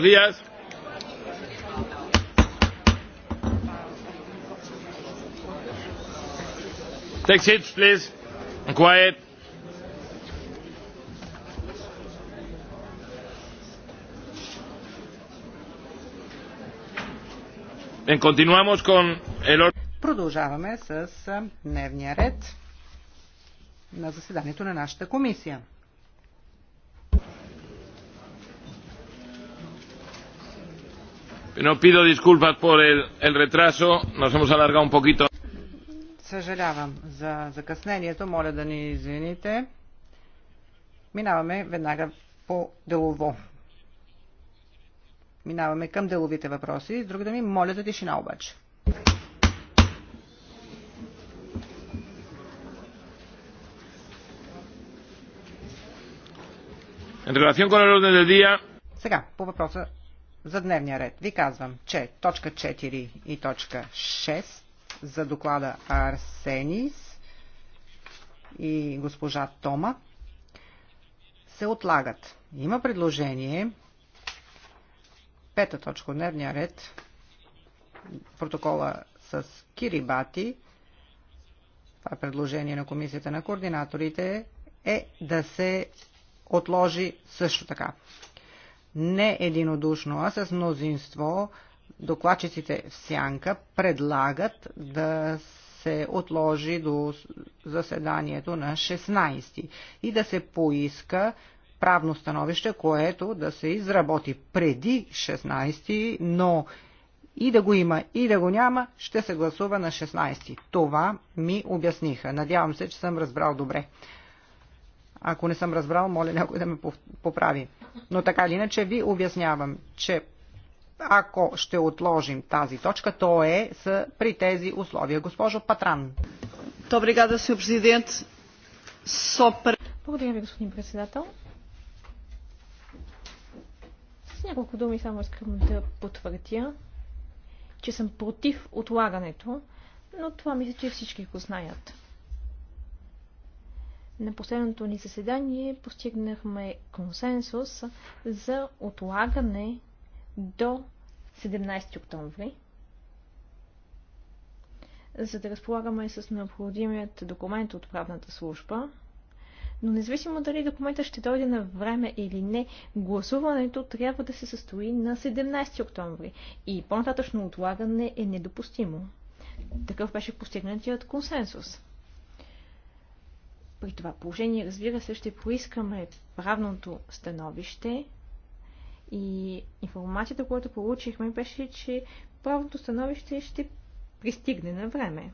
buenos días. Take seats, please. And quiet. Bien, continuamos con el... Продължаваме с дневния ред на заседанието на нашата комисия. pido disculpas por el, retraso, nos hemos alargado un poquito. Съжалявам за закъснението, моля да ни извините. Минаваме веднага по делово. Минаваме към деловите въпроси. други да ми моля за тишина обаче. Сега, по въпроса за дневния ред. Ви казвам, че точка 4 и точка 6 за доклада Арсенис и госпожа Тома се отлагат. Има предложение пета точка дневния ред протокола с Кирибати това е предложение на комисията на координаторите е да се отложи също така не единодушно, а с мнозинство докладчиците в сянка предлагат да се отложи до заседанието на 16 и да се поиска правно становище, което да се изработи преди 16, но и да го има, и да го няма, ще се гласува на 16. Това ми обясниха. Надявам се, че съм разбрал добре. Ако не съм разбрал, моля някой да ме поправи. Но така или иначе ви обяснявам, че ако ще отложим тази точка, то е са при тези условия. Госпожо Патран. гада си президент. Сопер. Благодаря ви, господин председател. С няколко думи само искам да потвърдя, че съм против отлагането, но това мисля, че всички го знаят. На последното ни заседание постигнахме консенсус за отлагане до 17 октомври, за да разполагаме с необходимият документ от правната служба. Но независимо дали документа ще дойде на време или не, гласуването трябва да се състои на 17 октомври и по-нататъчно отлагане е недопустимо. Такъв беше постигнатият консенсус. При това положение, разбира се, ще поискаме правното становище и информацията, която получихме, беше, че правното становище ще пристигне на време.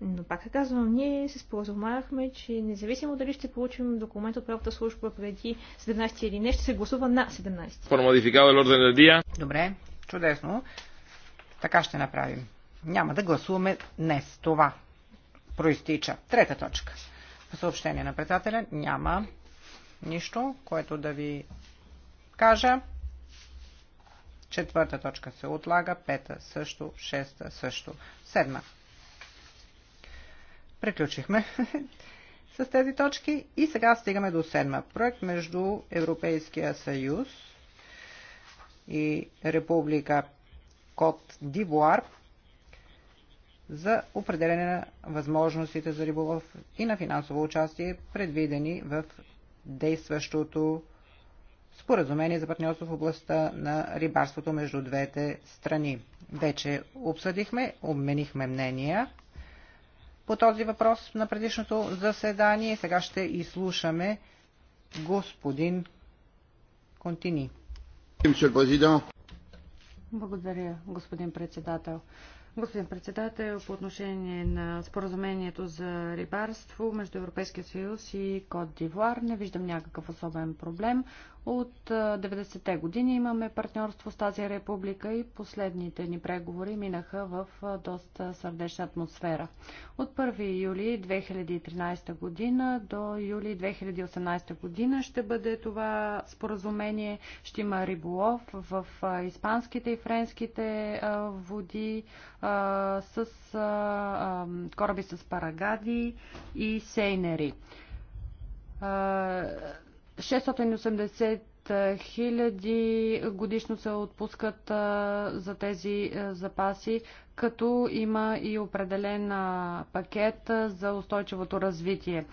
Но пак казвам, ние се споразумахме, че независимо дали ще получим документ от правата служба преди 17 или не, ще се гласува на 17. Добре, чудесно. Така ще направим. Няма да гласуваме днес. Това проистича. Трета точка съобщение на председателя няма нищо, което да ви кажа. Четвърта точка се отлага, пета също, шеста също, седма. Приключихме с тези точки и сега стигаме до седма. Проект между Европейския съюз и Република Кот Дивуар за определене на възможностите за риболов и на финансово участие, предвидени в действащото споразумение за партньорство в областта на рибарството между двете страни. Вече обсъдихме, обменихме мнения по този въпрос на предишното заседание. Сега ще изслушаме господин Контини. Благодаря, господин председател. Господин председател, по отношение на споразумението за рибарство между Европейския съюз и Кот Дивуар, не виждам някакъв особен проблем. От 90-те години имаме партньорство с тази република и последните ни преговори минаха в доста сърдечна атмосфера. От 1 юли 2013 година до юли 2018 година ще бъде това споразумение. Ще има риболов в испанските и френските води с кораби с парагади и сейнери 680 хиляди годишно се отпускат за тези запаси, като има и определен пакет за устойчивото развитие.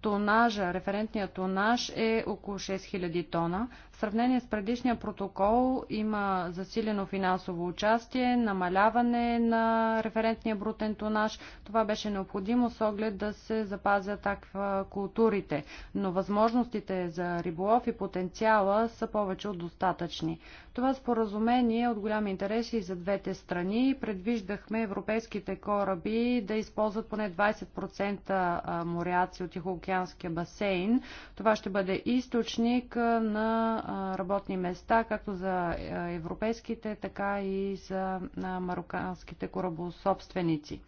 Тонажа, референтният тонаж е около 6000 тона сравнение с предишния протокол има засилено финансово участие, намаляване на референтния брутен тонаж. Това беше необходимо с оглед да се запазят аквакултурите, но възможностите за риболов и потенциала са повече от достатъчни. Това споразумение е от голям интерес и за двете страни. Предвиждахме европейските кораби да използват поне 20% моряци от Тихоокеанския басейн. Това ще бъде източник на работни места, както за европейските, така и за мароканските корабособственици.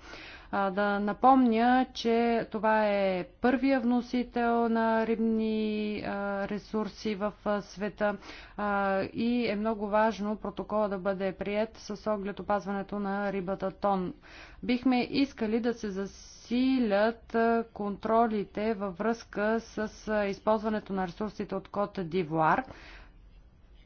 Да напомня, че това е първия вносител на рибни ресурси в света и е много важно протокола да бъде прият с оглед опазването на рибата тон. Бихме искали да се засилят контролите във връзка с използването на ресурсите от Кота Дивуар.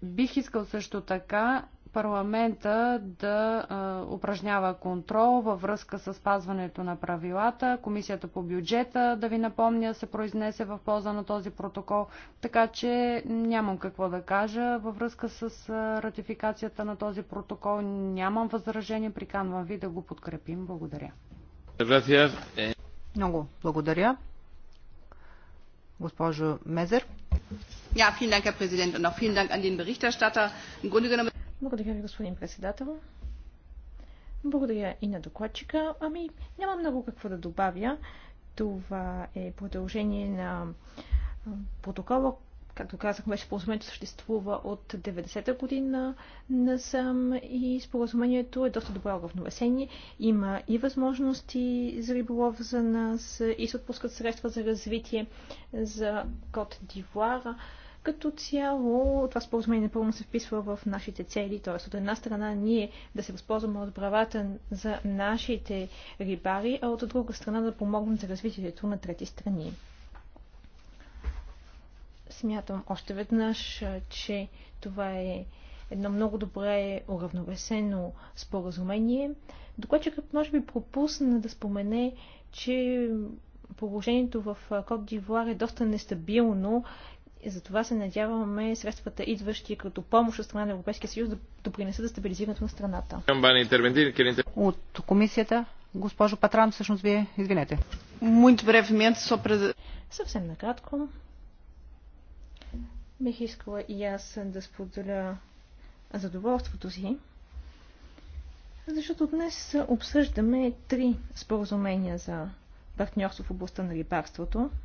Бих искал също така парламента да а, упражнява контрол във връзка с спазването на правилата. Комисията по бюджета, да ви напомня, се произнесе в полза на този протокол, така че нямам какво да кажа във връзка с а, ратификацията на този протокол. Нямам възражение, приканвам ви да го подкрепим. Благодаря. Много благодаря. Госпожо Мезер. Ja, vielen Dank, Herr Präsident, und auch vielen Dank an den Berichterstatter. Im Grunde genommen благодаря ви, господин председател. Благодаря и на докладчика. Ами, няма много какво да добавя. Това е продължение на протокола, както казах, беше споразумението съществува от 90-та година насам и споразумението е доста добро равновесение. Има и възможности за риболов за нас и се отпускат средства за развитие за Кот Дивуара. Като цяло това споразумение напълно се вписва в нашите цели, т.е. от една страна ние да се възползваме от правата за нашите рибари, а от друга страна да помогнем за развитието на трети страни. Смятам още веднъж, че това е едно много добре уравновесено споразумение. Докладчикът може би пропусна да спомене, че положението в Кот Дивуар е доста нестабилно и Затова се надяваме средствата, идващи като помощ от страна на Европейския съюз, да допринесат за стабилизирането на страната. От комисията, госпожо Патран, всъщност вие, извинете. Съвсем накратко. Бих искала и аз да споделя задоволството си, защото днес обсъждаме три споразумения за партньорство в областта на рибарството –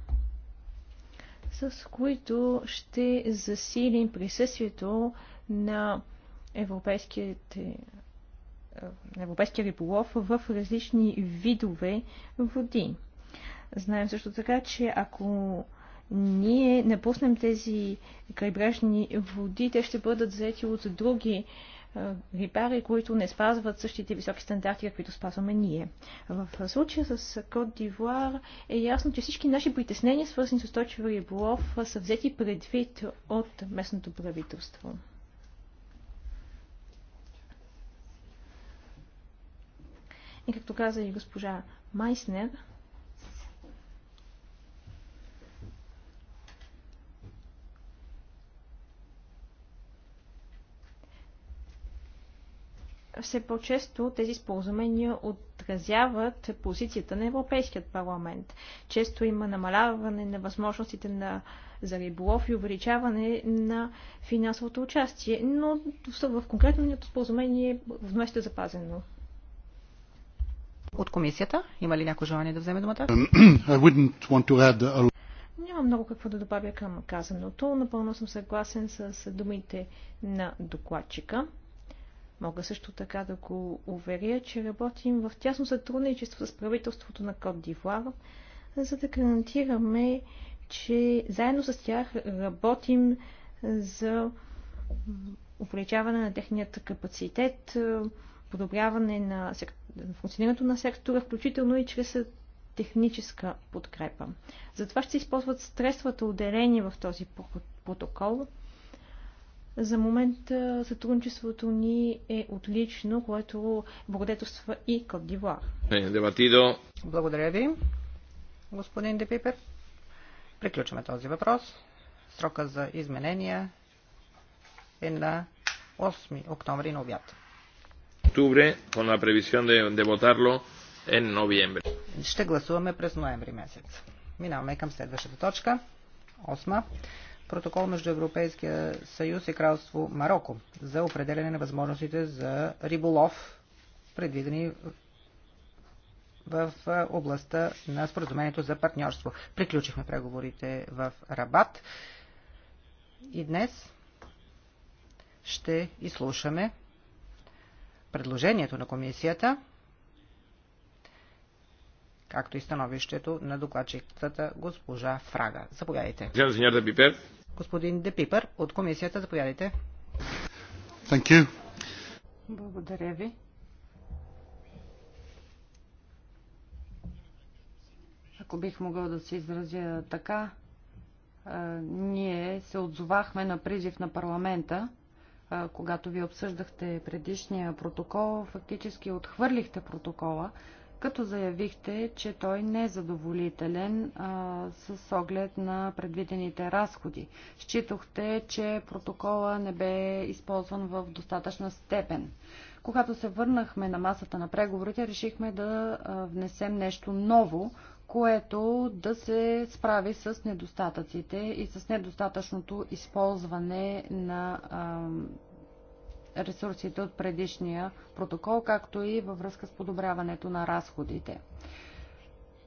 с които ще засилим присъствието на европейските на европейския риболов в различни видове води. Знаем също така, че ако ние напуснем тези крайбрежни води, те ще бъдат заети от други випари, които не спазват същите високи стандарти, каквито спазваме ние. В случая с Код Дивуар е ясно, че всички наши притеснения, свързани с устойчив риболов, са взети предвид от местното правителство. И както каза и госпожа Майснер, все по-често тези споразумения отразяват позицията на Европейският парламент. Често има намаляване на възможностите на, за риболов и увеличаване на финансовото участие, но в конкретното споразумение вместо е запазено. От комисията има ли някой желание да вземе думата? Um, uh, Няма много какво да добавя към казаното. Напълно съм съгласен с думите на докладчика. Мога също така да го уверя, че работим в тясно сътрудничество с правителството на Кот Дивуар, за да гарантираме, че заедно с тях работим за увеличаване на техният капацитет, подобряване на сек... функционирането на сектора, включително и чрез техническа подкрепа. Затова ще се използват средствата отделени в този протокол, за момента сътрудничеството ни е отлично, което благодетелства и Кот Дивуар. Е, Благодаря ви, господин Депипер. Приключваме този въпрос. Срока за изменения е на 8 октомври на обяд. Октубре, con la previsión de, вотарло, е en Ще гласуваме през ноември месец. Минаваме към следващата точка. Осма протокол между Европейския съюз и кралство Марокко за определене на възможностите за риболов, предвидени в областта на споразумението за партньорство. Приключихме преговорите в Рабат и днес ще изслушаме предложението на комисията както и становището на докладчицата госпожа Фрага. Заповядайте. Господин Депипер от комисията, заповядайте. Thank you. Благодаря ви. Ако бих могъл да се изразя така, ние се отзовахме на призив на парламента, когато ви обсъждахте предишния протокол, фактически отхвърлихте протокола, като заявихте, че той не е задоволителен а, с оглед на предвидените разходи. Считахте, че протокола не бе използван в достатъчна степен. Когато се върнахме на масата на преговорите, решихме да внесем нещо ново, което да се справи с недостатъците и с недостатъчното използване на а, ресурсите от предишния протокол, както и във връзка с подобряването на разходите.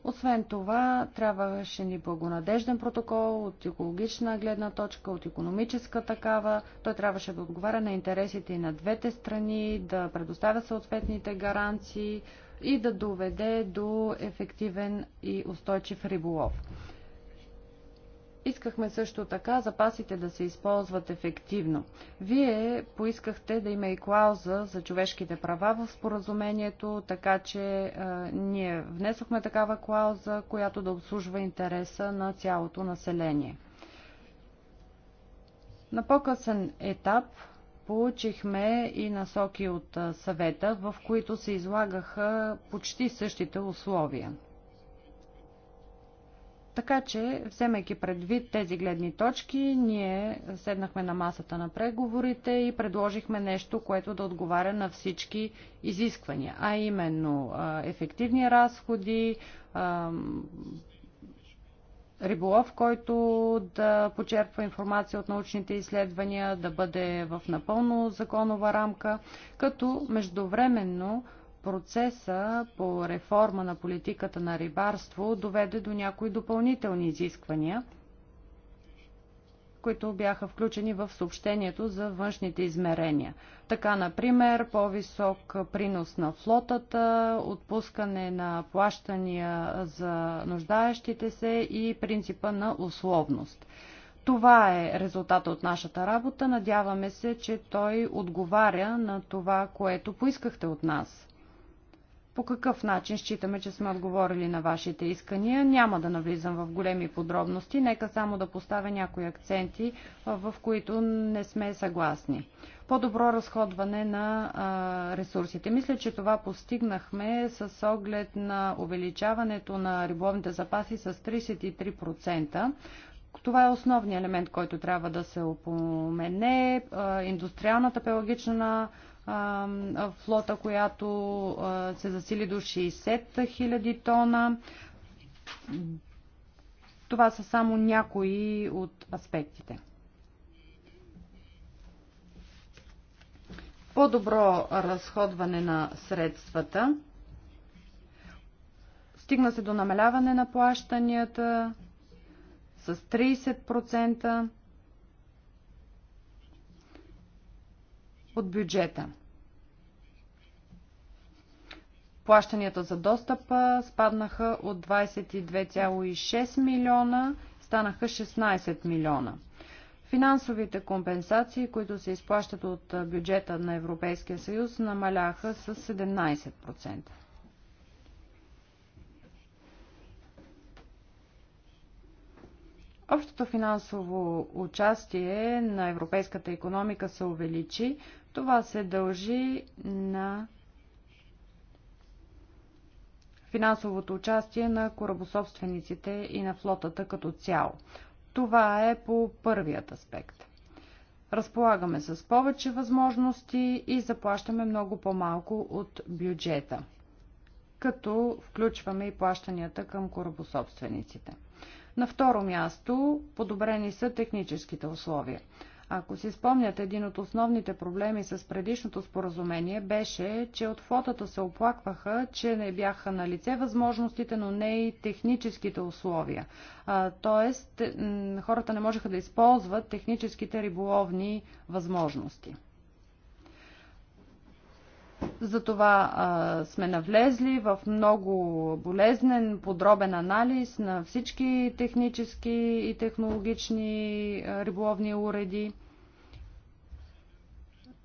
Освен това, трябваше ни благонадежден протокол от екологична гледна точка, от економическа такава. Той трябваше да отговаря на интересите и на двете страни, да предоставя съответните гаранции и да доведе до ефективен и устойчив риболов. Искахме също така запасите да се използват ефективно. Вие поискахте да има и клауза за човешките права в споразумението, така че а, ние внесохме такава клауза, която да обслужва интереса на цялото население. На по-късен етап получихме и насоки от съвета, в които се излагаха почти същите условия. Така че, вземайки предвид тези гледни точки, ние седнахме на масата на преговорите и предложихме нещо, което да отговаря на всички изисквания, а именно ефективни разходи, риболов, който да почерпва информация от научните изследвания, да бъде в напълно законова рамка, като междувременно Процеса по реформа на политиката на рибарство доведе до някои допълнителни изисквания, които бяха включени в съобщението за външните измерения. Така, например, по-висок принос на флотата, отпускане на плащания за нуждаещите се и принципа на условност. Това е резултата от нашата работа. Надяваме се, че той отговаря на това, което поискахте от нас по какъв начин считаме, че сме отговорили на вашите искания. Няма да навлизам в големи подробности, нека само да поставя някои акценти, в които не сме съгласни. По-добро разходване на ресурсите. Мисля, че това постигнахме с оглед на увеличаването на риболовните запаси с 33%. Това е основният елемент, който трябва да се опомене. Индустриалната пелагична флота, която се засили до 60 000 тона. Това са само някои от аспектите. По-добро разходване на средствата. Стигна се до намаляване на плащанията с 30%. от бюджета. Плащанията за достъпа спаднаха от 22,6 милиона, станаха 16 милиона. Финансовите компенсации, които се изплащат от бюджета на Европейския съюз, намаляха с 17%. Общото финансово участие на европейската економика се увеличи, това се дължи на финансовото участие на корабособствениците и на флотата като цяло. Това е по първият аспект. Разполагаме с повече възможности и заплащаме много по-малко от бюджета, като включваме и плащанията към корабособствениците. На второ място подобрени са техническите условия. Ако си спомнят, един от основните проблеми с предишното споразумение беше, че от флотата се оплакваха, че не бяха на лице възможностите, но не и техническите условия. тоест, хората не можеха да използват техническите риболовни възможности. Затова а, сме навлезли в много болезнен, подробен анализ на всички технически и технологични риболовни уреди.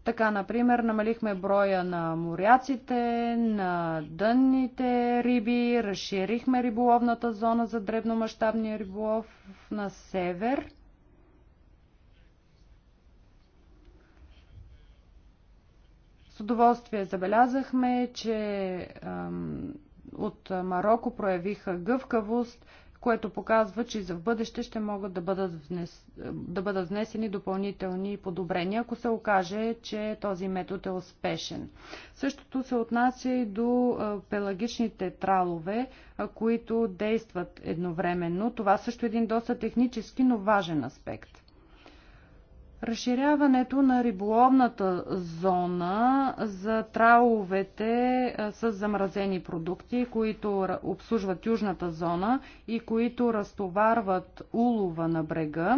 Така, например, намалихме броя на моряците, на дънните риби, разширихме риболовната зона за дребномащабния риболов на север – С удоволствие забелязахме, че от Марокко проявиха гъвкавост, което показва, че и за в бъдеще ще могат да бъдат, внес... да бъдат внесени допълнителни подобрения, ако се окаже, че този метод е успешен. Същото се отнася и до пелагичните тралове, които действат едновременно. Това също е един доста технически, но важен аспект. Разширяването на риболовната зона за траловете с замразени продукти, които обслужват южната зона и които разтоварват улова на брега.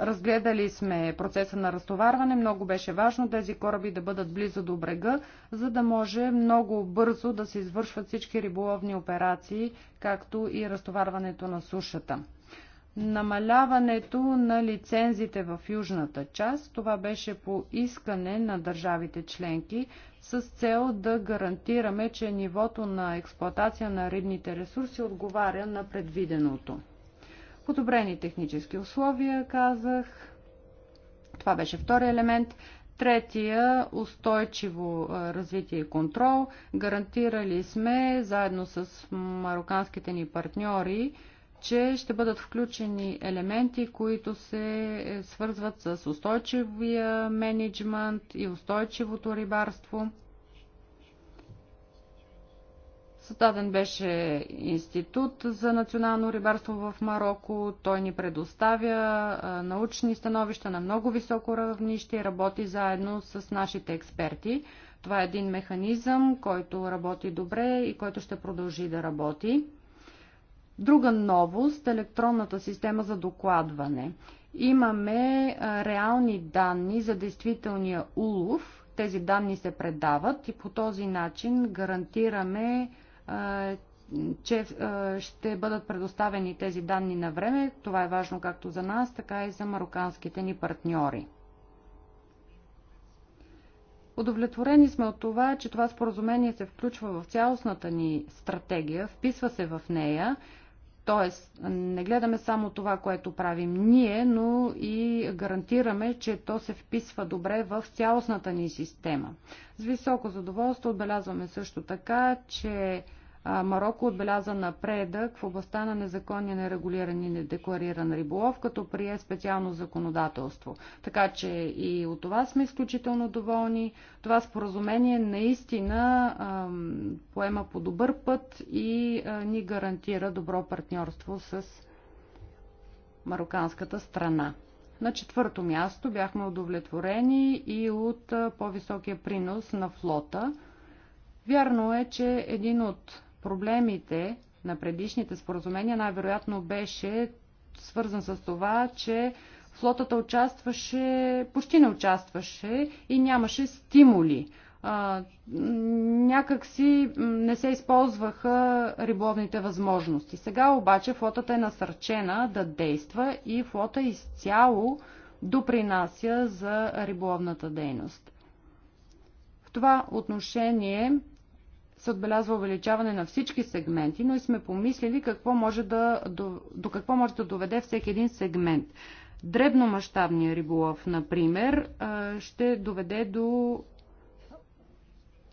Разгледали сме процеса на разтоварване. Много беше важно тези кораби да бъдат близо до брега, за да може много бързо да се извършват всички риболовни операции, както и разтоварването на сушата намаляването на лицензите в южната част. Това беше по искане на държавите членки с цел да гарантираме, че нивото на експлоатация на рибните ресурси отговаря на предвиденото. Подобрени технически условия, казах. Това беше втори елемент. Третия – устойчиво развитие и контрол. Гарантирали сме, заедно с мароканските ни партньори, че ще бъдат включени елементи, които се свързват с устойчивия менеджмент и устойчивото рибарство. Създаден беше институт за национално рибарство в Марокко. Той ни предоставя научни становища на много високо равнище и работи заедно с нашите експерти. Това е един механизъм, който работи добре и който ще продължи да работи. Друга новост – електронната система за докладване. Имаме реални данни за действителния улов. Тези данни се предават и по този начин гарантираме, че ще бъдат предоставени тези данни на време. Това е важно както за нас, така и за мароканските ни партньори. Удовлетворени сме от това, че това споразумение се включва в цялостната ни стратегия, вписва се в нея, Тоест, не гледаме само това, което правим ние, но и гарантираме, че то се вписва добре в цялостната ни система. С високо задоволство отбелязваме също така, че Марокко отбеляза напредък в областта на незаконния, нерегулиран и недеклариран риболов, като прие специално законодателство. Така че и от това сме изключително доволни. Това споразумение наистина поема по добър път и ни гарантира добро партньорство с мароканската страна. На четвърто място бяхме удовлетворени и от по-високия принос на флота. Вярно е, че един от проблемите на предишните споразумения най-вероятно беше свързан с това, че флотата участваше, почти не участваше и нямаше стимули. А, някакси не се използваха риболовните възможности. Сега обаче флотата е насърчена да действа и флота изцяло допринася за риболовната дейност. В това отношение се отбелязва увеличаване на всички сегменти, но и сме помислили какво може да, до, до какво може да доведе всеки един сегмент. Дребномащабният риболов, например, ще доведе до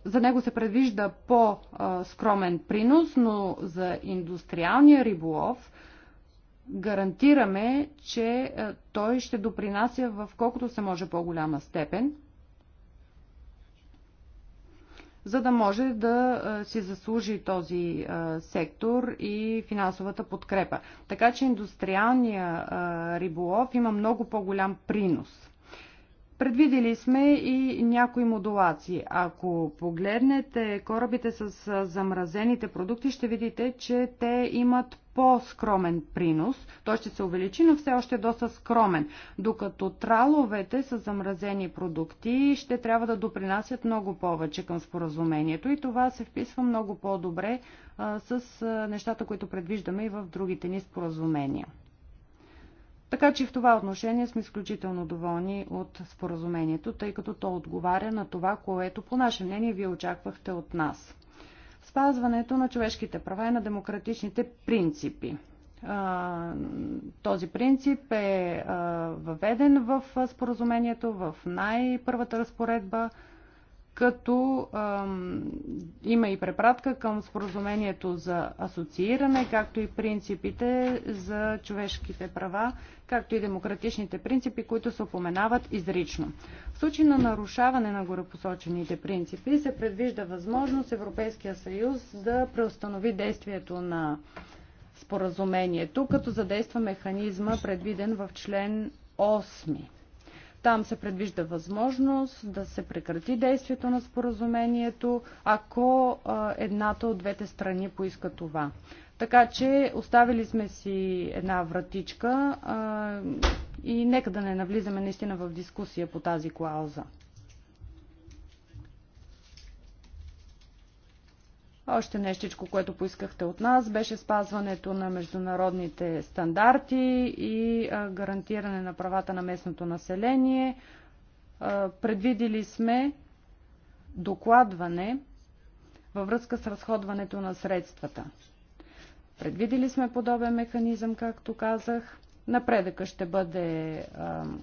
за него се предвижда по-скромен принос, но за индустриалния риболов гарантираме, че той ще допринася в колкото се може по-голяма степен – за да може да си заслужи този сектор и финансовата подкрепа. Така че индустриалния риболов има много по-голям принос. Предвидели сме и някои модулации. Ако погледнете корабите с замразените продукти, ще видите, че те имат по-скромен принос. Той ще се увеличи, но все още е доста скромен. Докато траловете са замразени продукти, ще трябва да допринасят много повече към споразумението и това се вписва много по-добре с нещата, които предвиждаме и в другите ни споразумения. Така че в това отношение сме изключително доволни от споразумението, тъй като то отговаря на това, което по наше мнение вие очаквахте от нас спазването на човешките права и на демократичните принципи. Този принцип е въведен в споразумението в най-първата разпоредба – като ам, има и препратка към споразумението за асоцииране, както и принципите за човешките права, както и демократичните принципи, които се упоменават изрично. В случай на нарушаване на горепосочените принципи се предвижда възможност Европейския съюз да преустанови действието на споразумението, като задейства механизма предвиден в член 8 там се предвижда възможност да се прекрати действието на споразумението, ако едната от двете страни поиска това. Така че оставили сме си една вратичка и нека да не навлизаме наистина в дискусия по тази клауза. Още нещичко, което поискахте от нас, беше спазването на международните стандарти и гарантиране на правата на местното население. Предвидили сме докладване във връзка с разходването на средствата. Предвидили сме подобен механизъм, както казах. Напредъка ще бъде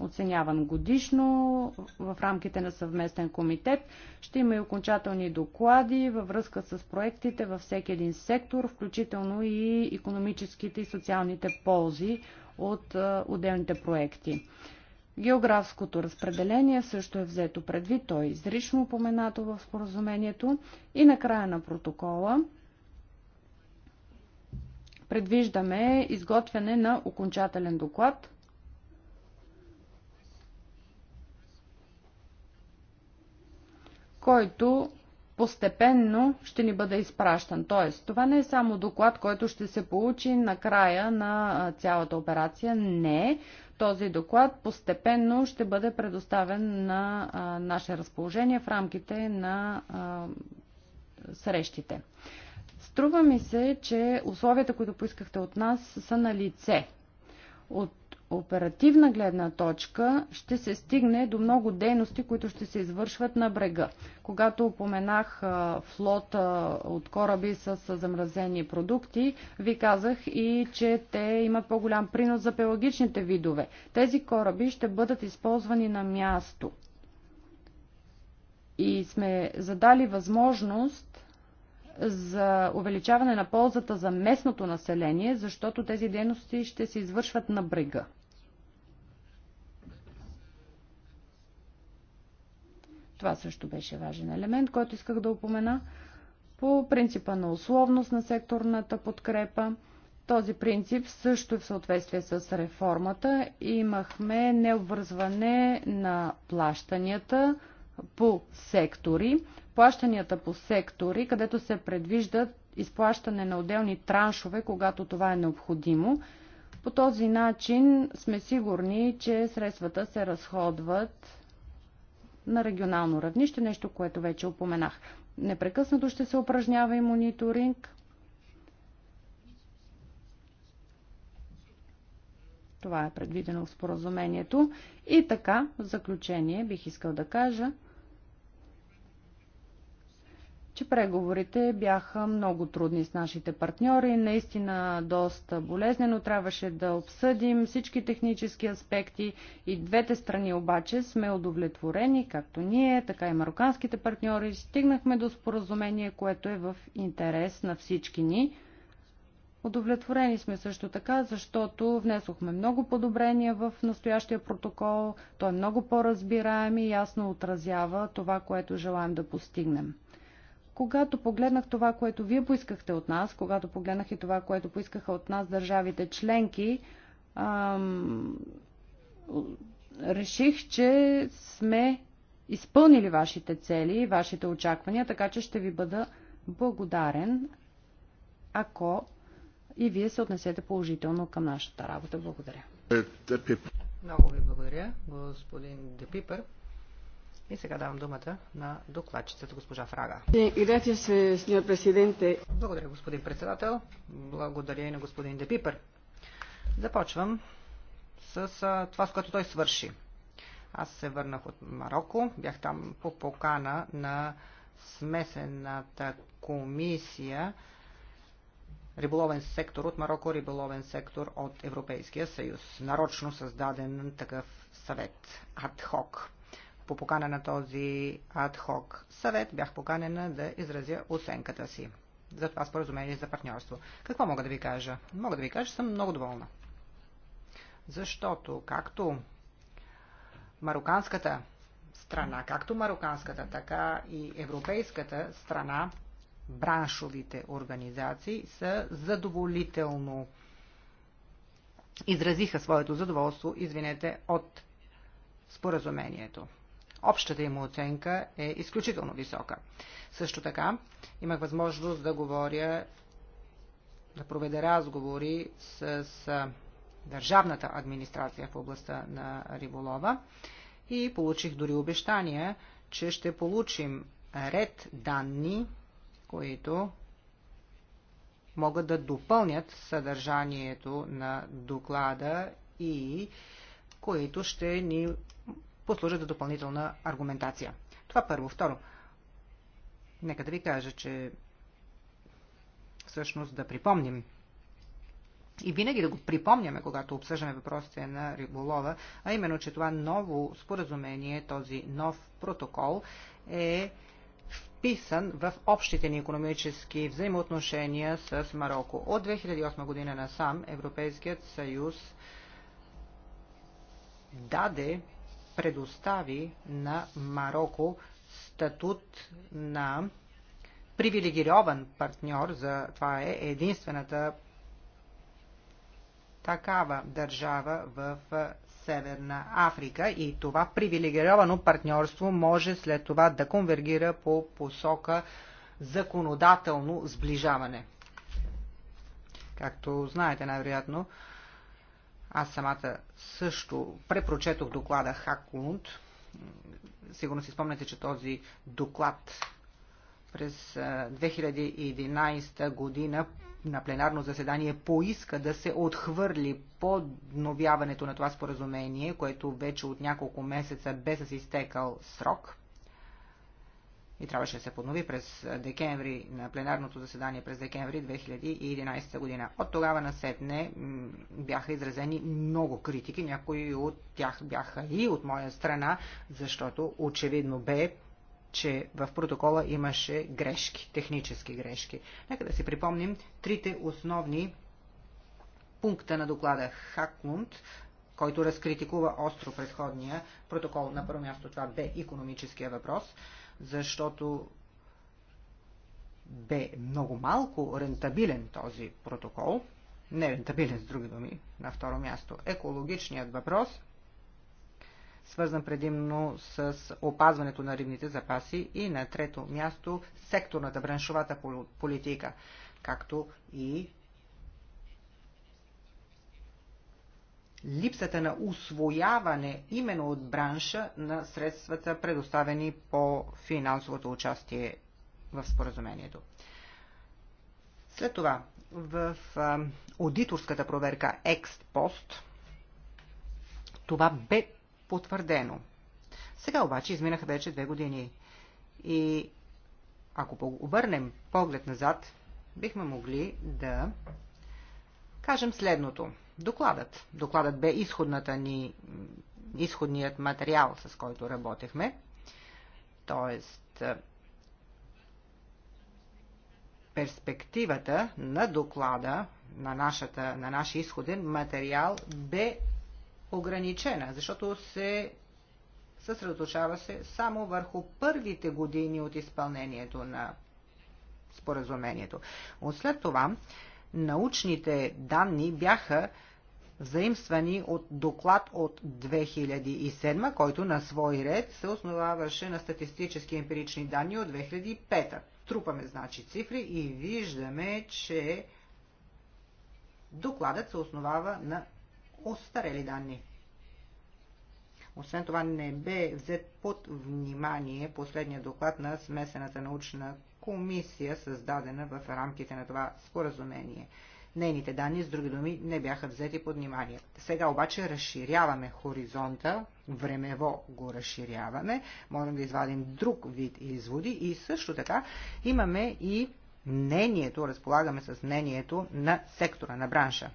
оценяван годишно в рамките на съвместен комитет. Ще има и окончателни доклади във връзка с проектите във всеки един сектор, включително и економическите и социалните ползи от отделните проекти. Географското разпределение също е взето предвид, то е изрично упоменато в споразумението и на края на протокола – Предвиждаме изготвяне на окончателен доклад. който постепенно ще ни бъде изпращан. Тоест, това не е само доклад, който ще се получи на края на цялата операция. Не. Този доклад постепенно ще бъде предоставен на а, наше разположение в рамките на а, срещите. Струва ми се, че условията, които поискахте от нас, са на лице. От оперативна гледна точка ще се стигне до много дейности, които ще се извършват на брега. Когато упоменах флота от кораби с замразени продукти, ви казах и, че те имат по-голям принос за пелагичните видове. Тези кораби ще бъдат използвани на място. И сме задали възможност за увеличаване на ползата за местното население, защото тези дейности ще се извършват на брега. Това също беше важен елемент, който исках да упомена. По принципа на условност на секторната подкрепа, този принцип също е в съответствие с реформата. Имахме необвързване на плащанията, по сектори. Плащанията по сектори, където се предвиждат изплащане на отделни траншове, когато това е необходимо. По този начин сме сигурни, че средствата се разходват на регионално равнище, нещо, което вече упоменах. Непрекъснато ще се упражнява и мониторинг. Това е предвидено в споразумението. И така, в заключение бих искал да кажа, че преговорите бяха много трудни с нашите партньори, наистина доста болезнено. Трябваше да обсъдим всички технически аспекти и двете страни обаче сме удовлетворени, както ние, така и мароканските партньори. Стигнахме до споразумение, което е в интерес на всички ни. Удовлетворени сме също така, защото внесохме много подобрения в настоящия протокол. Той е много по-разбираем и ясно отразява това, което желаем да постигнем. Когато погледнах това, което вие поискахте от нас, когато погледнах и това, което поискаха от нас държавите членки, ам, реших, че сме изпълнили вашите цели и вашите очаквания, така че ще ви бъда благодарен, ако и вие се отнесете положително към нашата работа. Благодаря. Е, Много ви благодаря, господин Депипер. И сега давам думата на докладчицата госпожа Фрага. Е, Благодаря, господин председател. Благодаря и на господин Депипер. Започвам с това, с което той свърши. Аз се върнах от Марокко, бях там по покана на смесената комисия риболовен сектор от Марокко, риболовен сектор от Европейския съюз. Нарочно създаден такъв съвет, адхок по покана на този адхок съвет бях поканена да изразя оценката си за това споразумение за партньорство. Какво мога да ви кажа? Мога да ви кажа, че съм много доволна. Защото както мароканската страна, както мароканската, така и европейската страна, браншовите организации са задоволително изразиха своето задоволство, извинете, от споразумението. Общата им оценка е изключително висока. Също така имах възможност да говоря, да проведа разговори с държавната администрация в областта на риболова и получих дори обещания, че ще получим ред данни, които могат да допълнят съдържанието на доклада и които ще ни послужат за допълнителна аргументация. Това първо. Второ, нека да ви кажа, че всъщност да припомним и винаги да го припомняме, когато обсъждаме въпросите на риболова, а именно, че това ново споразумение, този нов протокол е вписан в общите ни економически взаимоотношения с Марокко. От 2008 година насам Европейският съюз даде предостави на Марокко статут на привилегирован партньор, за това е единствената такава държава в Северна Африка и това привилегировано партньорство може след това да конвергира по посока законодателно сближаване. Както знаете най-вероятно, аз самата също препрочетох доклада Хаклунд. Сигурно си спомняте, че този доклад през 2011 година на пленарно заседание поиска да се отхвърли подновяването на това споразумение, което вече от няколко месеца бе с изтекал срок и трябваше да се поднови през декември, на пленарното заседание през декември 2011 година. От тогава на сетне бяха изразени много критики, някои от тях бяха и от моя страна, защото очевидно бе че в протокола имаше грешки, технически грешки. Нека да си припомним трите основни пункта на доклада Хаклунд, който разкритикува остро предходния протокол. На първо място това бе економическия въпрос защото бе много малко рентабилен този протокол. Не рентабилен, с други думи, на второ място. Екологичният въпрос, свързан предимно с опазването на рибните запаси и на трето място секторната браншовата политика, както и липсата на освояване именно от бранша на средствата, предоставени по финансовото участие в споразумението. След това, в а, аудиторската проверка експост, това бе потвърдено. Сега обаче изминаха вече две години и ако обърнем поглед назад, бихме могли да кажем следното – докладът. Докладът бе изходната ни, изходният материал, с който работехме. Тоест, е, перспективата на доклада, на, нашата, на нашия изходен материал бе ограничена, защото се съсредоточава се само върху първите години от изпълнението на споразумението. От след това научните данни бяха заимствани от доклад от 2007, който на свой ред се основаваше на статистически емпирични данни от 2005. Трупаме, значи, цифри и виждаме, че докладът се основава на остарели данни. Освен това не бе взет под внимание последния доклад на смесената научна комисия, създадена в рамките на това споразумение. Нейните данни, с други думи, не бяха взети под внимание. Сега обаче разширяваме хоризонта, времево го разширяваме, можем да извадим друг вид изводи и също така имаме и мнението, разполагаме с мнението на сектора, на бранша.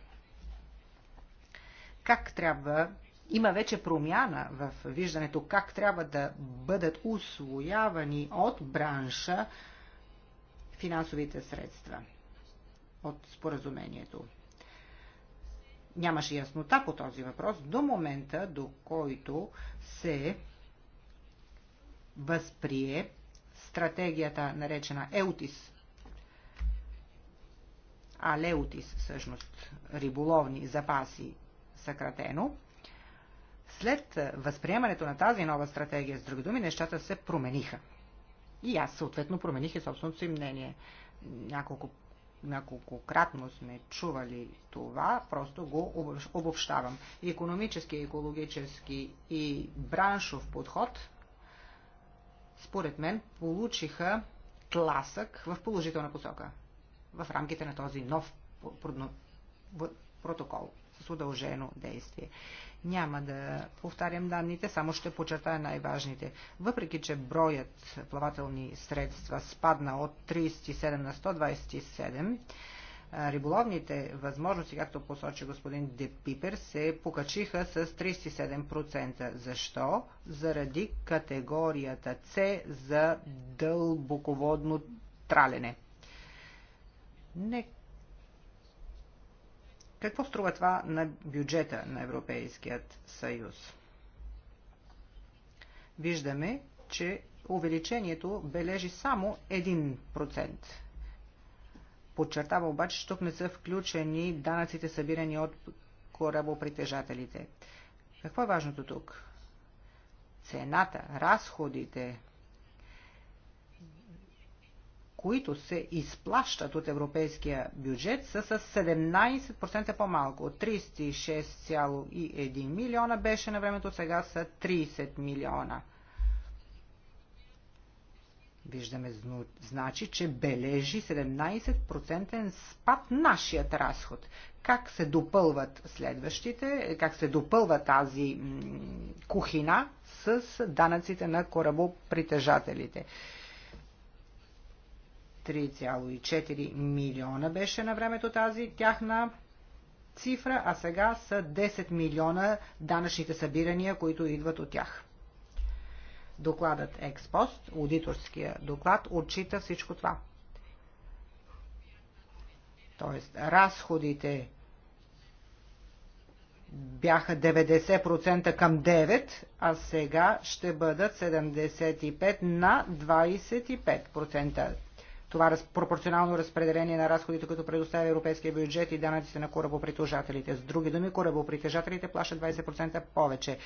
Как трябва има вече промяна в виждането как трябва да бъдат усвоявани от бранша финансовите средства от споразумението. Нямаше яснота по този въпрос до момента, до който се възприе стратегията, наречена Еутис, а Леутис, всъщност, риболовни запаси, съкратено, след възприемането на тази нова стратегия, с други думи, нещата се промениха. И аз съответно промених и собственото си мнение. Няколко няколкократно сме чували това, просто го обобщавам. Економически, екологически и браншов подход, според мен, получиха тласък в положителна посока в рамките на този нов протокол с удължено действие. Няма да повтарям данните, само ще почертая най-важните. Въпреки, че броят плавателни средства спадна от 37 на 127, риболовните възможности, както посочи господин Депипер, се покачиха с 37%. Защо? Заради категорията С за дълбоководно тралене. Нека какво струва това на бюджета на Европейският съюз? Виждаме, че увеличението бележи само 1%. Подчертава обаче, че тук не са включени данъците събирани от корабопритежателите. Какво е важното тук? Цената, разходите които се изплащат от европейския бюджет, са с 17% по-малко. От 36,1 милиона беше на времето, сега са 30 милиона. Виждаме, значи, че бележи 17% спад нашият разход. Как се допълват следващите, как се допълва тази кухина с данъците на корабопритежателите. притежателите. 3,4 милиона беше на времето тази тяхна цифра, а сега са 10 милиона данъчните събирания, които идват от тях. Докладът Експост, аудиторския доклад, отчита всичко това. Тоест, разходите бяха 90% към 9, а сега ще бъдат 75 на 25% това раз, пропорционално разпределение на разходите, които предоставя европейския бюджет и данъците на корабопритежателите. С други думи, корабопритежателите плащат 20% повече.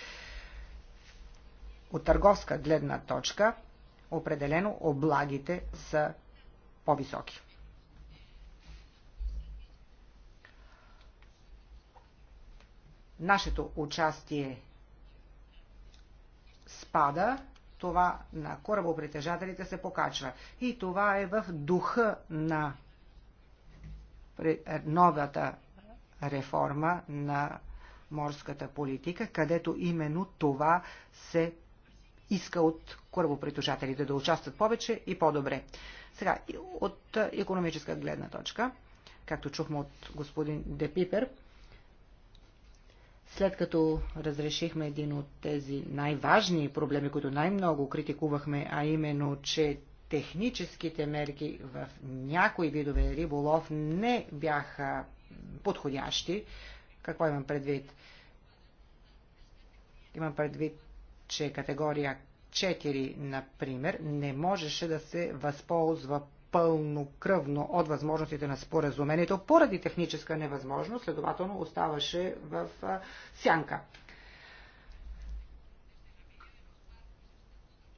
От търговска гледна точка, определено облагите са по-високи. Нашето участие спада това на корабопритежателите се покачва. И това е в духа на новата реформа на морската политика, където именно това се иска от корабопритежателите да участват повече и по-добре. Сега, от економическа гледна точка, както чухме от господин Депипер, след като разрешихме един от тези най-важни проблеми, които най-много критикувахме, а именно, че техническите мерки в някои видове риболов не бяха подходящи. Какво имам предвид? Имам предвид, че категория 4, например, не можеше да се възползва пълнокръвно от възможностите на споразумението поради техническа невъзможност, следователно оставаше в сянка.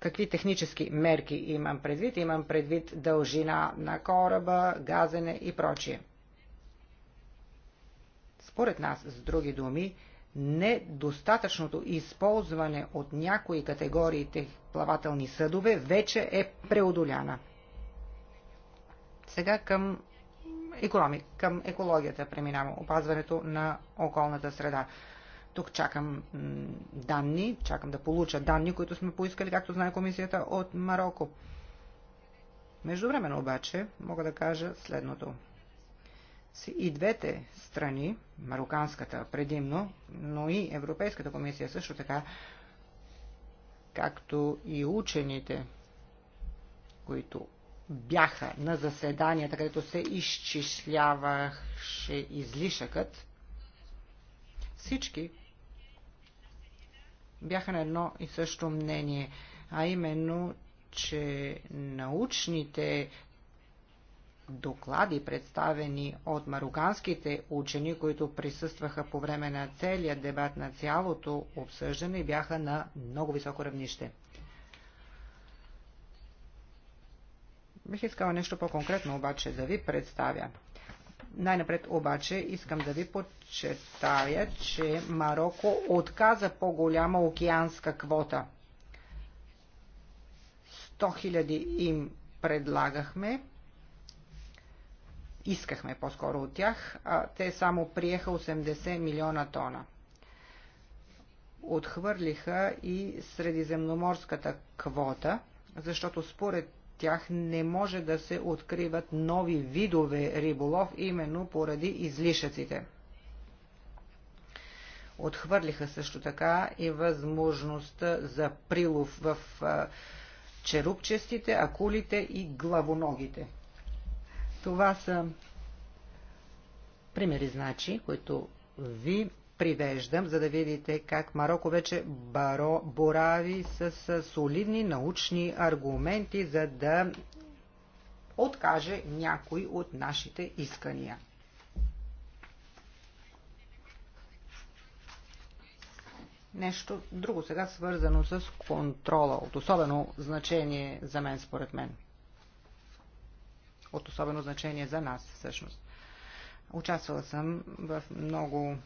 Какви технически мерки имам предвид? Имам предвид дължина на кораба, газене и прочие. Според нас, с други думи, недостатъчното използване от някои категории плавателни съдове вече е преодоляна. Сега към економик, към екологията преминавам, опазването на околната среда. Тук чакам данни, чакам да получа данни, които сме поискали, както знае комисията от Марокко. Междувременно обаче мога да кажа следното. И двете страни, мароканската предимно, но и Европейската комисия също така, както и учените, които бяха на заседанията, където се изчисляваше излишъкът, всички бяха на едно и също мнение, а именно, че научните доклади, представени от мароканските учени, които присъстваха по време на целия дебат на цялото обсъждане, бяха на много високо равнище. Бих искала нещо по-конкретно обаче да ви представя. Най-напред обаче искам да ви подчертая, че Марокко отказа по-голяма океанска квота. 100 000 им предлагахме, искахме по-скоро от тях, а те само приеха 80 милиона тона. Отхвърлиха и средиземноморската квота, защото според тях не може да се откриват нови видове риболов, именно поради излишъците. Отхвърлиха също така и възможността за прилов в черупчестите, акулите и главоногите. Това са примери, значи, които ви привеждам, за да видите как Марокко вече баро, борави с, с солидни научни аргументи, за да откаже някой от нашите искания. Нещо друго сега свързано с контрола, от особено значение за мен, според мен. От особено значение за нас, всъщност. Участвала съм в много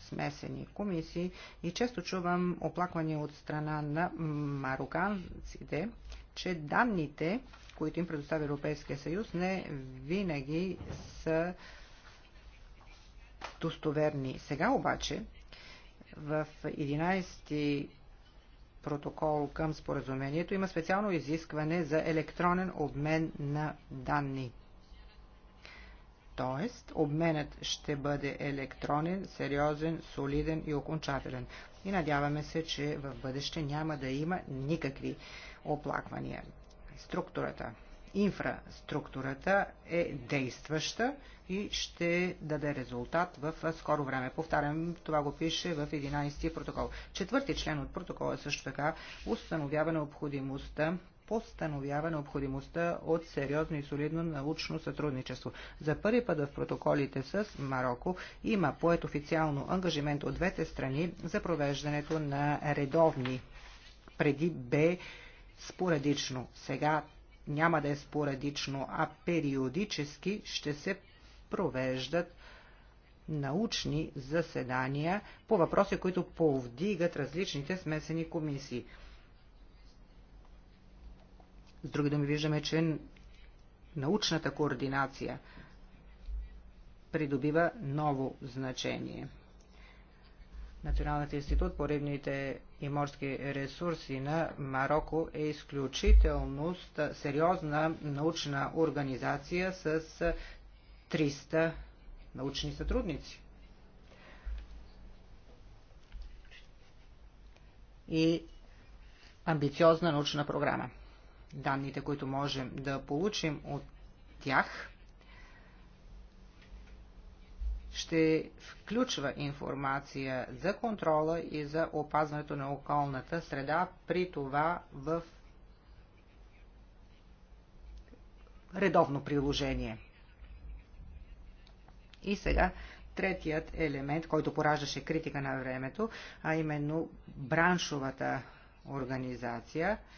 смесени комисии и често чувам оплаквания от страна на мароканците, че данните, които им предоставя Европейския съюз, не винаги са достоверни. Сега обаче в 11 протокол към споразумението има специално изискване за електронен обмен на данни. Т.е. обменът ще бъде електронен, сериозен, солиден и окончателен. И надяваме се, че в бъдеще няма да има никакви оплаквания. Структурата, инфраструктурата е действаща и ще даде резултат в скоро време. Повтарям, това го пише в 11 ти протокол. Четвърти член от протокола също така установява необходимостта постановява необходимостта от сериозно и солидно научно сътрудничество. За първи път в протоколите с Марокко има поет официално ангажимент от двете страни за провеждането на редовни преди бе споредично. Сега няма да е споредично, а периодически ще се провеждат научни заседания по въпроси, които повдигат различните смесени комисии. С други думи, виждаме, че научната координация придобива ново значение. Националният институт по рибните и морски ресурси на Марокко е изключително сериозна научна организация с 300 научни сътрудници. И амбициозна научна програма данните, които можем да получим от тях, ще включва информация за контрола и за опазването на околната среда, при това в редовно приложение. И сега третият елемент, който пораждаше критика на времето, а именно браншовата организация –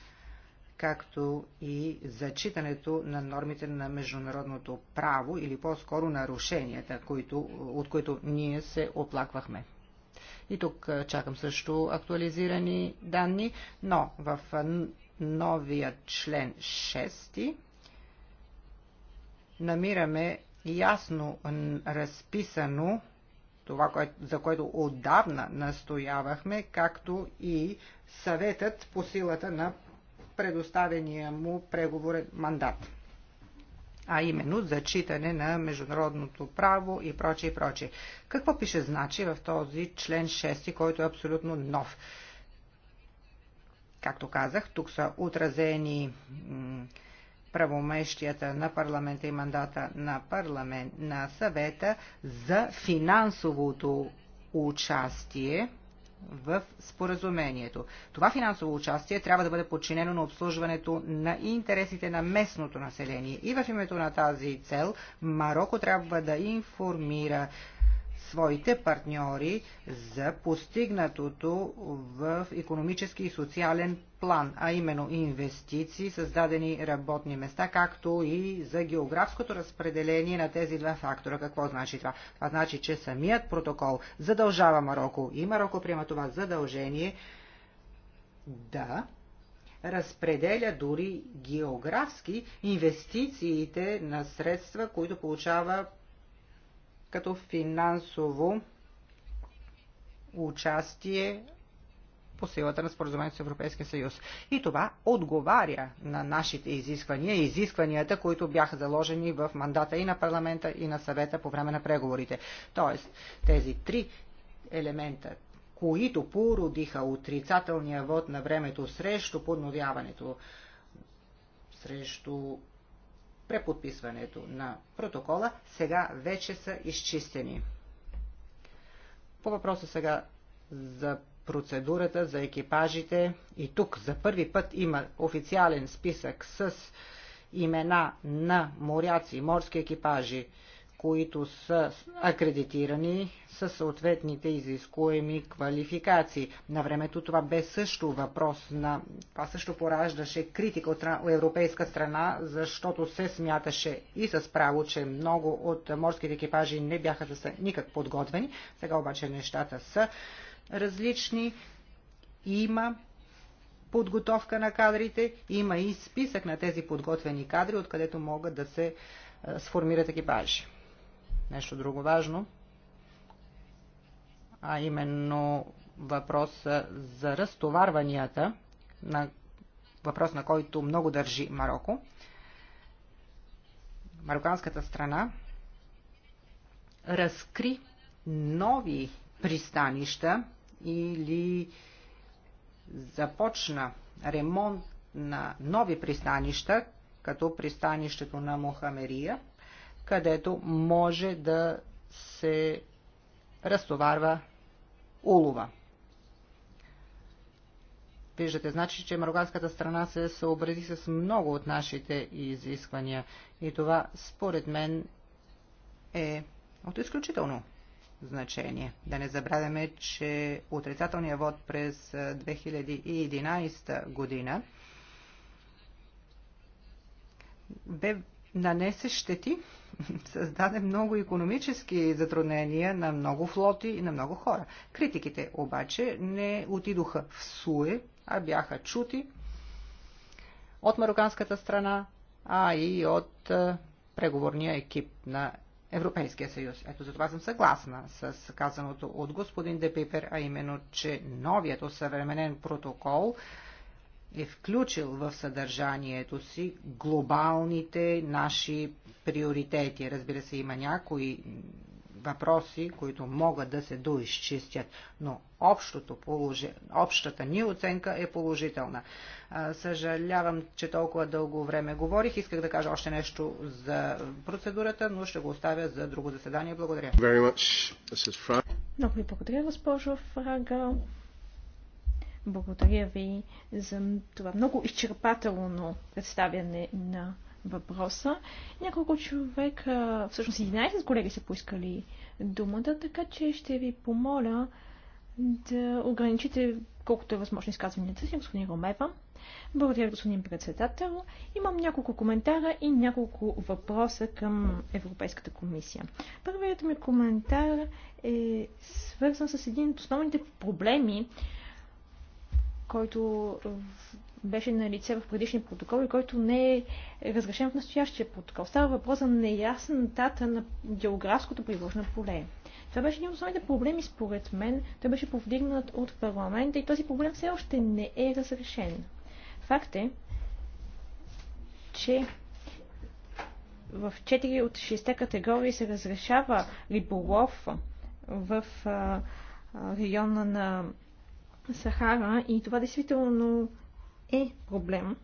както и зачитането на нормите на международното право или по-скоро нарушенията, които, от които ние се оплаквахме. И тук чакам също актуализирани данни, но в новия член 6 намираме ясно разписано това, за което отдавна настоявахме, както и съветът по силата на предоставения му преговорен мандат а именно зачитане на международното право и прочее и прочее. Какво пише значи в този член 6, който е абсолютно нов? Както казах, тук са отразени правомещията на парламента и мандата на парламент на съвета за финансовото участие в споразумението. Това финансово участие трябва да бъде подчинено на обслужването на интересите на местното население. И в името на тази цел Марокко трябва да информира своите партньори за постигнатото в економически и социален план, а именно инвестиции, създадени работни места, както и за географското разпределение на тези два фактора. Какво значи това? Това значи, че самият протокол задължава Марокко и Марокко приема това задължение да разпределя дори географски инвестициите на средства, които получава като финансово участие по силата на споразумението с Европейския съюз. И това отговаря на нашите изисквания, изискванията, които бяха заложени в мандата и на парламента, и на съвета по време на преговорите. Тоест, тези три елемента, които породиха отрицателния вод на времето срещу подновяването, срещу преподписването на протокола сега вече са изчистени. По въпроса сега за процедурата за екипажите и тук за първи път има официален списък с имена на моряци, морски екипажи, които са акредитирани със съответните изискуеми квалификации. На времето това бе също въпрос на... Това също пораждаше критика от европейска страна, защото се смяташе и с право, че много от морските екипажи не бяха да са никак подготвени. Сега обаче нещата са различни. Има подготовка на кадрите, има и списък на тези подготвени кадри, откъдето могат да се сформират екипажи нещо друго важно, а именно въпрос за разтоварванията, на въпрос на който много държи Марокко. Мароканската страна разкри нови пристанища или започна ремонт на нови пристанища, като пристанището на Мохамерия – където може да се разтоварва улова. Виждате, значи, че мароканската страна се съобрази с много от нашите изисквания и това, според мен, е от изключително значение. Да не забравяме, че отрицателният вод през 2011 година бе нанесе щети създаде много економически затруднения на много флоти и на много хора. Критиките обаче не отидоха в Суе, а бяха чути от мароканската страна, а и от преговорния екип на Европейския съюз. Ето за това съм съгласна с казаното от господин Депипер, а именно, че новият осъвременен протокол е включил в съдържанието си глобалните наши приоритети. Разбира се, има някои въпроси, които могат да се доизчистят, но общото положи... общата ни оценка е положителна. Съжалявам, че толкова дълго време говорих. Исках да кажа още нещо за процедурата, но ще го оставя за друго заседание. Благодаря. Много ви благодаря, госпожо Фрага. Благодаря ви за това много изчерпателно представяне на въпроса. Няколко човека, всъщност 11 колеги са поискали думата, така че ще ви помоля да ограничите колкото е възможно изказванията си, господин Ромева. Благодаря, господин председател. Имам няколко коментара и няколко въпроса към Европейската комисия. Първият ми коментар е свързан с един от основните проблеми, който беше на лице в предишния протокол и който не е разрешен в настоящия протокол. Става въпрос за неяснотата на географското приложено поле. Това беше един от основните проблеми, според мен. Той беше повдигнат от парламента и този проблем все още не е разрешен. Факт е, че в 4 от 6 категории се разрешава риболов в района на Сахара и това действително е проблем.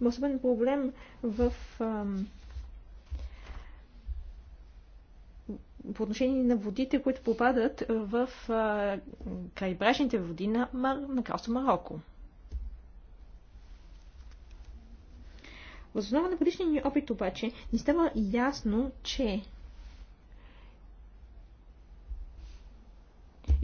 Има особен проблем в ам, по отношение на водите, които попадат в а, крайбрежните води на, Мар, на кралство Марокко. Възоснова на годишния ни опит обаче ни става ясно, че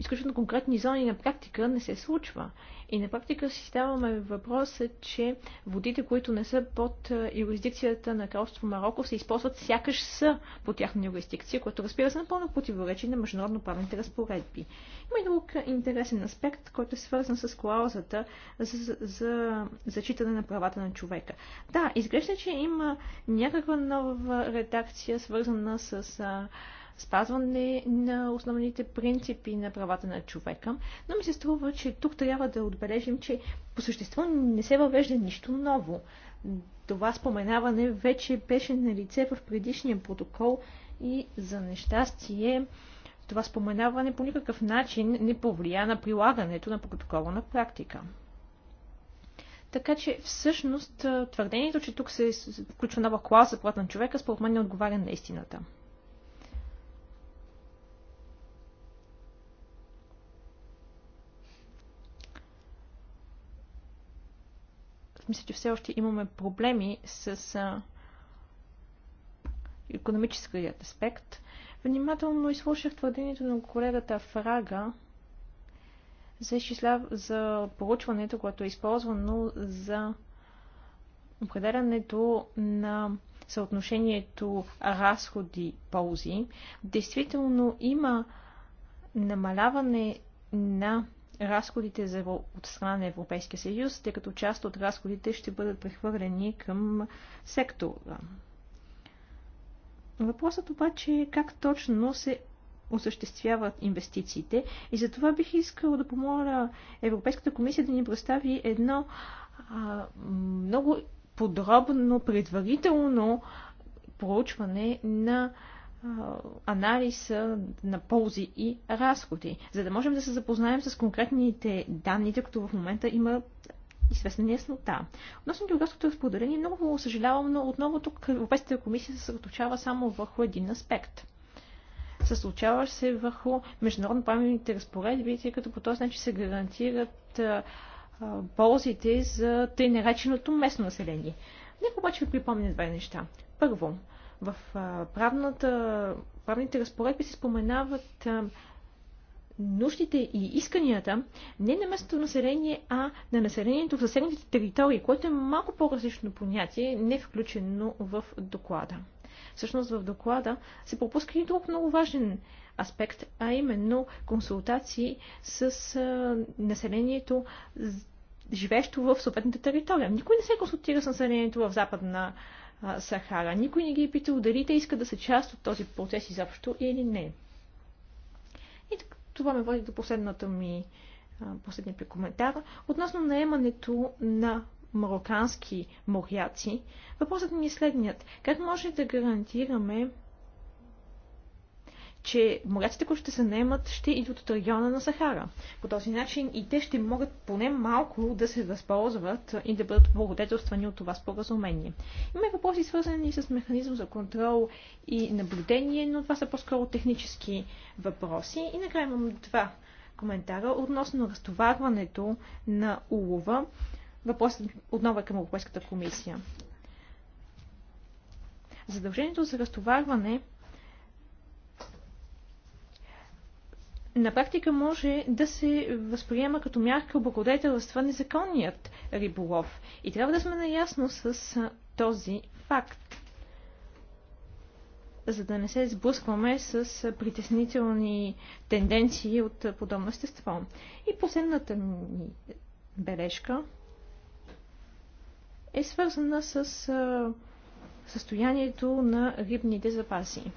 изключително конкретни зони на практика не се случва. И на практика си ставаме въпроса, че водите, които не са под е, юрисдикцията на кралство Марокко, се използват сякаш са по тяхна юрисдикция, което разбира се напълно противоречи на международно правните разпоредби. Има и друг интересен аспект, който е свързан с клаузата за, за, за зачитане на правата на човека. Да, изглежда, че има някаква нова редакция, свързана с а, спазване на основните принципи на правата на човека, но ми се струва, че тук трябва да отбележим, че по същество не се въвежда нищо ново. Това споменаване вече беше на лице в предишния протокол и за нещастие това споменаване по никакъв начин не повлия на прилагането на протокола на практика. Така че всъщност твърдението, че тук се включва нова класа за на човека, според мен не отговаря на истината. Мисля, че все още имаме проблеми с а, економическият аспект. Внимателно изслушах твърдението на колегата Фрага за, изчисляв... за поручването, което е използвано за определянето на съотношението разходи-ползи. Действително има намаляване на разходите за, от страна на Европейския съюз, тъй като част от разходите ще бъдат прехвърлени към сектора. Въпросът обаче е как точно се осъществяват инвестициите и за това бих искала да помоля Европейската комисия да ни представи едно а, много подробно, предварително проучване на анализ на ползи и разходи, за да можем да се запознаем с конкретните данни, тъй като в момента има известна неяснота. Относно географското разпределение, много съжалявам, но отново тук Европейската комисия се съсредоточава само върху един аспект. Съсредоточава се върху международно правилните разпоредби, тъй като по този начин се гарантират ползите за тъй нареченото местно население. Нека обаче ви припомня две неща. Първо, в правната, правните разпоредби се споменават нуждите и исканията не на местното население, а на населението в съседните територии, което е малко по-различно понятие, не включено в доклада. Всъщност в доклада се пропуска и друг много важен аспект, а именно консултации с а, населението, живеещо в съответната територия. Никой не се консултира с населението в Западна Сахара. Никой не ги е питал дали те искат да са част от този процес изобщо или не. И това ме води до последната ми, последния ми коментар. Относно наемането на марокански моряци, въпросът ми е следният. Как може да гарантираме че моряците, които ще се наемат, ще идват от региона на Сахара. По този начин и те ще могат поне малко да се възползват и да бъдат благодетелствани от това споразумение. Има и въпроси свързани с механизъм за контрол и наблюдение, но това са по-скоро технически въпроси. И накрая имам два коментара относно разтоварването на улова. Въпросът отново е към Европейската комисия. Задължението за разтоварване на практика може да се възприема като мярка облагодетелства незаконният риболов. И трябва да сме наясно с този факт, за да не се сблъскваме с притеснителни тенденции от подобно естество. И последната ми бележка е свързана с състоянието на рибните запаси.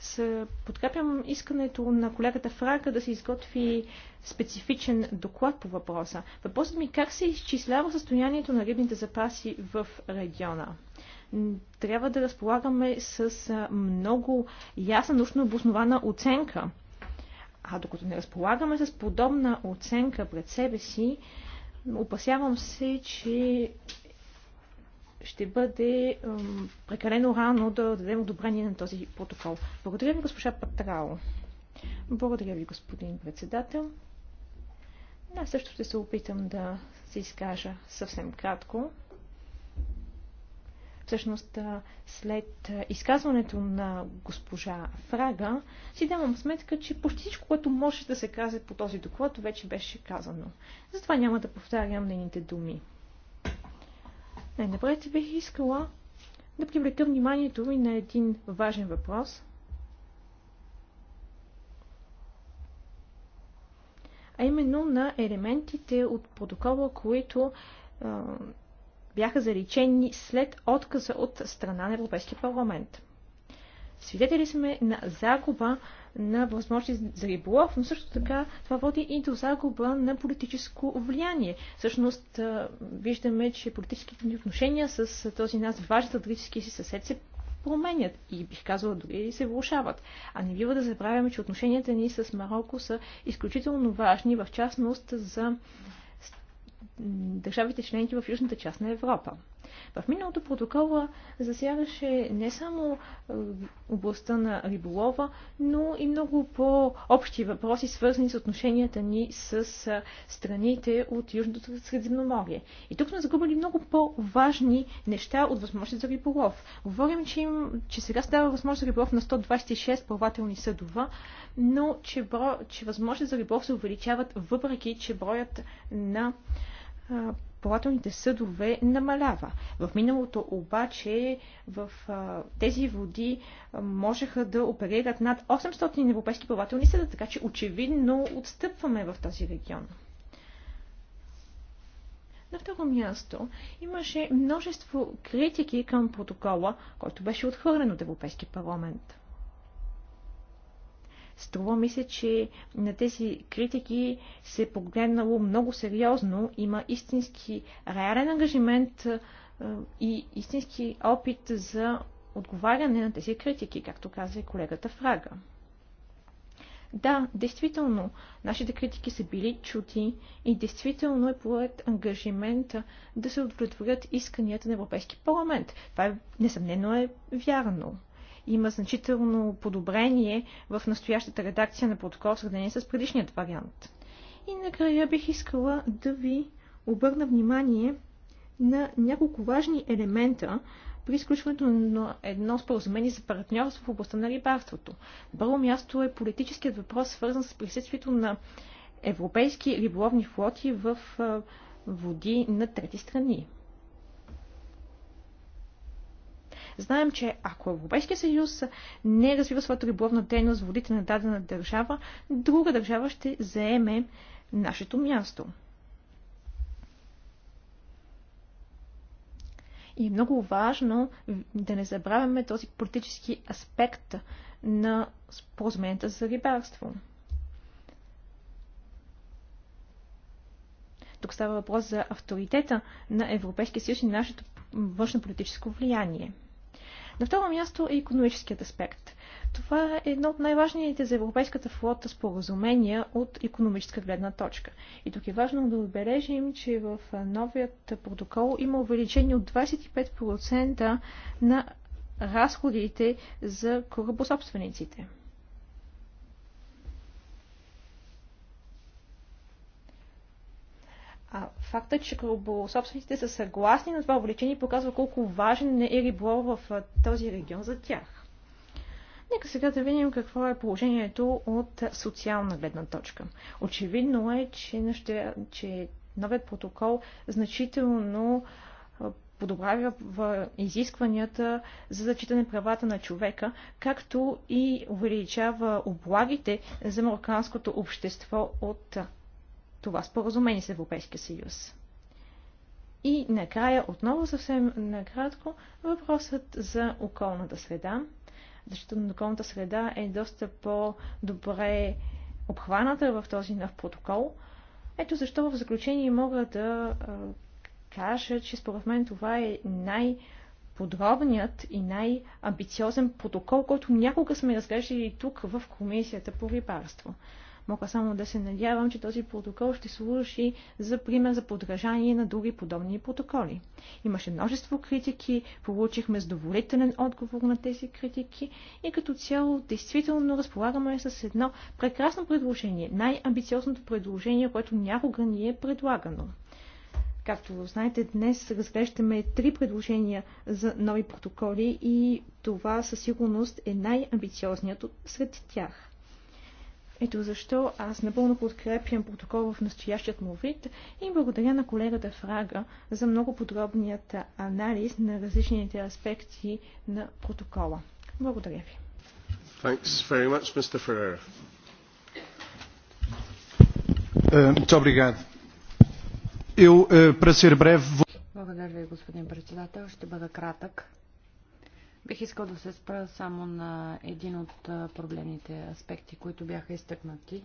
се подкрепям искането на колегата Фрака да се изготви специфичен доклад по въпроса. Въпросът ми е как се изчислява състоянието на рибните запаси в региона. Трябва да разполагаме с много ясна научно обоснована оценка. А докато не разполагаме с подобна оценка пред себе си, опасявам се, че ще бъде прекалено рано да дадем одобрение на този протокол. Благодаря ви, госпожа Патрао. Благодаря ви, господин председател. Аз също ще се опитам да се изкажа съвсем кратко. Всъщност, след изказването на госпожа Фрага, си давам сметка, че почти всичко, което може да се каже по този доклад, вече беше казано. Затова няма да повтарям нейните думи. Най-напред бих искала да привлека вниманието ви на един важен въпрос, а именно на елементите от протокола, които е, бяха заличени след отказа от страна на Европейския парламент. Свидетели сме на загуба на възможности за риболов, но също така това води и до загуба на политическо влияние. Всъщност виждаме, че политическите ни отношения с този нас важен стратегически си съсед се променят и бих казала дори се влушават. А не бива да забравяме, че отношенията ни с Марокко са изключително важни, в частност за държавите членки в южната част на Европа. В миналото протокола засягаше не само е, областта на риболова, но и много по-общи въпроси, свързани с отношенията ни с е, страните от Южното Средиземноморие. И тук сме загубили много по-важни неща от възможност за риболов. Говорим, че, им, че сега става възможност за риболов на 126 плавателни съдова, но че, бро, че възможност за риболов се увеличават, въпреки че броят на е, плавателните съдове намалява. В миналото обаче в а, тези води а, можеха да оперират над 800 европейски плавателни съда, така че очевидно отстъпваме в този регион. На второ място имаше множество критики към протокола, който беше отхвърлен от Европейски парламент. Струва ми се, че на тези критики се е погледнало много сериозно. Има истински реален ангажимент и истински опит за отговаряне на тези критики, както каза и колегата Фрага. Да, действително, нашите критики са били чути и действително е поред ангажимента да се удовлетворят исканията на Европейски парламент. Това е, несъмнено е вярно има значително подобрение в настоящата редакция на протокол в сравнение с предишният вариант. И накрая бих искала да ви обърна внимание на няколко важни елемента при изключването на едно споразумение за партньорство в областта на рибарството. На първо място е политическият въпрос, свързан с присъствието на европейски риболовни флоти в води на трети страни. Знаем, че ако Европейския съюз не развива своята риболовна дейност в водите на дадена държава, друга държава ще заеме нашето място. И е много важно да не забравяме този политически аспект на споразумението за рибарство. Тук става въпрос за авторитета на Европейския съюз и нашето външно политическо влияние. На второ място е економическият аспект. Това е едно от най-важните за европейската флота споразумения от економическа гледна точка. И тук е важно да отбележим, че в новият протокол има увеличение от 25% на разходите за корабособствениците. А факта, че кръбособствениците са съгласни на това увеличение, показва колко важен е риболов в този регион за тях. Нека сега да видим какво е положението от социална гледна точка. Очевидно е, че, ще, че новият протокол значително в изискванията за зачитане правата на човека, както и увеличава облагите за марокканското общество от това споразумение с Европейския съюз. И накрая, отново съвсем накратко, въпросът за околната среда. Защото на околната среда е доста по-добре обхваната в този нов протокол. Ето защо в заключение мога да кажа, че според мен това е най- подробният и най-амбициозен протокол, който някога сме разглеждали тук в Комисията по рибарство. Мога само да се надявам, че този протокол ще служи за пример за подражание на други подобни протоколи. Имаше множество критики, получихме задоволителен отговор на тези критики и като цяло действително разполагаме с едно прекрасно предложение, най-амбициозното предложение, което някога ни е предлагано. Както знаете, днес разглеждаме три предложения за нови протоколи и това със сигурност е най-амбициозният сред тях. Ето защо аз напълно подкрепям протокол в настоящият му вид и благодаря на колегата Фрага за много подробният анализ на различните аспекти на протокола. Благодаря ви. Thanks very much, Mr. Ferreira. Е, muito obrigado. Eu, е, para ser breve, vou... Благодаря ви, господин председател. Ще бъда кратък. Бих искал да се спра само на един от проблемните аспекти, които бяха изтъкнати.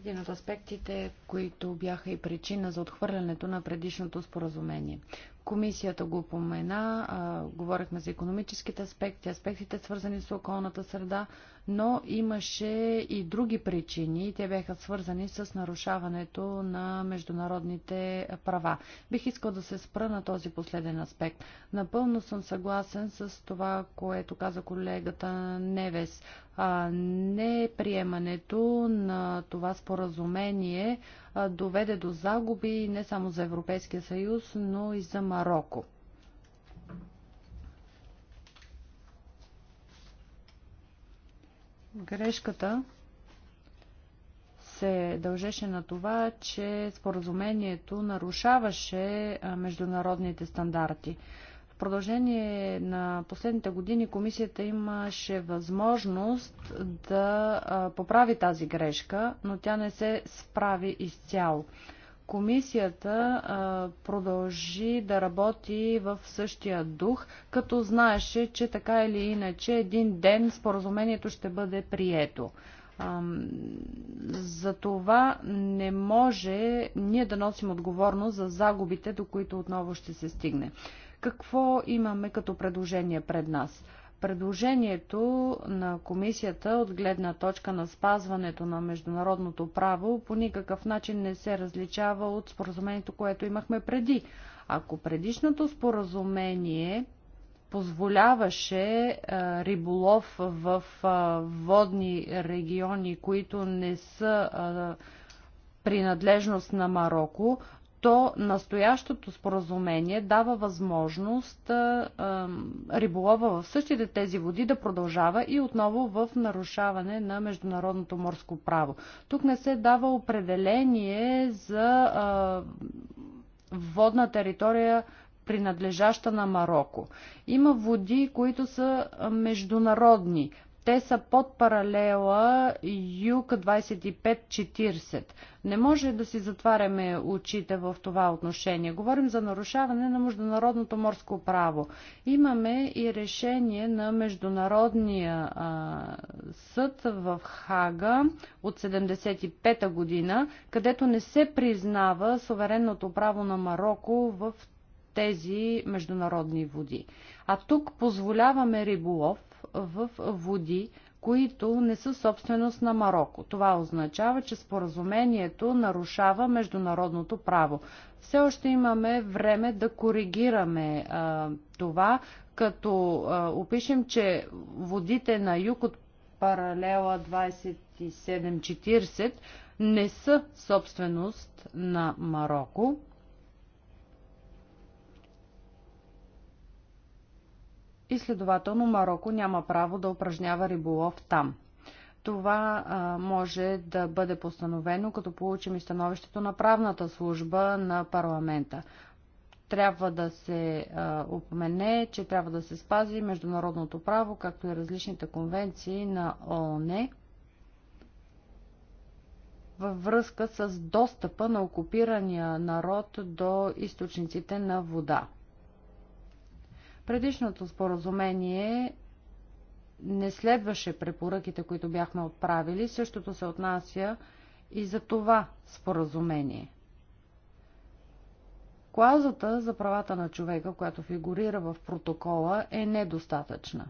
Един от аспектите, които бяха и причина за отхвърлянето на предишното споразумение. Комисията го помена, а, говорихме за економическите аспекти, аспектите свързани с околната среда, но имаше и други причини. Те бяха свързани с нарушаването на международните права. Бих искал да се спра на този последен аспект. Напълно съм съгласен с това, което каза колегата Невес. А, неприемането на това споразумение доведе до загуби не само за Европейския съюз, но и за Марокко. Грешката се дължеше на това, че споразумението нарушаваше международните стандарти. В продължение на последните години комисията имаше възможност да поправи тази грешка, но тя не се справи изцяло. Комисията продължи да работи в същия дух, като знаеше, че така или иначе един ден споразумението ще бъде прието. За това не може ние да носим отговорност за загубите, до които отново ще се стигне. Какво имаме като предложение пред нас? Предложението на комисията от гледна точка на спазването на международното право по никакъв начин не се различава от споразумението, което имахме преди. Ако предишното споразумение позволяваше е, риболов в е, водни региони, които не са е, принадлежност на Марокко, то настоящото споразумение дава възможност а, а, риболова в същите тези води да продължава и отново в нарушаване на международното морско право. Тук не се дава определение за а, водна територия принадлежаща на Марокко. Има води, които са международни те са под паралела юг 2540. Не може да си затваряме очите в това отношение. Говорим за нарушаване на международното морско право. Имаме и решение на Международния а, съд в Хага от 75-та година, където не се признава суверенното право на Марокко в тези международни води. А тук позволяваме риболов, в води, които не са собственост на Марокко. Това означава, че споразумението нарушава международното право. Все още имаме време да коригираме а, това, като а, опишем, че водите на юг от паралела 2740 не са собственост на Марокко. и следователно Марокко няма право да упражнява риболов там. Това а, може да бъде постановено, като получим и становището на правната служба на парламента. Трябва да се а, упомене, че трябва да се спази международното право, както и различните конвенции на ООН във връзка с достъпа на окупирания народ до източниците на вода. Предишното споразумение не следваше препоръките, които бяхме отправили. Същото се отнася и за това споразумение. Клаузата за правата на човека, която фигурира в протокола, е недостатъчна.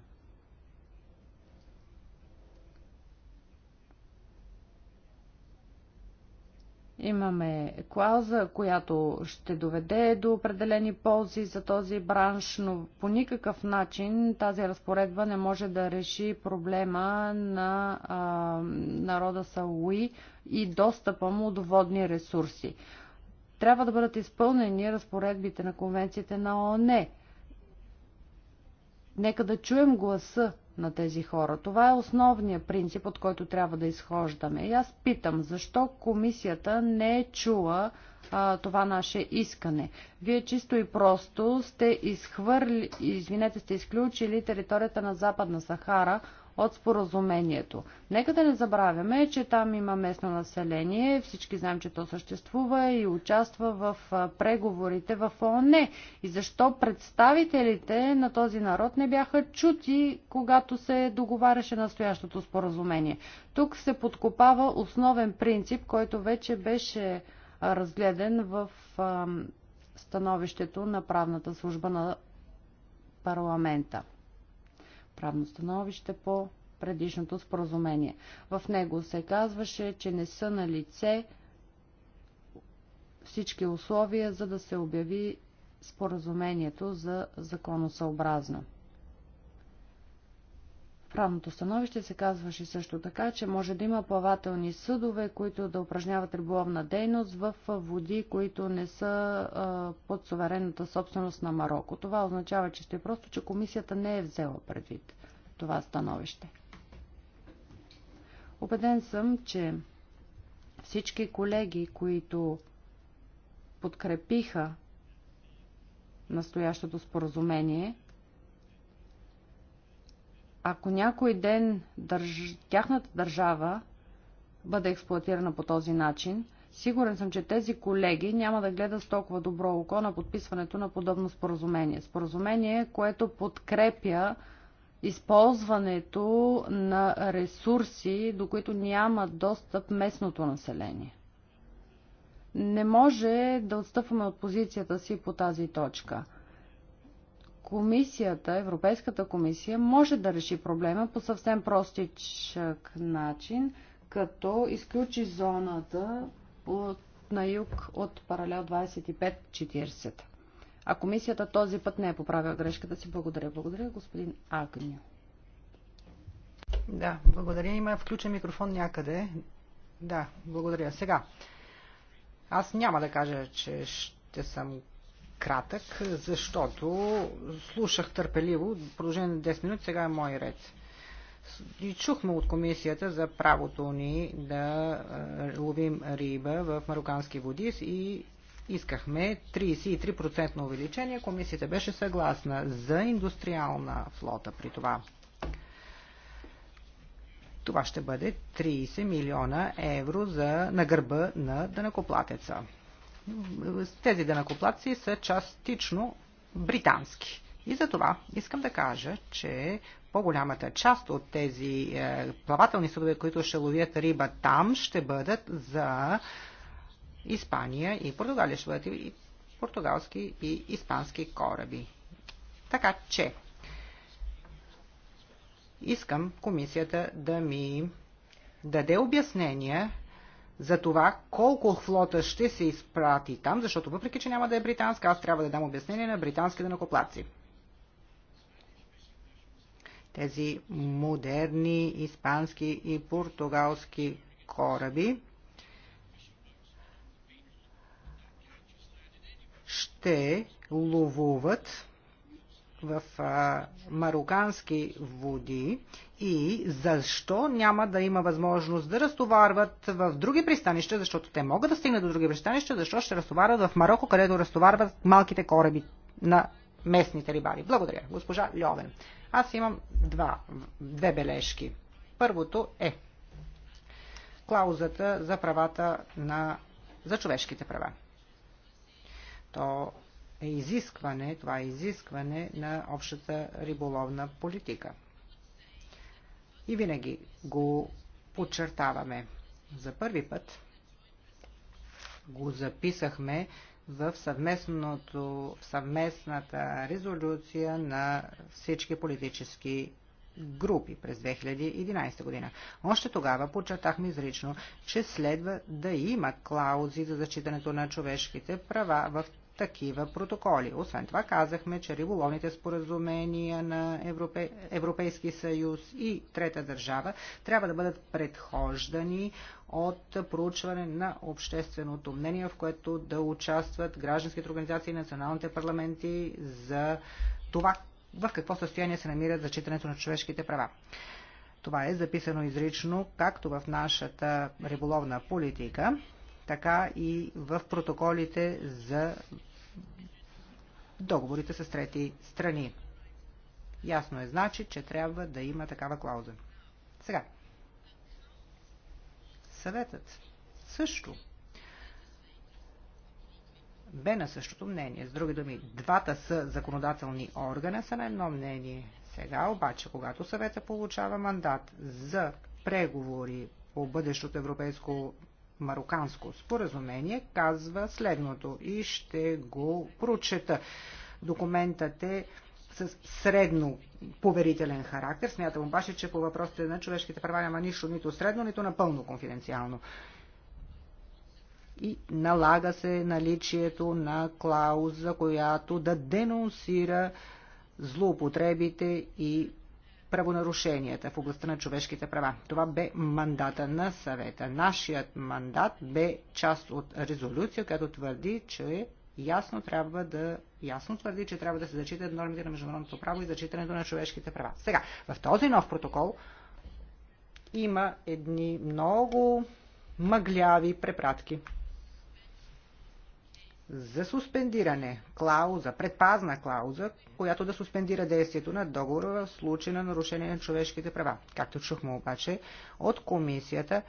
Имаме клауза, която ще доведе до определени ползи за този бранш, но по никакъв начин тази разпоредба не може да реши проблема на а, народа Сауи и достъпа му до водни ресурси. Трябва да бъдат изпълнени разпоредбите на конвенциите на ООН. Нека да чуем гласа на тези хора. Това е основният принцип, от който трябва да изхождаме. И аз питам, защо комисията не е чула а, това наше искане? Вие чисто и просто сте изхвърли, извинете, сте изключили територията на Западна Сахара от споразумението. Нека да не забравяме, че там има местно население, всички знаем, че то съществува и участва в преговорите в ООН. И защо представителите на този народ не бяха чути, когато се договаряше настоящото споразумение? Тук се подкопава основен принцип, който вече беше разгледан в становището на правната служба на парламента правно становище по предишното споразумение. В него се казваше, че не са на лице всички условия, за да се обяви споразумението за законосъобразно правното становище се казваше също така, че може да има плавателни съдове, които да упражняват риболовна дейност в води, които не са а, под суверенната собственост на Марокко. Това означава, че ще е просто, че комисията не е взела предвид това становище. Обеден съм, че всички колеги, които подкрепиха настоящото споразумение – ако някой ден държ... тяхната държава бъде експлуатирана по този начин, сигурен съм, че тези колеги няма да гледат с толкова добро око на подписването на подобно споразумение. Споразумение, което подкрепя използването на ресурси, до които няма достъп местното население. Не може да отстъпваме от позицията си по тази точка – комисията, Европейската комисия, може да реши проблема по съвсем простичък начин, като изключи зоната от, на юг от паралел 25-40. А комисията този път не е поправила грешката си. Благодаря. Благодаря, господин Агню. Да, благодаря. Има включен микрофон някъде. Да, благодаря. Сега. Аз няма да кажа, че ще съм кратък, защото слушах търпеливо продължение на 10 минути, сега е мой ред. И чухме от комисията за правото ни да ловим риба в марокански води и искахме 33% увеличение. Комисията беше съгласна за индустриална флота при това. Това ще бъде 30 милиона евро за, на гърба на дънакоплатеца тези денакоплаци са частично британски. И за това искам да кажа, че по-голямата част от тези е, плавателни съдове, които ще ловят риба там, ще бъдат за Испания и Португалия. Ще бъдат и португалски и испански кораби. Така че искам комисията да ми даде обяснения за това колко флота ще се изпрати там, защото въпреки, че няма да е британска, аз трябва да дам обяснение на британските накоплаци. Тези модерни испански и португалски кораби ще ловуват в а, марокански води и защо няма да има възможност да разтоварват в други пристанища, защото те могат да стигнат до други пристанища, защо ще разтоварват в Марокко, където разтоварват малките кораби на местните рибари. Благодаря, госпожа Льовен. Аз имам два, две бележки. Първото е клаузата за правата на, за човешките права. То е изискване, това е изискване на общата риболовна политика – и винаги го подчертаваме. За първи път го записахме в, съвместното, в съвместната резолюция на всички политически групи през 2011 година. Още тогава подчертахме изрично, че следва да има клаузи за зачитането на човешките права в такива протоколи. Освен това казахме, че риболовните споразумения на Европе... Европейски съюз и трета държава трябва да бъдат предхождани от проучване на общественото мнение, в което да участват гражданските организации и националните парламенти за това в какво състояние се намират зачитането на човешките права. Това е записано изрично както в нашата риболовна политика, така и в протоколите за договорите с трети страни. Ясно е значи, че трябва да има такава клауза. Сега, съветът също бе на същото мнение. С други думи, двата са законодателни органа са на едно мнение. Сега обаче, когато съвета получава мандат за преговори по бъдещото европейско мароканско споразумение казва следното и ще го прочета. Документът е с средно поверителен характер. Смятам обаче, че по въпросите на човешките права няма нищо нито средно, нито напълно конфиденциално. И налага се наличието на клауза, която да денонсира злоупотребите и правонарушенията в областта на човешките права. Това бе мандата на съвета. Нашият мандат бе част от резолюция, която твърди, че ясно трябва да ясно твърди, че трябва да се зачитат нормите на международното право и зачитането на човешките права. Сега, в този нов протокол има едни много мъгляви препратки за суспендиране, клауза, предпазна клауза, която да суспендира действието на договора в случай на нарушение на човешките права. Както чухме обаче от комисията,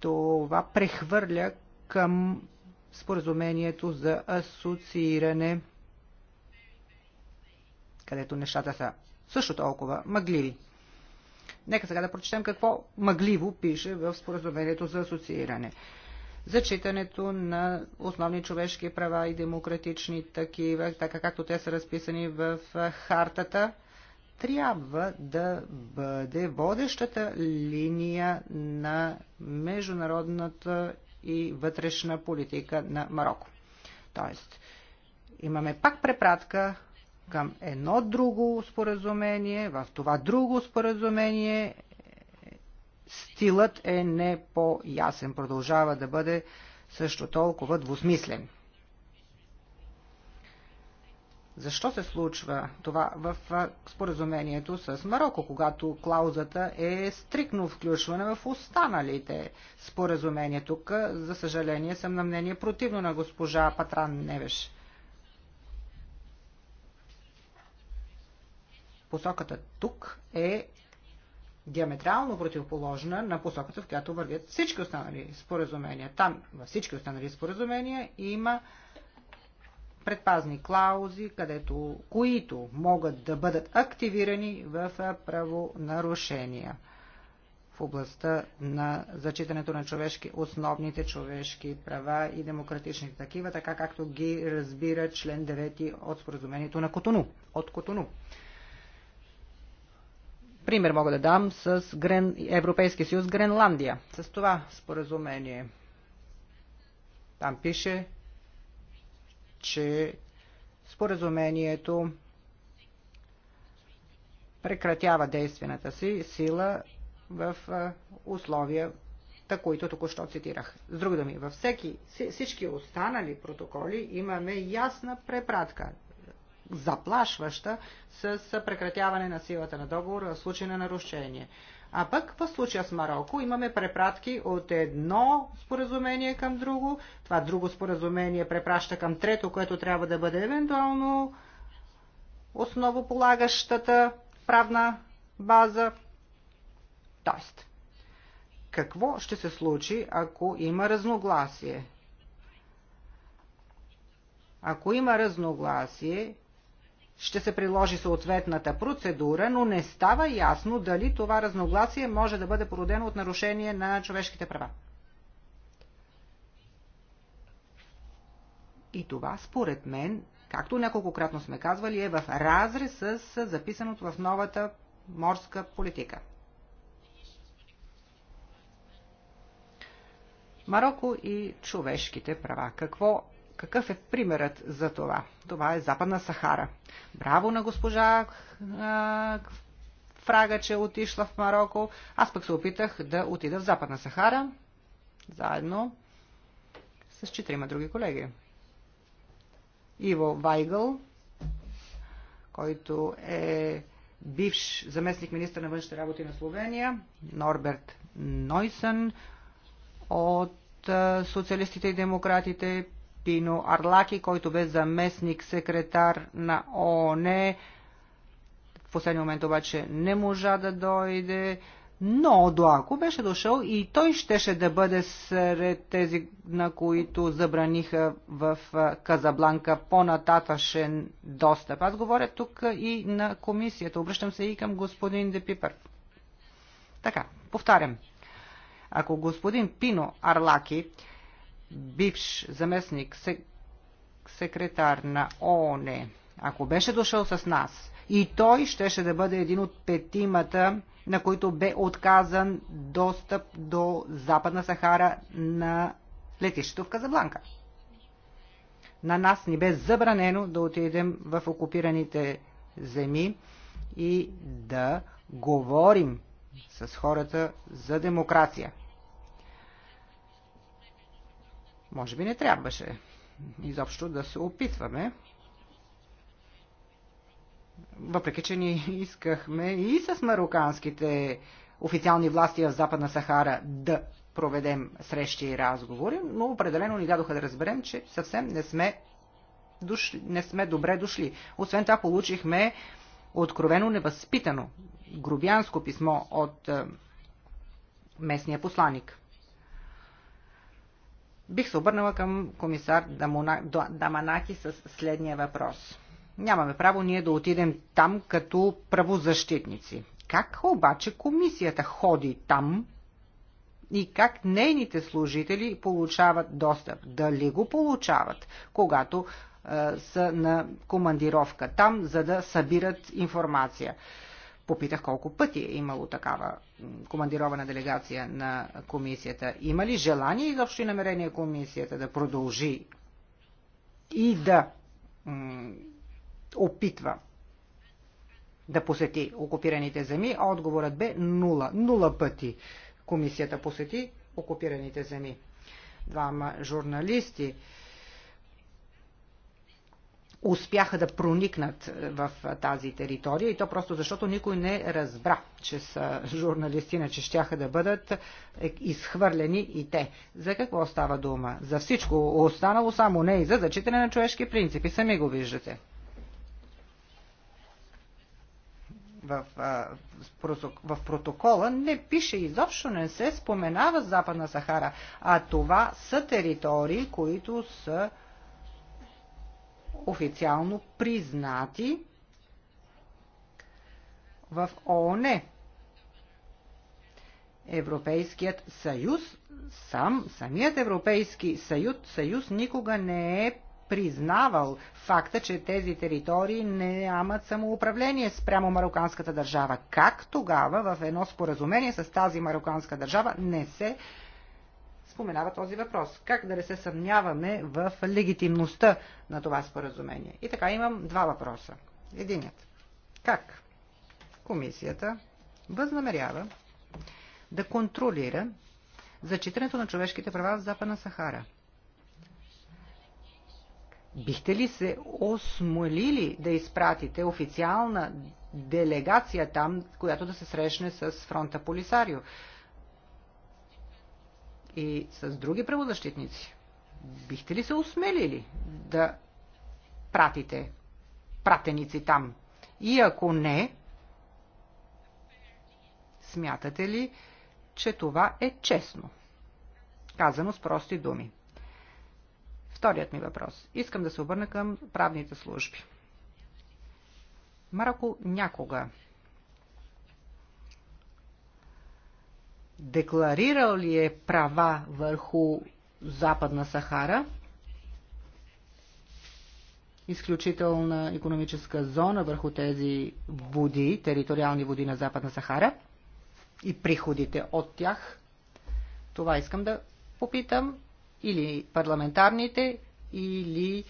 това прехвърля към споразумението за асоцииране, където нещата са също толкова мъгливи. Нека сега да прочетем какво мъгливо пише в споразумението за асоцииране зачитането на основни човешки права и демократични такива, така както те са разписани в хартата, трябва да бъде водещата линия на международната и вътрешна политика на Марокко. Тоест, имаме пак препратка към едно друго споразумение. В това друго споразумение стилът е не по-ясен, продължава да бъде също толкова двусмислен. Защо се случва това в споразумението с Марокко, когато клаузата е стрикно включване в останалите споразумения? Тук, за съжаление, съм на мнение противно на госпожа Патран Невеш. Посоката тук е диаметрално противоположна на посоката, в която вървят всички останали споразумения. Там, във всички останали споразумения, има предпазни клаузи, където, които могат да бъдат активирани в правонарушения в областта на зачитането на човешки, основните човешки права и демократични такива, така както ги разбира член 9 от споразумението на Котону, от Котону. Пример мога да дам с Грен... Европейския съюз Гренландия. С това споразумение. Там пише, че споразумението прекратява действената си сила в условия, та които току-що цитирах. С други думи, във всеки, всички останали протоколи имаме ясна препратка заплашваща с прекратяване на силата на договор в случай на нарушение. А пък в случая с Марокко имаме препратки от едно споразумение към друго. Това друго споразумение препраща към трето, което трябва да бъде евентуално основополагащата правна база. Тоест, какво ще се случи, ако има разногласие? Ако има разногласие ще се приложи съответната процедура, но не става ясно дали това разногласие може да бъде породено от нарушение на човешките права. И това, според мен, както няколкократно сме казвали, е в разрез с записаното в новата морска политика. Марокко и човешките права. Какво какъв е примерът за това? Това е Западна Сахара. Браво на госпожа Фрага, че отишла в Марокко. Аз пък се опитах да отида в Западна Сахара, заедно с четирима други колеги. Иво Вайгъл, който е бивш заместник министр на външните работи на Словения, Норберт Нойсън от социалистите и демократите, Пино Арлаки, който бе заместник секретар на ООН. В последния момент обаче не можа да дойде. Но до ако беше дошъл и той щеше да бъде сред тези, на които забраниха в Казабланка по нататъшен достъп. Аз говоря тук и на комисията. Обръщам се и към господин Депипер. Така, повтарям. Ако господин Пино Арлаки бивш заместник секретар на ООН, ако беше дошъл с нас, и той щеше да бъде един от петимата, на които бе отказан достъп до Западна Сахара на летището в Казабланка. На нас ни бе забранено да отидем в окупираните земи и да говорим с хората за демокрация. Може би не трябваше изобщо да се опитваме. Въпреки, че ние искахме и с мароканските официални власти в Западна Сахара да проведем срещи и разговори, но определено ни дадоха да разберем, че съвсем не сме, дошли, не сме добре дошли. Освен това получихме откровено невъзпитано грубянско писмо от е, местния посланник. Бих се обърнала към комисар Даманаки с следния въпрос. Нямаме право ние да отидем там като правозащитници. Как обаче комисията ходи там и как нейните служители получават достъп? Дали го получават, когато е, са на командировка там, за да събират информация? Попитах колко пъти е имало такава командирована делегация на комисията. Има ли желание изобщо и намерение комисията да продължи и да опитва да посети окупираните земи? Отговорът бе нула. Нула пъти комисията посети окупираните земи. Двама журналисти успяха да проникнат е, в е, тази територия и то просто защото никой не разбра, че са журналисти, не че щяха да бъдат е, изхвърлени и те. За какво става дума? За всичко останало, само не и за зачитане на човешки принципи. Сами го виждате. в, в протокола не пише изобщо, не се споменава Западна Сахара, а това са територии, които са официално признати в ООН. Европейският съюз, сам, самият Европейски съюз, съюз никога не е признавал факта, че тези територии нямат самоуправление спрямо мароканската държава. Как тогава в едно споразумение с тази мароканска държава не се споменава този въпрос. Как да не се съмняваме в легитимността на това споразумение? И така имам два въпроса. Единият. Как комисията възнамерява да контролира зачитането на човешките права в Западна Сахара? Бихте ли се осмолили да изпратите официална делегация там, която да се срещне с фронта Полисарио? и с други правозащитници, бихте ли се осмелили да пратите пратеници там? И ако не, смятате ли, че това е честно? Казано с прости думи. Вторият ми въпрос. Искам да се обърна към правните служби. Марако някога декларирал ли е права върху Западна Сахара, изключителна економическа зона върху тези води, териториални води на Западна Сахара и приходите от тях. Това искам да попитам. Или парламентарните, или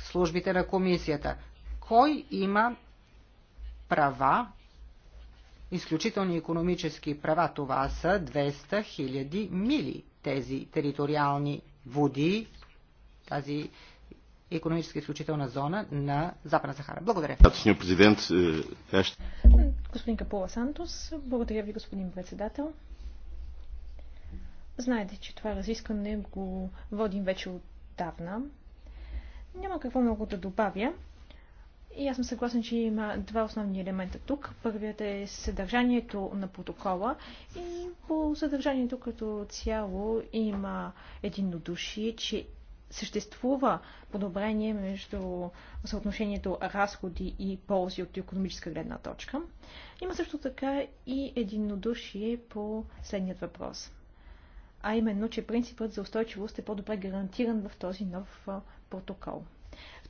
службите на комисията. Кой има права изключителни економически права. Това са 200 000 мили тези териториални води, тази економически изключителна зона на Западна Сахара. Благодаря. Е, господин Капула Сантос, благодаря ви, господин председател. Знаете, че това разискване го водим вече отдавна. Няма какво много да добавя. И аз съм съгласен, че има два основни елемента тук. Първият е съдържанието на протокола и по съдържанието като цяло има единодушие, че съществува подобрение между съотношението разходи и ползи от економическа гледна точка. Има също така и единодушие по следният въпрос. А именно, че принципът за устойчивост е по-добре гарантиран в този нов протокол.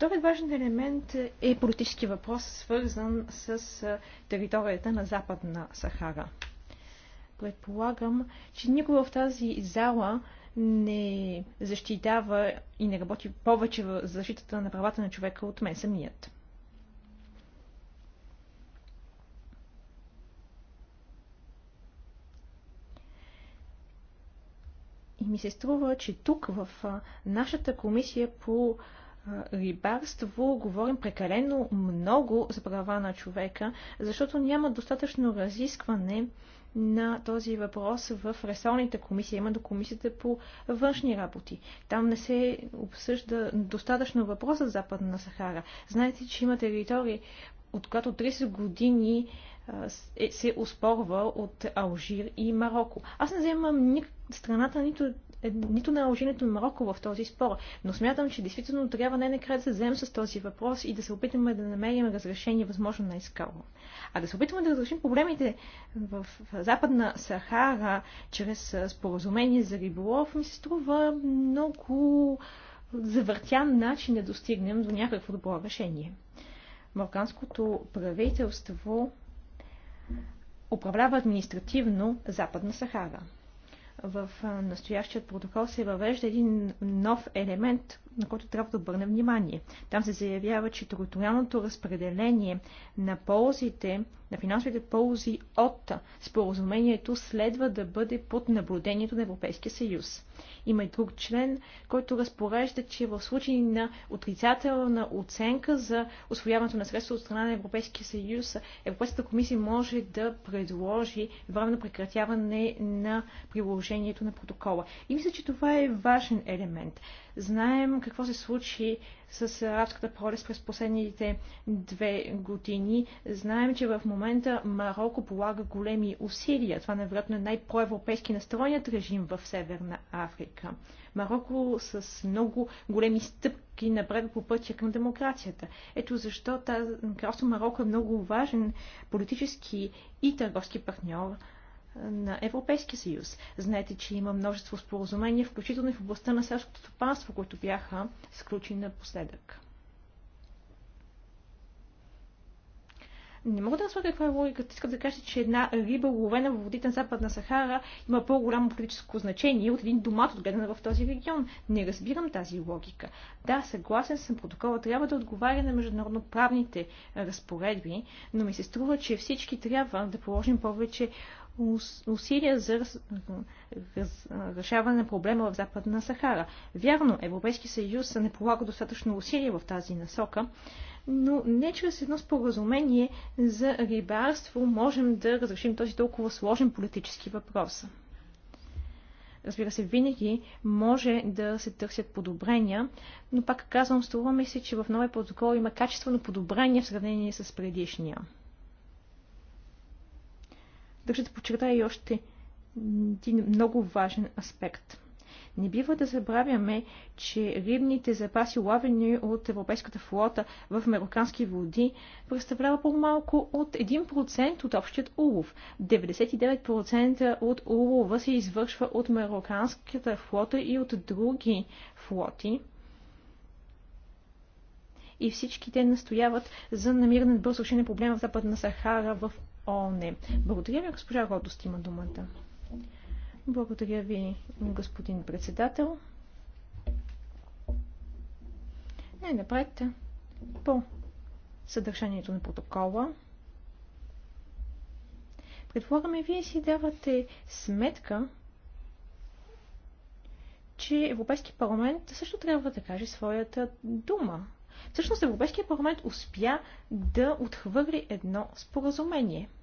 Вторият важен елемент е политически въпрос, свързан с територията на Западна Сахара. Предполагам, че никой в тази зала не защитава и не работи повече в защитата на правата на човека от мен самият. И ми се струва, че тук в нашата комисия по рибарство говорим прекалено много за права на човека, защото няма достатъчно разискване на този въпрос в ресорните комисии, Има до комисията по външни работи. Там не се обсъжда достатъчно въпроса за Западна Сахара. Знаете, че има територии, от която 30 години е, се оспорва от Алжир и Марокко. Аз не вземам ни страната нито е, нито наложението на Марокко в този спор. Но смятам, че действително трябва най-накрая да се вземем с този въпрос и да се опитаме да намерим разрешение възможно най-скоро. А да се опитаме да разрешим проблемите в Западна Сахара чрез споразумение за риболов ми се струва много завъртян начин да достигнем до някакво добро решение. Марокканското правителство управлява административно Западна Сахара. В настоящият протокол се въвежда един нов елемент, на който трябва да обърнем внимание. Там се заявява, че териториалното разпределение на ползите, на финансовите ползи от споразумението следва да бъде под наблюдението на Европейския съюз. Има и друг член, който разпорежда, че в случай на отрицателна оценка за освояването на средства от страна на Европейския съюз, Европейската комисия може да предложи временно прекратяване на приложението на протокола. И мисля, че това е важен елемент. Знаем какво се случи с арабската пролест през последните две години. Знаем, че в момента Марокко полага големи усилия. Това невероятно е най-проевропейски настроеният режим в Северна Африка. Марокко с много големи стъпки напред по пътя към демокрацията. Ето защо тази кралство Марокко е много важен политически и търговски партньор на Европейския съюз. Знаете, че има множество споразумения, включително и в областта на селското стопанство, които бяха сключени напоследък. Не мога да разбера каква е логиката. Искам да кажа, че една риба, ловена в водите на Западна Сахара, има по-голямо политическо значение от един домат, отгледан в този регион. Не разбирам тази логика. Да, съгласен съм, протокола трябва да отговаря на международноправните разпоредби, но ми се струва, че всички трябва да положим повече усилия за раз, раз, решаване на проблема в Западна Сахара. Вярно, Европейски съюз не полага достатъчно усилия в тази насока, но не чрез едно споразумение за рибарство можем да разрешим този толкова сложен политически въпрос. Разбира се, винаги може да се търсят подобрения, но пак казвам, струва ми се, че в новия протокол има качествено подобрение в сравнение с предишния. Държа да подчертая и още един много важен аспект – не бива да забравяме, че рибните запаси, лавени от европейската флота в американски води, представлява по-малко от 1% от общият улов. 99% от улова се извършва от американската флота и от други флоти и всички те настояват за намиране на бързо решение проблема в Западна Сахара в ООН. Благодаря ви, госпожа Родост има думата. Благодаря ви, господин председател. Най-напред по съдържанието на протокола. Предполагаме, вие си давате сметка, че Европейски парламент също трябва да каже своята дума. Всъщност Европейския парламент успя да отхвърли едно споразумение –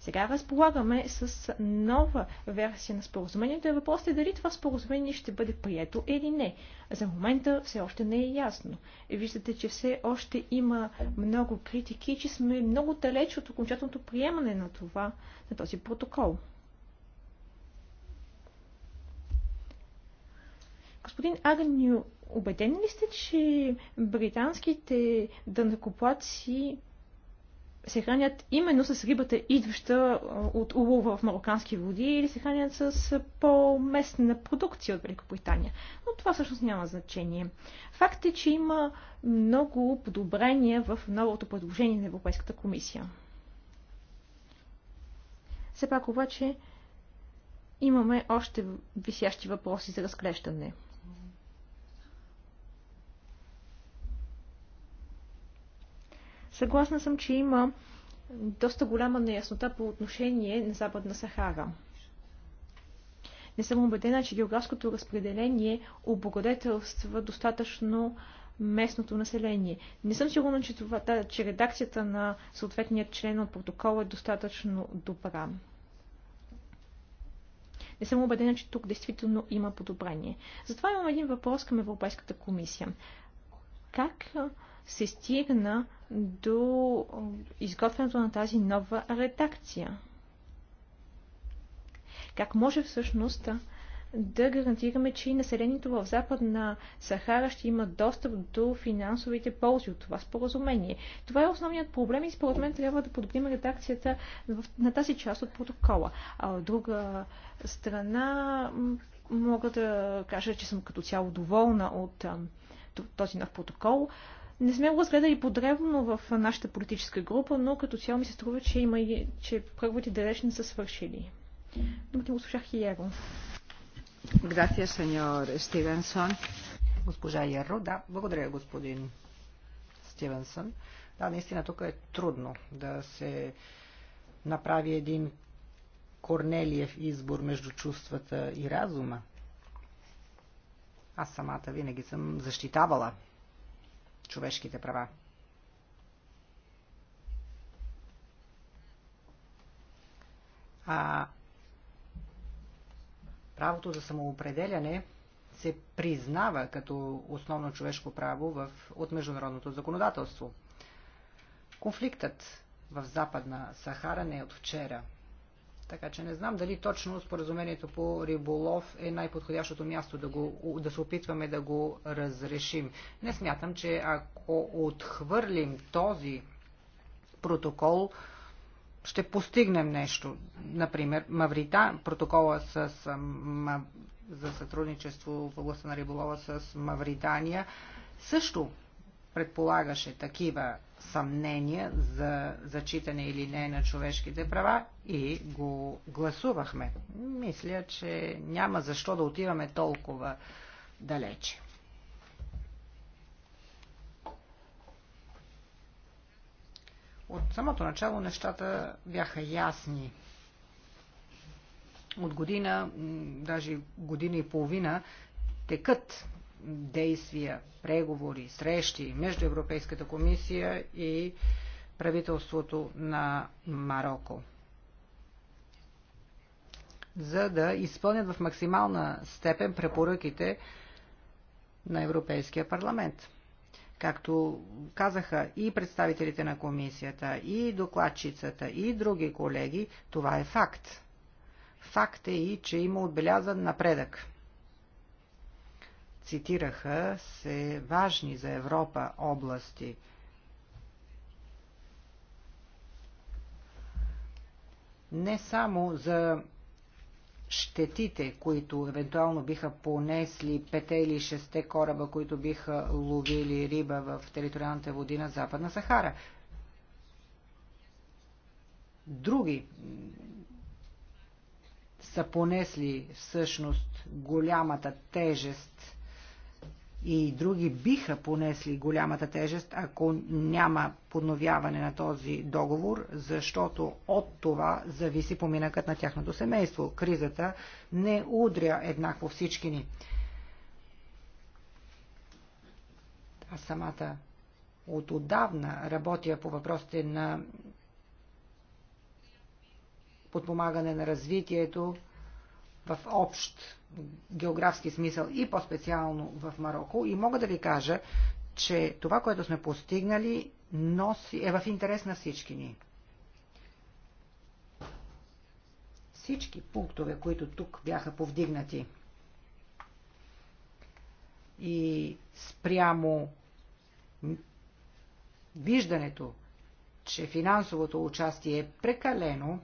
сега разполагаме с нова версия на споразумението и въпросът е дали това споразумение ще бъде прието или не. За момента все още не е ясно. Виждате, че все още има много критики, че сме много далеч от окончателното приемане на това, на този протокол. Господин Агнио, убедени ли сте, че британските дънакоплаци се хранят именно с рибата, идваща от улова в марокански води, или се хранят с по-местна продукция от Великобритания. Но това всъщност няма значение. Факт е, че има много подобрения в новото предложение на Европейската комисия. Все пак обаче имаме още висящи въпроси за разглеждане – Съгласна съм, че има доста голяма неяснота по отношение на Западна Сахара. Не съм убедена, че географското разпределение облагодетелства достатъчно местното население. Не съм сигурна, че, това, да, че редакцията на съответния член от протокола е достатъчно добра. Не съм убедена, че тук действително има подобрение. Затова имам един въпрос към Европейската комисия. Как се стигна до изготвянето на тази нова редакция? Как може всъщност да гарантираме, че и населението в Западна Сахара ще има достъп до финансовите ползи от това споразумение. Това е основният проблем и според мен трябва да подобрим редакцията на тази част от протокола. А от друга страна мога да кажа, че съм като цяло доволна от този нов протокол. Не сме го разгледали подребно в нашата политическа група, но като цяло ми се струва, че, има и, че преговорите далеч не са свършили. Думата го слушах и Яро. Грация, сеньор Стивенсон. Госпожа Яро, да, благодаря, господин Стивенсън. Да, наистина тук е трудно да се направи един Корнелиев избор между чувствата и разума. Аз самата винаги съм защитавала човешките права. А правото за самоопределяне се признава като основно човешко право в, от международното законодателство. Конфликтът в Западна Сахара не е от вчера – така че не знам дали точно споразумението по риболов е най-подходящото място да, го, да се опитваме да го разрешим. Не смятам, че ако отхвърлим този протокол, ще постигнем нещо. Например, Маврита, протокола с, за сътрудничество в областта на риболова с Мавритания, също предполагаше такива съмнения за зачитане или не на човешките права и го гласувахме. Мисля, че няма защо да отиваме толкова далече. От самото начало нещата бяха ясни. От година, даже година и половина, текат действия, преговори, срещи между Европейската комисия и правителството на Марокко за да изпълнят в максимална степен препоръките на Европейския парламент. Както казаха и представителите на комисията, и докладчицата, и други колеги, това е факт. Факт е и, че има отбелязан напредък цитираха се важни за Европа области. Не само за щетите, които евентуално биха понесли пете или шесте кораба, които биха ловили риба в териториалната води на Западна Сахара. Други са понесли всъщност голямата тежест и други биха понесли голямата тежест, ако няма подновяване на този договор, защото от това зависи поминъкът на тяхното семейство. Кризата не удря еднакво всички ни. Аз самата от отдавна работя по въпросите на подпомагане на развитието в общ географски смисъл и по-специално в Марокко. И мога да ви кажа, че това, което сме постигнали, носи, е в интерес на всички ни. Всички пунктове, които тук бяха повдигнати и спрямо виждането, че финансовото участие е прекалено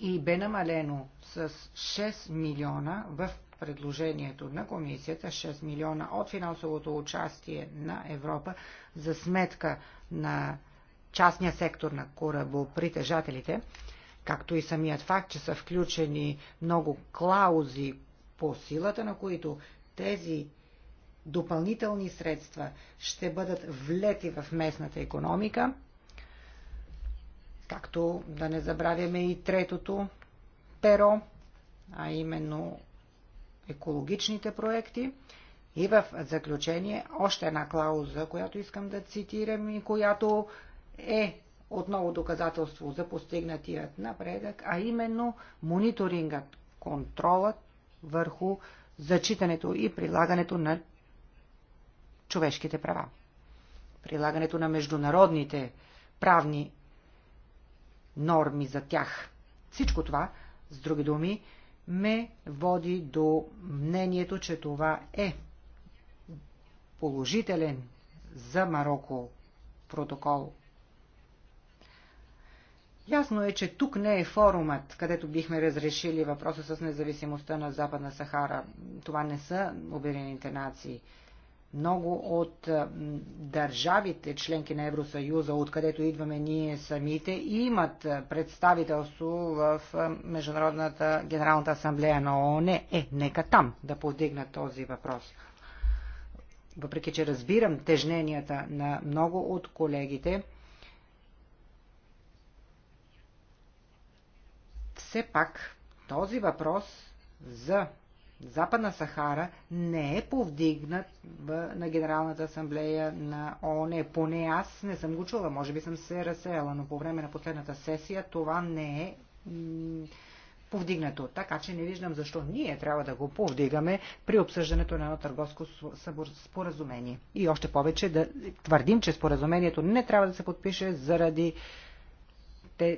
и бе намалено с 6 милиона в предложението на комисията, 6 милиона от финансовото участие на Европа за сметка на частния сектор на корабопритежателите, както и самият факт, че са включени много клаузи, по силата на които тези допълнителни средства ще бъдат влети в местната економика, Както да не забравяме и третото перо, а именно екологичните проекти. И в заключение още една клауза, която искам да цитирам и която е отново доказателство за постигнатият напредък, а именно мониторингът, контролът върху зачитането и прилагането на човешките права, прилагането на международните правни норми за тях. Всичко това, с други думи, ме води до мнението, че това е положителен за Марокко протокол. Ясно е, че тук не е форумът, където бихме разрешили въпроса с независимостта на Западна Сахара. Това не са Обединените нации много от държавите, членки на Евросъюза, откъдето идваме ние самите, имат представителство в Международната Генералната асамблея на ООН. Е, нека там да подигна този въпрос. Въпреки, че разбирам тежненията на много от колегите, все пак този въпрос за Западна Сахара не е повдигнат на Генералната асамблея на ООН. Поне аз не съм го чула, може би съм се разсеяла, но по време на последната сесия това не е повдигнато. Така че не виждам защо ние трябва да го повдигаме при обсъждането на едно търговско споразумение. И още повече да твърдим, че споразумението не трябва да се подпише заради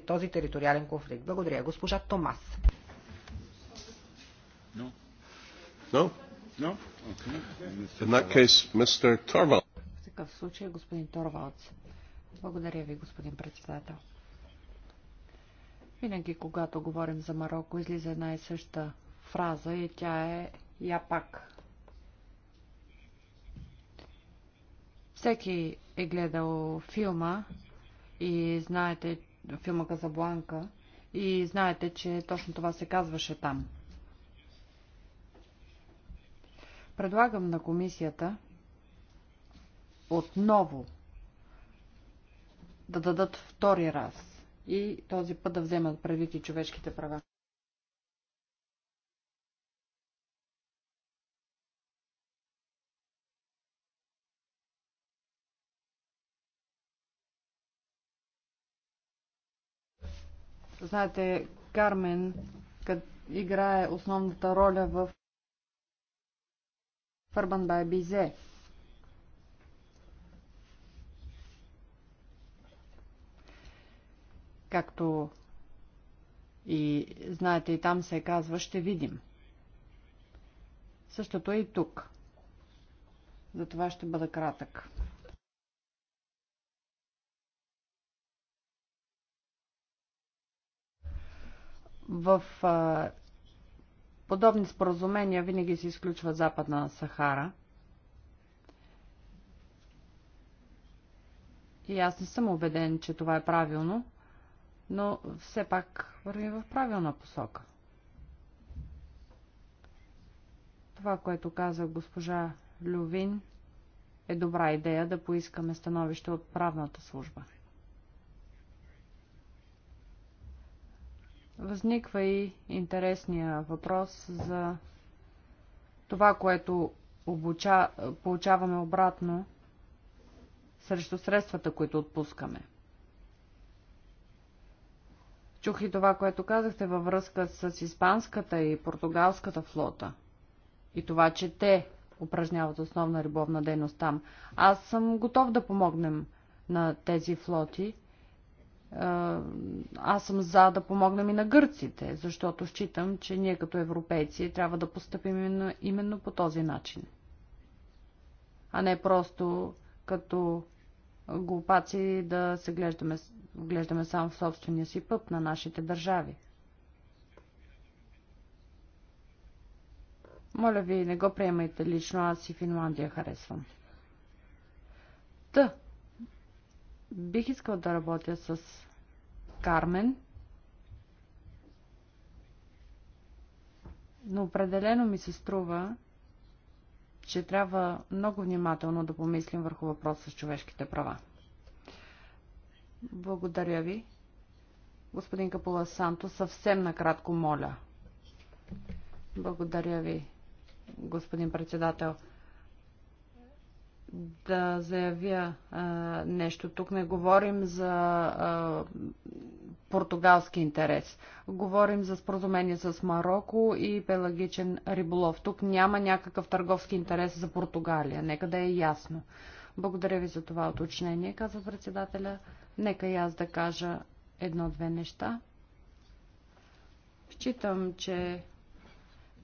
този териториален конфликт. Благодаря. Госпожа Томас. No. No? No? Okay. In that case, Mr. Torvald. В такъв случай господин Торвалдс. Благодаря ви, господин председател. Винаги, когато говорим за Марокко, излиза една и съща фраза и тя е «Я пак». Всеки е гледал филма и знаете, филма Казабланка, и знаете, че точно това се казваше там – Предлагам на комисията отново да дадат втори раз и този път да вземат предвид и човешките права. Знаете, Кармен играе основната роля в Фарбан Бай Бизе. Както и знаете, и там се казва, ще видим. Същото е и тук. Затова ще бъда кратък. В а, Подобни споразумения винаги се изключват Западна Сахара. И аз не съм убеден, че това е правилно, но все пак вървим в правилна посока. Това, което каза госпожа Лювин, е добра идея да поискаме становище от правната служба. Възниква и интересния въпрос за това, което обуча... получаваме обратно срещу средствата, които отпускаме. Чух и това, което казахте във връзка с испанската и португалската флота. И това, че те упражняват основна рибовна дейност там. Аз съм готов да помогнем на тези флоти, е, аз съм за да помогнем и на гърците, защото считам, че ние като европейци трябва да поступим именно, именно по този начин. А не просто като глупаци да се глеждаме, глеждаме само в собствения си път на нашите държави. Моля ви, не го приемайте лично, аз и Финландия харесвам. Та, Бих искал да работя с Кармен, но определено ми се струва, че трябва много внимателно да помислим върху въпроса с човешките права. Благодаря ви. Господин Капула Санто, съвсем накратко моля. Благодаря ви, господин председател да заявя а, нещо. Тук не говорим за а, португалски интерес. Говорим за споразумение с Марокко и пелагичен риболов. Тук няма някакъв търговски интерес за Португалия. Нека да е ясно. Благодаря ви за това уточнение, каза председателя. Нека и аз да кажа едно-две неща. Считам, че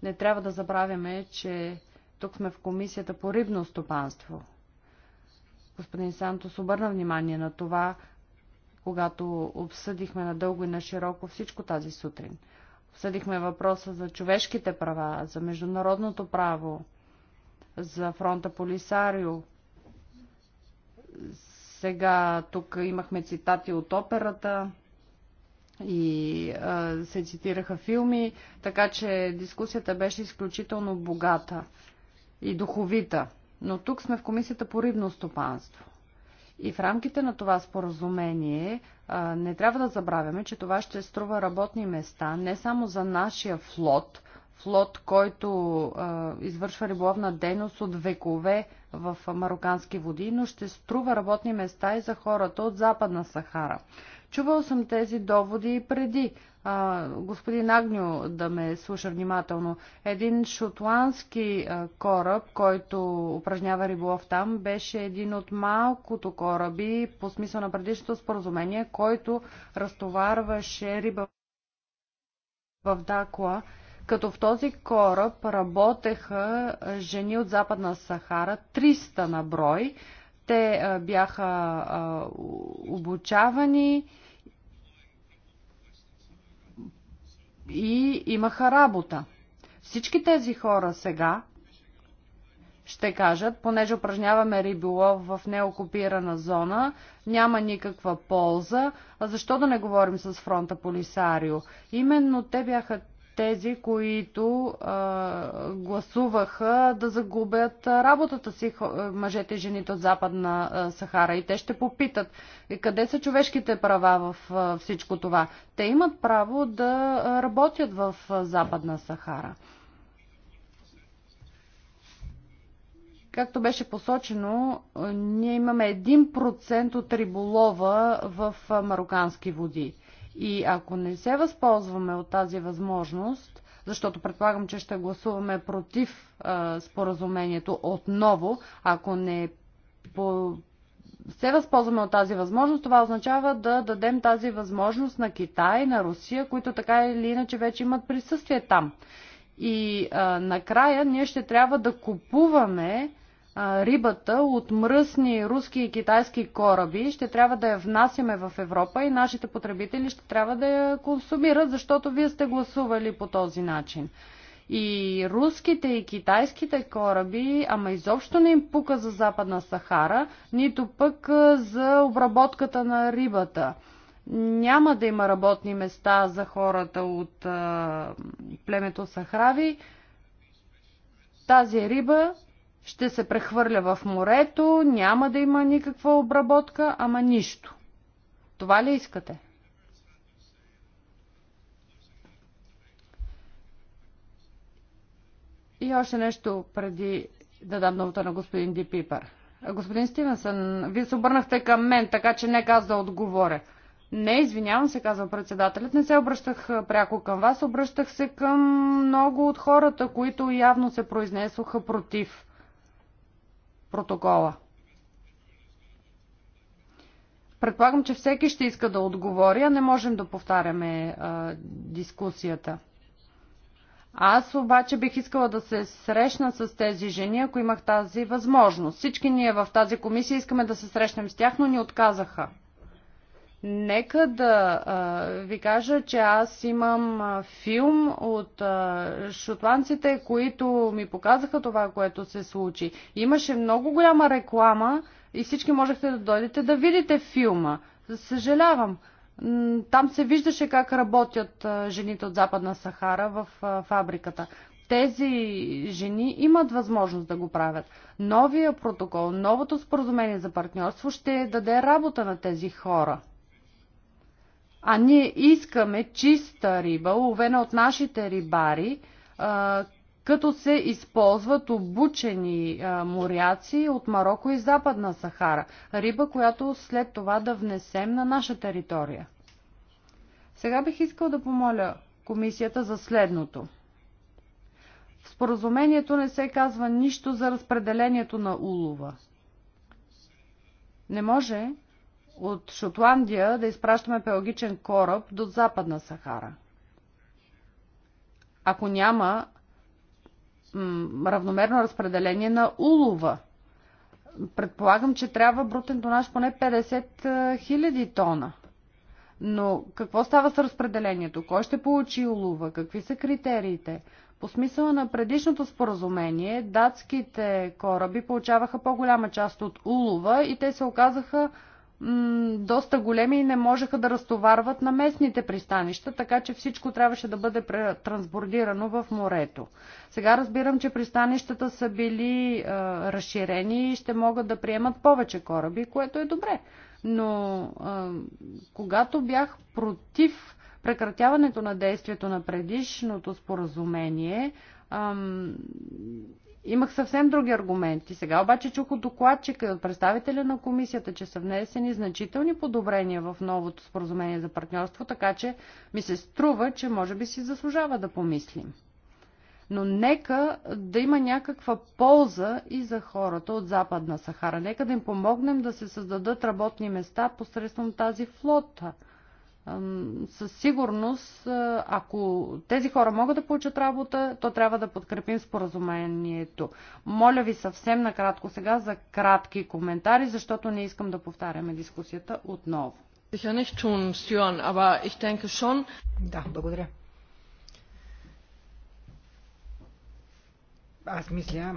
не трябва да забравяме, че тук сме в комисията по рибно стопанство – Господин Сантос обърна внимание на това, когато обсъдихме надълго и на широко всичко тази сутрин. Обсъдихме въпроса за човешките права, за международното право, за фронта Полисарио. Сега тук имахме цитати от операта и а, се цитираха филми, така че дискусията беше изключително богата и духовита но тук сме в Комисията по рибно стопанство. И в рамките на това споразумение а, не трябва да забравяме, че това ще струва работни места не само за нашия флот, флот, който а, извършва риболовна дейност от векове в марокански води, но ще струва работни места и за хората от Западна Сахара. Чувал съм тези доводи и преди, а, господин Агню да ме слуша внимателно. Един шотландски а, кораб, който упражнява риболов там, беше един от малкото кораби по смисъл на предишното споразумение, който разтоварваше риба в Дакла като в този кораб работеха жени от Западна Сахара, 300 на брой. Те бяха обучавани и имаха работа. Всички тези хора сега ще кажат, понеже упражняваме риболов в неокупирана зона, няма никаква полза, а защо да не говорим с фронта Полисарио? Именно те бяха тези, които а, гласуваха да загубят работата си мъжете и жените от Западна Сахара. И те ще попитат къде са човешките права в а, всичко това. Те имат право да работят в а, Западна Сахара. Както беше посочено, ние имаме 1% от риболова в марокански води. И ако не се възползваме от тази възможност, защото предполагам, че ще гласуваме против а, споразумението отново, ако не по... се възползваме от тази възможност, това означава да дадем тази възможност на Китай, на Русия, които така или иначе вече имат присъствие там. И а, накрая ние ще трябва да купуваме рибата от мръсни руски и китайски кораби. Ще трябва да я внасяме в Европа и нашите потребители ще трябва да я консумират, защото вие сте гласували по този начин. И руските и китайските кораби, ама изобщо не им пука за Западна Сахара, нито пък за обработката на рибата няма да има работни места за хората от а, племето Сахрави. Тази риба ще се прехвърля в морето, няма да има никаква обработка, ама нищо. Това ли искате? И още нещо преди да дам новата на господин Ди Пипър. Господин Стивенсън, вие се обърнахте към мен, така че нека аз да отговоря. Не, извинявам се, казва председателят. Не се обръщах пряко към вас, обръщах се към много от хората, които явно се произнесоха против протокола. Предполагам, че всеки ще иска да отговори, а не можем да повтаряме а, дискусията. Аз обаче бих искала да се срещна с тези жени, ако имах тази възможност. Всички ние в тази комисия искаме да се срещнем с тях, но ни отказаха. Нека да а, ви кажа, че аз имам а, филм от а, шотландците, които ми показаха това, което се случи. Имаше много голяма реклама и всички можехте да дойдете да видите филма. Съжалявам. Там се виждаше как работят а, жените от Западна Сахара в а, фабриката тези жени имат възможност да го правят. Новия протокол, новото споразумение за партньорство ще даде работа на тези хора. А ние искаме чиста риба, ловена от нашите рибари, като се използват обучени моряци от Марокко и Западна Сахара. Риба, която след това да внесем на наша територия. Сега бих искал да помоля комисията за следното. В споразумението не се казва нищо за разпределението на улова. Не може от Шотландия да изпращаме пелагичен кораб до Западна Сахара. Ако няма равномерно разпределение на улова, предполагам, че трябва брутен тонаж поне 50 000 е, тона. Но какво става с разпределението? Кой ще получи улова? Какви са критериите? По смисъла на предишното споразумение, датските кораби получаваха по-голяма част от улова и те се оказаха доста големи и не можеха да разтоварват на местните пристанища, така че всичко трябваше да бъде трансбордирано в морето. Сега разбирам, че пристанищата са били е, разширени и ще могат да приемат повече кораби, което е добре. Но е, когато бях против прекратяването на действието на предишното споразумение, е, Имах съвсем други аргументи. Сега обаче чух от докладчика и от представителя на комисията, че са внесени значителни подобрения в новото споразумение за партньорство, така че ми се струва, че може би си заслужава да помислим. Но нека да има някаква полза и за хората от Западна Сахара. Нека да им помогнем да се създадат работни места посредством тази флота – със сигурност, ако тези хора могат да получат работа, то трябва да подкрепим споразумението. Моля ви съвсем накратко сега за кратки коментари, защото не искам да повтаряме дискусията отново. Да, благодаря. Аз мисля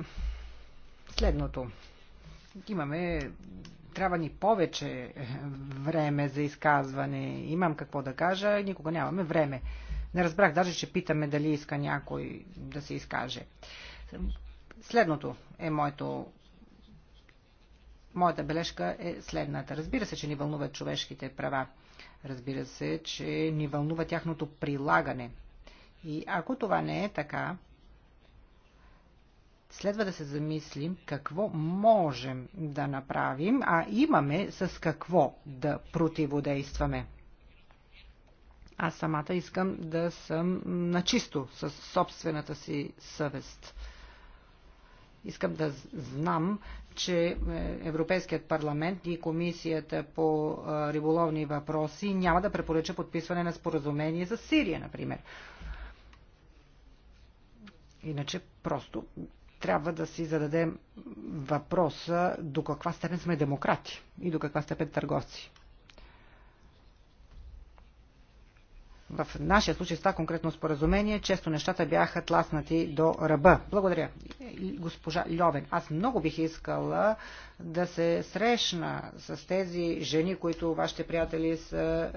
следното. Имаме трябва ни повече е, време за изказване. Имам какво да кажа, никога нямаме време. Не разбрах даже, че питаме дали иска някой да се изкаже. Следното е моето Моята бележка е следната. Разбира се, че ни вълнуват човешките права. Разбира се, че ни вълнува тяхното прилагане. И ако това не е така, следва да се замислим какво можем да направим, а имаме с какво да противодействаме. Аз самата искам да съм начисто с собствената си съвест. Искам да знам, че е, Европейският парламент и Комисията по е, риболовни въпроси няма да препоръча подписване на споразумение за Сирия, например. Иначе просто трябва да си зададем въпроса до каква степен сме демократи и до каква степен търговци. В нашия случай с това конкретно споразумение, често нещата бяха тласнати до ръба. Благодаря. Госпожа Льовен, аз много бих искала да се срещна с тези жени, които вашите приятели са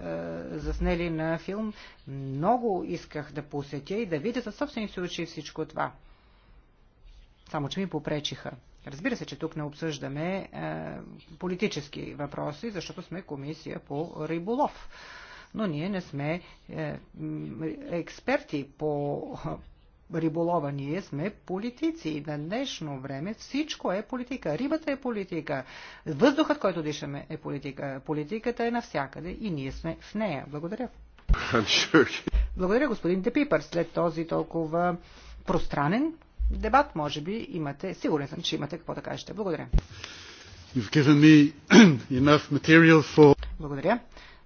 е, заснели на филм. Много исках да посетя и да видя със собствените си очи всичко това. Само, че ми попречиха. Разбира се, че тук не обсъждаме е, политически въпроси, защото сме комисия по риболов. Но ние не сме е, експерти по е, риболова. Ние сме политици и на днешно време всичко е политика. Рибата е политика. Въздухът, който дишаме е политика. Политиката е навсякъде и ние сме в нея. Благодаря. Sure. Благодаря, господин Депипър, след този толкова пространен дебат, може би имате, сигурен съм, че имате какво да кажете. Благодаря. For... Благодаря.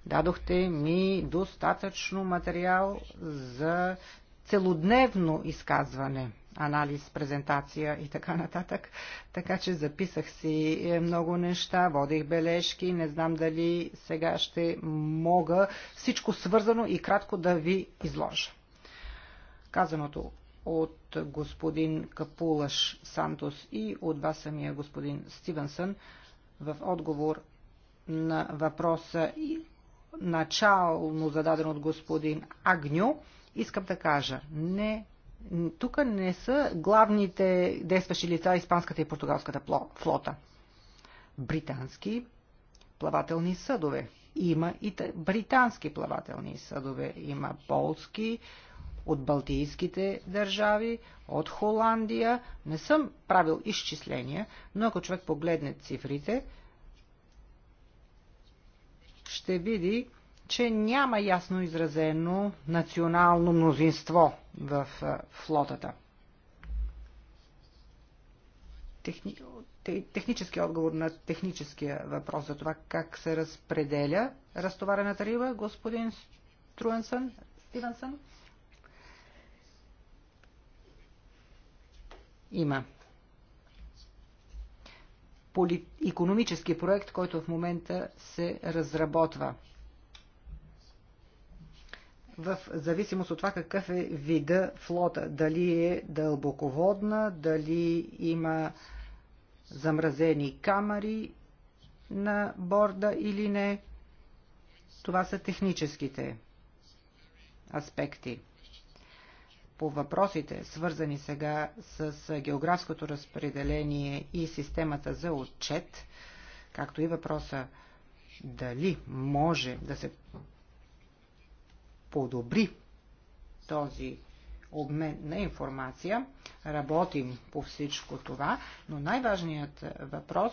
Дадохте ми достатъчно материал за целодневно изказване, анализ, презентация и така нататък. Така че записах си е, много неща, водих бележки, не знам дали сега ще мога всичко свързано и кратко да ви изложа. Казаното от господин Капулаш Сантос и от вас самия господин Стивенсън в отговор на въпроса начално зададен от господин Агню, искам да кажа, не, тук не са главните действащи лица испанската и португалската флота. Британски плавателни съдове. Има и британски плавателни съдове, има полски, от балтийските държави, от Холандия. Не съм правил изчисления, но ако човек погледне цифрите, ще види, че няма ясно изразено национално мнозинство в флотата. Техни... Технически отговор на техническия въпрос за това как се разпределя разтоварената риба, господин Струенсън, Стивенсън. има поли... економически проект, който в момента се разработва. В зависимост от това какъв е вида флота, дали е дълбоководна, дали има замразени камери на борда или не, това са техническите аспекти по въпросите, свързани сега с географското разпределение и системата за отчет, както и въпроса дали може да се подобри този обмен на информация. Работим по всичко това, но най-важният въпрос,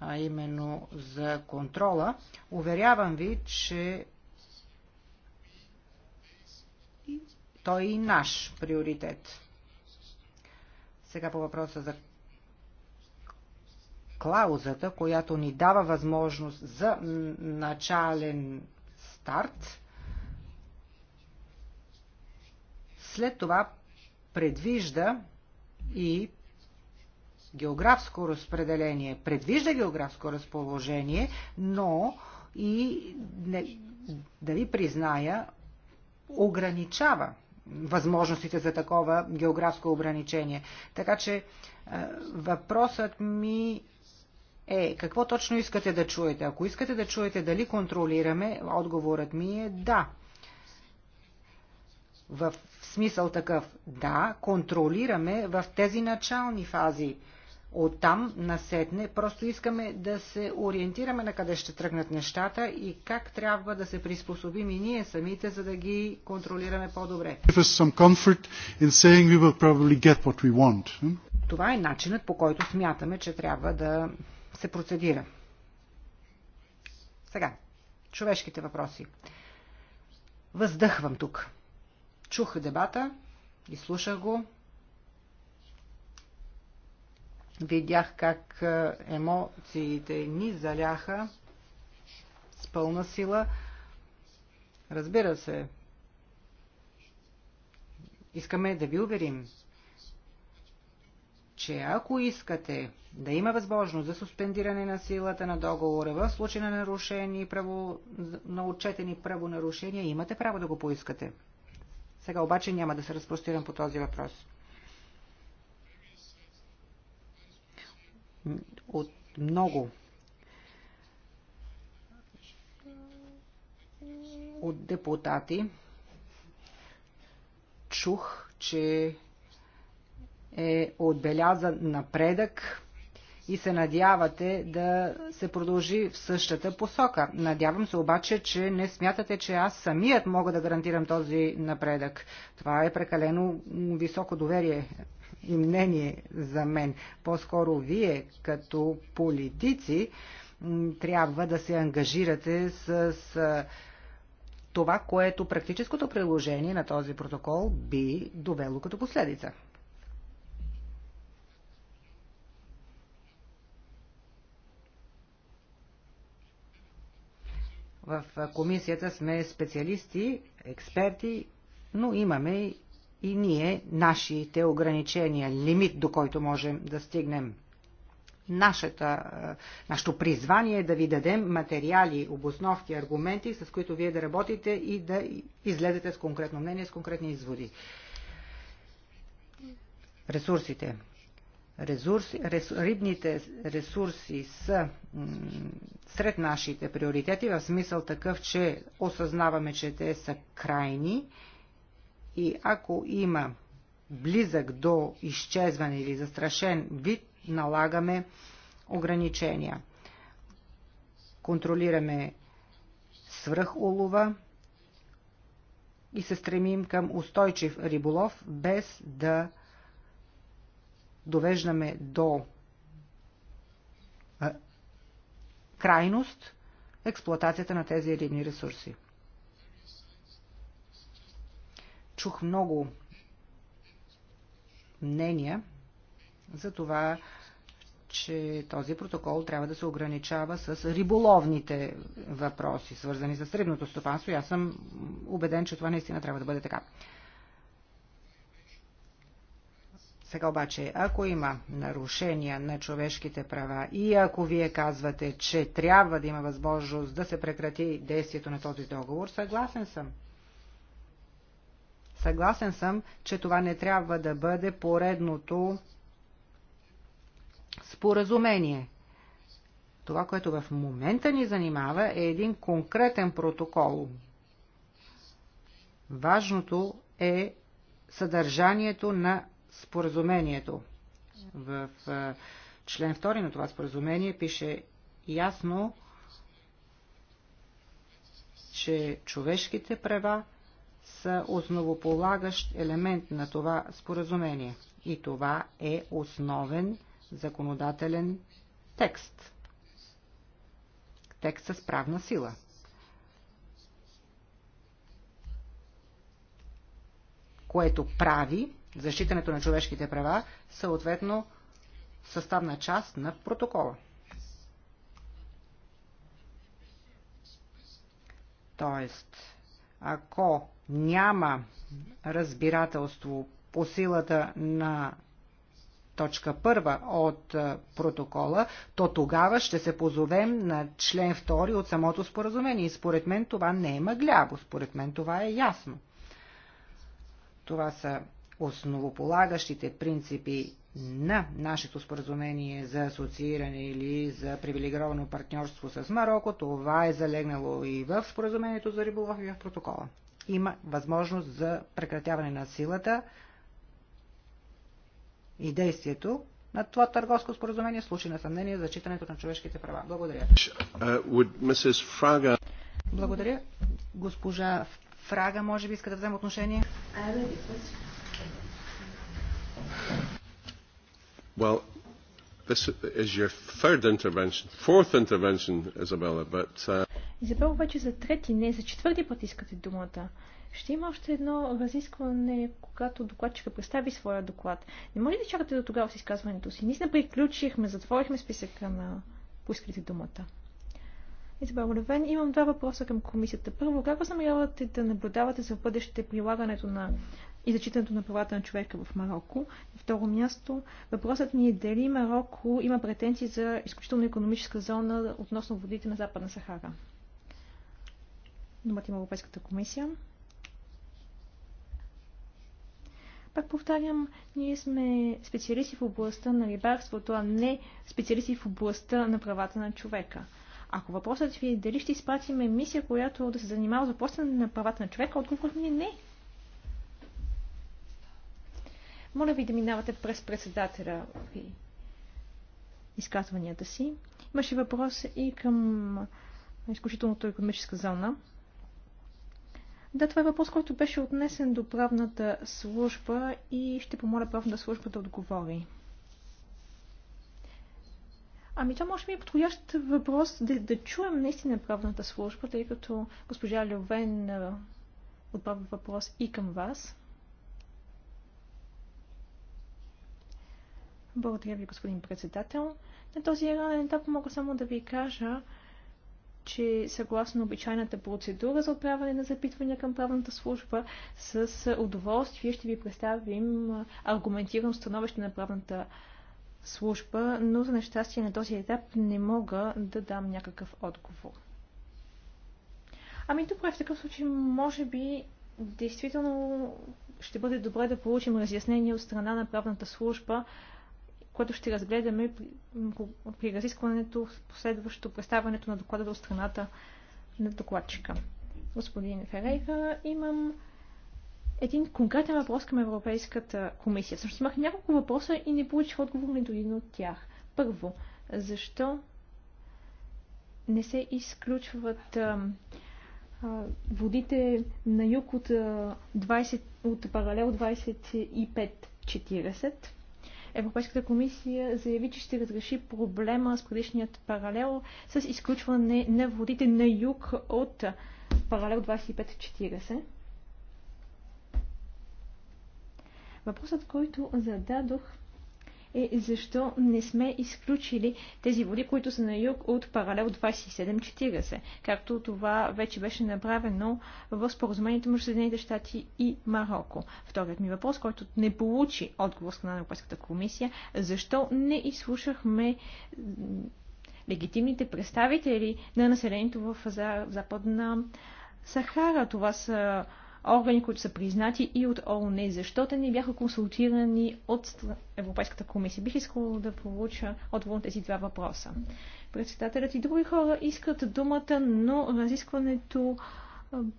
а именно за контрола, уверявам ви, че Той е и наш приоритет. Сега по въпроса за клаузата, която ни дава възможност за начален старт. След това предвижда и географско разпределение. Предвижда географско разположение, но и, не, да ви призная, ограничава възможностите за такова географско ограничение. Така че е, въпросът ми е, какво точно искате да чуете? Ако искате да чуете дали контролираме, отговорът ми е да. В смисъл такъв, да, контролираме в тези начални фази оттам насетне. Просто искаме да се ориентираме на къде ще тръгнат нещата и как трябва да се приспособим и ние самите, за да ги контролираме по-добре. Това е начинът по който смятаме, че трябва да се процедира. Сега, човешките въпроси. Въздъхвам тук. Чух дебата, изслушах го, видях как е, емоциите ни заляха с пълна сила. Разбира се, искаме да ви уверим, че ако искате да има възможност за суспендиране на силата на договора в случай на, нарушени право, на отчетени правонарушения, имате право да го поискате. Сега обаче няма да се разпростирам по този въпрос. от много от депутати чух, че е отбелязан напредък и се надявате да се продължи в същата посока. Надявам се обаче, че не смятате, че аз самият мога да гарантирам този напредък. Това е прекалено високо доверие и мнение за мен. По-скоро вие, като политици, трябва да се ангажирате с това, което практическото приложение на този протокол би довело като последица. В комисията сме специалисти, експерти, но имаме и ние нашите ограничения, лимит, до който можем да стигнем. Нашата, нашето призвание е да ви дадем материали, обосновки, аргументи, с които вие да работите и да излезете с конкретно мнение, с конкретни изводи. Ресурсите ресурси, рес, рибните ресурси са сред нашите приоритети, в смисъл такъв, че осъзнаваме, че те са крайни и ако има близък до изчезване или застрашен вид, налагаме ограничения. Контролираме свръхулова и се стремим към устойчив риболов, без да довеждаме до крайност експлоатацията на тези рибни ресурси. Чух много мнения за това, че този протокол трябва да се ограничава с риболовните въпроси, свързани с рибното стопанство. И аз съм убеден, че това наистина трябва да бъде така. Сега обаче, ако има нарушения на човешките права и ако вие казвате, че трябва да има възможност да се прекрати действието на този договор, съгласен съм. Съгласен съм, че това не трябва да бъде поредното споразумение. Това, което в момента ни занимава, е един конкретен протокол. Важното е съдържанието на споразумението. В член 2 на това споразумение пише ясно, че човешките права са основополагащ елемент на това споразумение. И това е основен законодателен текст. Текст с правна сила. Което прави Защитането на човешките права, съответно съставна част на протокола. Тоест, ако няма разбирателство по силата на точка първа от протокола, то тогава ще се позовем на член 2 от самото споразумение. И според мен това не е мъгляво, според мен това е ясно. Това са основополагащите принципи на нашето споразумение за асоцииране или за привилегировано партньорство с Марокко, това е залегнало и в споразумението за риболов и в протокола. Има възможност за прекратяване на силата и действието на това търговско споразумение в случай на съмнение за читането на човешките права. Благодаря. Uh, Благодаря. Госпожа Фрага, може би иска да вземе отношение. Well, this is your third intervention, fourth intervention, Isabella, but... Uh... Изабел обаче, за трети, не за четвърти път искате думата. Ще има още едно разискване, когато докладчика представи своя доклад. Не може ли да чакате до тогава с изказването си. Ние приключихме, затворихме списъка на поискалите думата. Изабел Левен, имам два въпроса към комисията. Първо, как възнамерявате да наблюдавате за бъдещето прилагането на и зачитането на правата на човека в Марокко. второ място, въпросът ни е дали Марокко има претенции за изключително економическа зона относно водите на Западна Сахара. Думата има Европейската комисия. Пак повтарям, ние сме специалисти в областта на рибарството, а не специалисти в областта на правата на човека. Ако въпросът ви е дали ще изпратим мисия, която да се занимава за на правата на човека, отговорът ми е не. Моля ви да минавате през председателя при изказванията си. Имаше въпрос и към изключителното економическа зона. Да, това е въпрос, който беше отнесен до правната служба и ще помоля правната служба да отговори. Ами това може би е подходящ въпрос да, да чуем наистина правната служба, тъй като госпожа Льовен отправя въпрос и към вас. Благодаря ви, господин председател. На този ранен етап мога само да ви кажа, че съгласно обичайната процедура за отправяне на запитвания към правната служба, с удоволствие ще ви представим аргументирано становище на правната служба, но за нещастие на този етап не мога да дам някакъв отговор. Ами добре, в такъв случай може би действително ще бъде добре да получим разяснение от страна на правната служба което ще разгледаме при, разискването с последващото представането на доклада до страната на докладчика. Господин Ферейра, имам един конкретен въпрос към Европейската комисия. Също имах няколко въпроса и не получих отговор нито един от тях. Първо, защо не се изключват а, а, водите на юг от, а, 20, от паралел 25-40? Европейската комисия заяви, че ще разреши проблема с предишният паралел с изключване на водите на юг от паралел 2540. Въпросът, който зададох, е защо не сме изключили тези води, които са на юг от паралел 2740, както това вече беше направено в споразумението между Съединените щати и Марокко. Вторият ми въпрос, който не получи отговор с на Европейската комисия, защо не изслушахме легитимните представители на населението в Западна Сахара. Това са органи, които са признати и от ООН. Защо те не бяха консултирани от Европейската комисия? Бих искала да получа отговор на тези два въпроса. Председателят и други хора искат думата, но разискването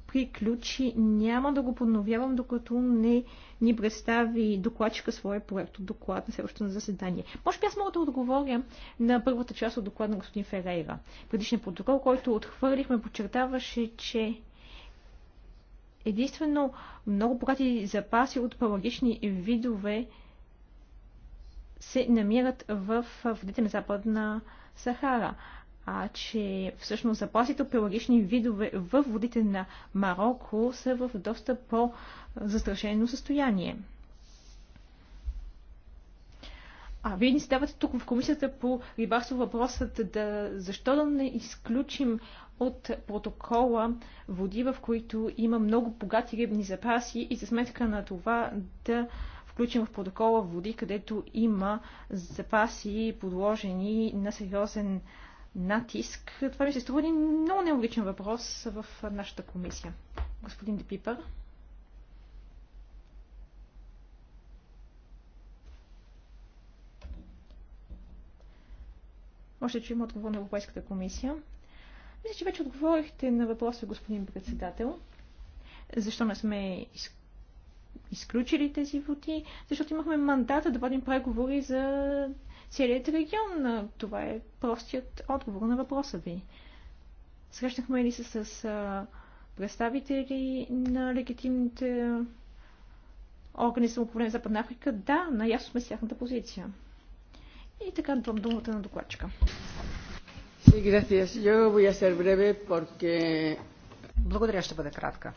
приключи. Няма да го подновявам, докато не ни представи докладчика своя проект от доклад на следващото заседание. Може би аз мога да отговоря на първата част от доклада на господин Ферейра. Предишният протокол, който отхвърлихме, подчертаваше, че единствено много богати запаси от палагични видове се намират в водите на Западна Сахара, а че всъщност запасите от пелагични видове в водите на Марокко са в доста по-застрашено състояние. А вие ни задавате тук в комисията по рибарство въпросът да, защо да не изключим от протокола води, в които има много богати рибни запаси и за сметка на това да включим в протокола води, където има запаси подложени на сериозен натиск. Това ми се струва един много нелогичен въпрос в нашата комисия. Господин Депипър. Може да чуем отговор на Европейската комисия. Мисля, че вече отговорихте на въпроса, господин председател. Защо не сме изключили тези води? Защото имахме мандата да водим преговори за целият регион. Това е простият отговор на въпроса ви. Срещнахме ли се с представители на легитимните органи за управление Западна Африка? Да, наясно сме с тяхната позиция. И така давам думата на докладчика. Благодаря, ще бъде кратка.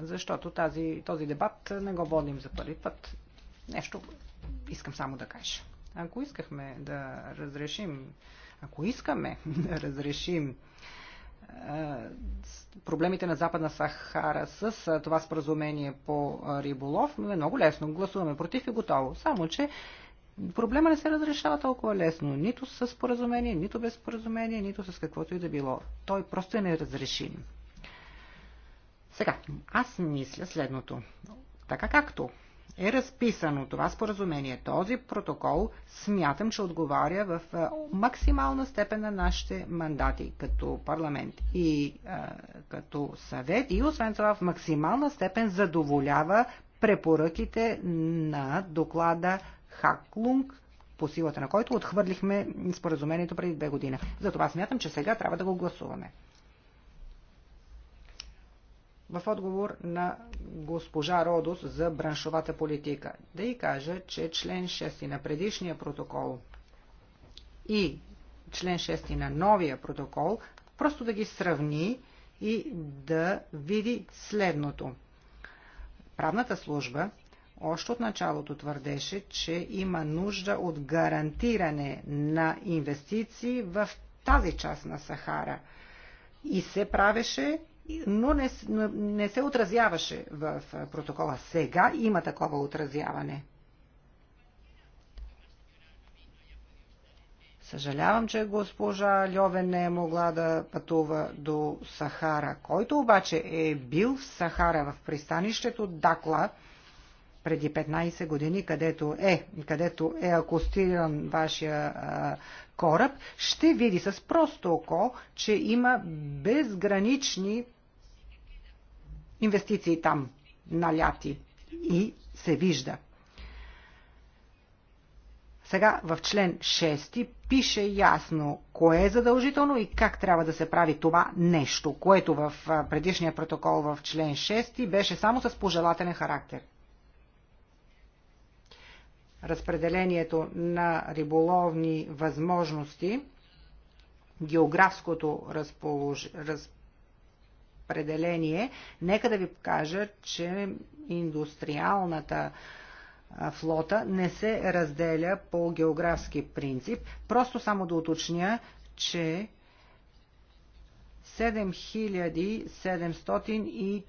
Защото тази, този дебат не го водим за първи път. Нещо искам само да кажа. Ако искахме да разрешим, ако искаме да разрешим проблемите на Западна Сахара с това споразумение по риболов, е много лесно. Гласуваме против и готово. Само, че проблема не се разрешава толкова лесно. Нито с споразумение, нито без споразумение, нито с каквото и да било. Той просто е неразрешим. Сега, аз мисля следното. Така както е разписано това споразумение, този протокол, смятам, че отговаря в максимална степен на нашите мандати като парламент и а, като съвет и освен това в максимална степен задоволява препоръките на доклада Хаклунг, по силата на който отхвърлихме споразумението преди две години. Затова смятам, че сега трябва да го гласуваме. В отговор на госпожа Родос за браншовата политика, да й кажа, че член 6 на предишния протокол и член 6 на новия протокол, просто да ги сравни и да види следното. Правната служба още от началото твърдеше, че има нужда от гарантиране на инвестиции в тази част на Сахара. И се правеше, но не, не се отразяваше в протокола. Сега има такова отразяване. Съжалявам, че госпожа Льовен не е могла да пътува до Сахара. Който обаче е бил в Сахара в пристанището Дакла, преди 15 години, където е, където е акустиран вашия кораб, ще види с просто око, че има безгранични инвестиции там, наляти. И се вижда. Сега в член 6 пише ясно кое е задължително и как трябва да се прави това нещо, което в предишния протокол в член 6 беше само с пожелателен характер разпределението на риболовни възможности, географското разполож... разпределение, нека да ви покажа, че индустриалната флота не се разделя по географски принцип. Просто само да уточня, че 7740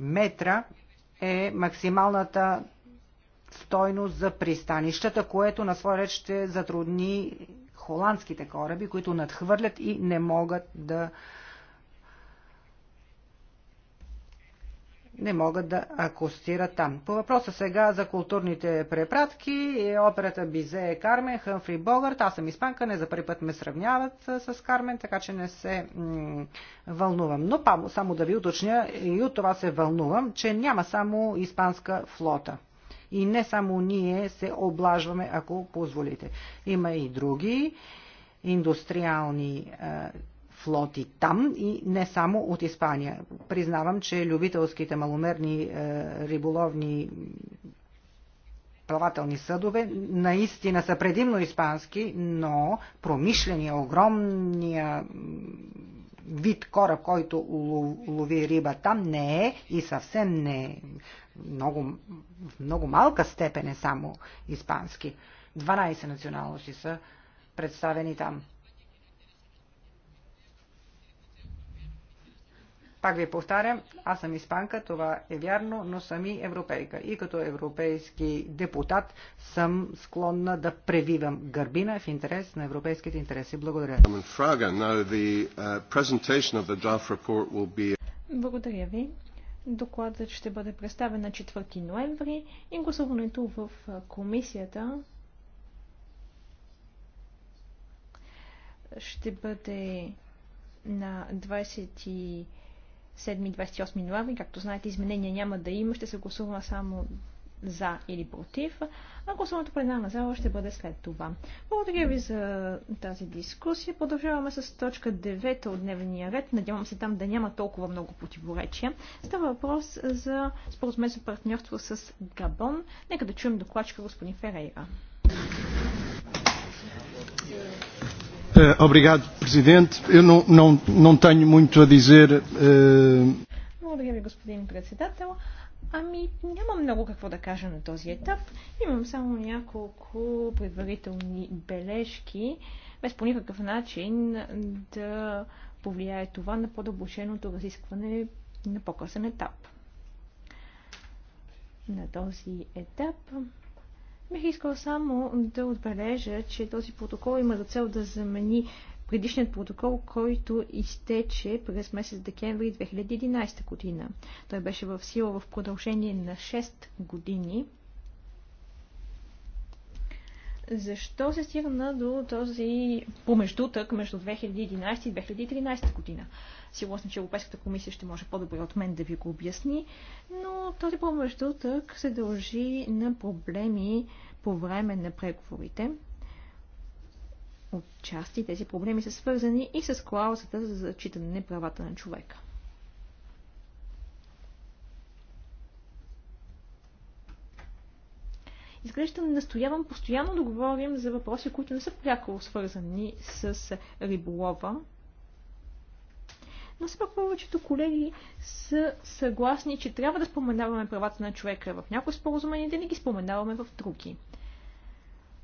метра е максималната стойност за пристанищата, което на своя реч ще затрудни холандските кораби, които надхвърлят и не могат да не могат да акустират там. По въпроса сега за културните препратки, е, операта Бизе е Кармен, Хъмфри Богърт, аз съм испанка, не за първи път ме сравняват с Кармен, така че не се вълнувам. Но само да ви уточня, и от това се вълнувам, че няма само испанска флота. И не само ние се облажваме, ако позволите. Има и други индустриални а, флоти там и не само от Испания. Признавам, че любителските маломерни е, риболовни плавателни съдове наистина са предимно испански, но промишления, огромния вид кораб, който лови риба там не е и съвсем не е много, в много малка степен е само испански. 12 националности са представени там. Пак ви повтарям, аз съм испанка, това е вярно, но съм и европейка. И като европейски депутат съм склонна да превивам гърбина в интерес на европейските интереси. Благодаря. Uh, Благодаря ви. Докладът ще бъде представен на 4 ноември и гласуването в комисията ще бъде на 20 7-28 ноември. Както знаете, изменения няма да има, ще се гласува само за или против, а гласуването пленарна зала ще бъде след това. Благодаря ви за тази дискусия. Продължаваме с точка 9 от дневния ред. Надявам се там да няма толкова много противоречия. Става въпрос за споразумение за партньорство с Габон. Нека да чуем докладчика господин Ферейра. Obrigado, Presidente. Eu não, não, não tenho muito a dizer. Eh, Благодаря ви, господин председател. Ами, няма много какво да кажа на този етап. Имам само няколко предварителни бележки, без по никакъв начин да повлияе това на по-дълбоченото разискване на по-късен етап. На този етап Бих искал само да отбележа, че този протокол има за цел да замени предишният протокол, който изтече през месец декември 2011 година. Той беше в сила в продължение на 6 години. Защо се стигна до този помеждутък между 2011 и 2013 година? Сигурно съм, че Европейската комисия ще може по-добре от мен да ви го обясни, но този промеждутък се дължи на проблеми по време на преговорите. Отчасти тези проблеми са свързани и с клаузата за зачитане на правата на човека. изглежда настоявам постоянно да говорим за въпроси, които не са пряко свързани с риболова но все пак повечето колеги са съгласни, че трябва да споменаваме правата на човека в някои споразумения, да не ги споменаваме в други.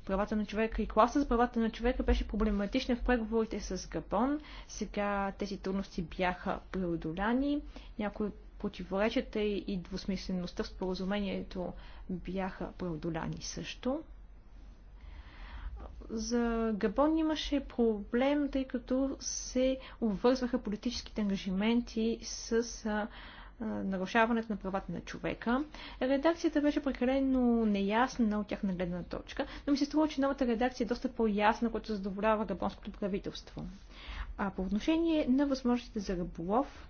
Правата на човека и класа за правата на човека беше проблематична в преговорите с Габон. Сега тези трудности бяха преодоляни. Някои от противоречията и двусмислеността в споразумението бяха преодоляни също за Габон имаше проблем, тъй като се обвързваха политическите ангажименти с нарушаването на правата на човека. Редакцията беше прекалено неясна от тяхна гледна точка, но ми се струва, че новата редакция е доста по-ясна, която задоволява габонското правителство. А по отношение на възможностите за риболов,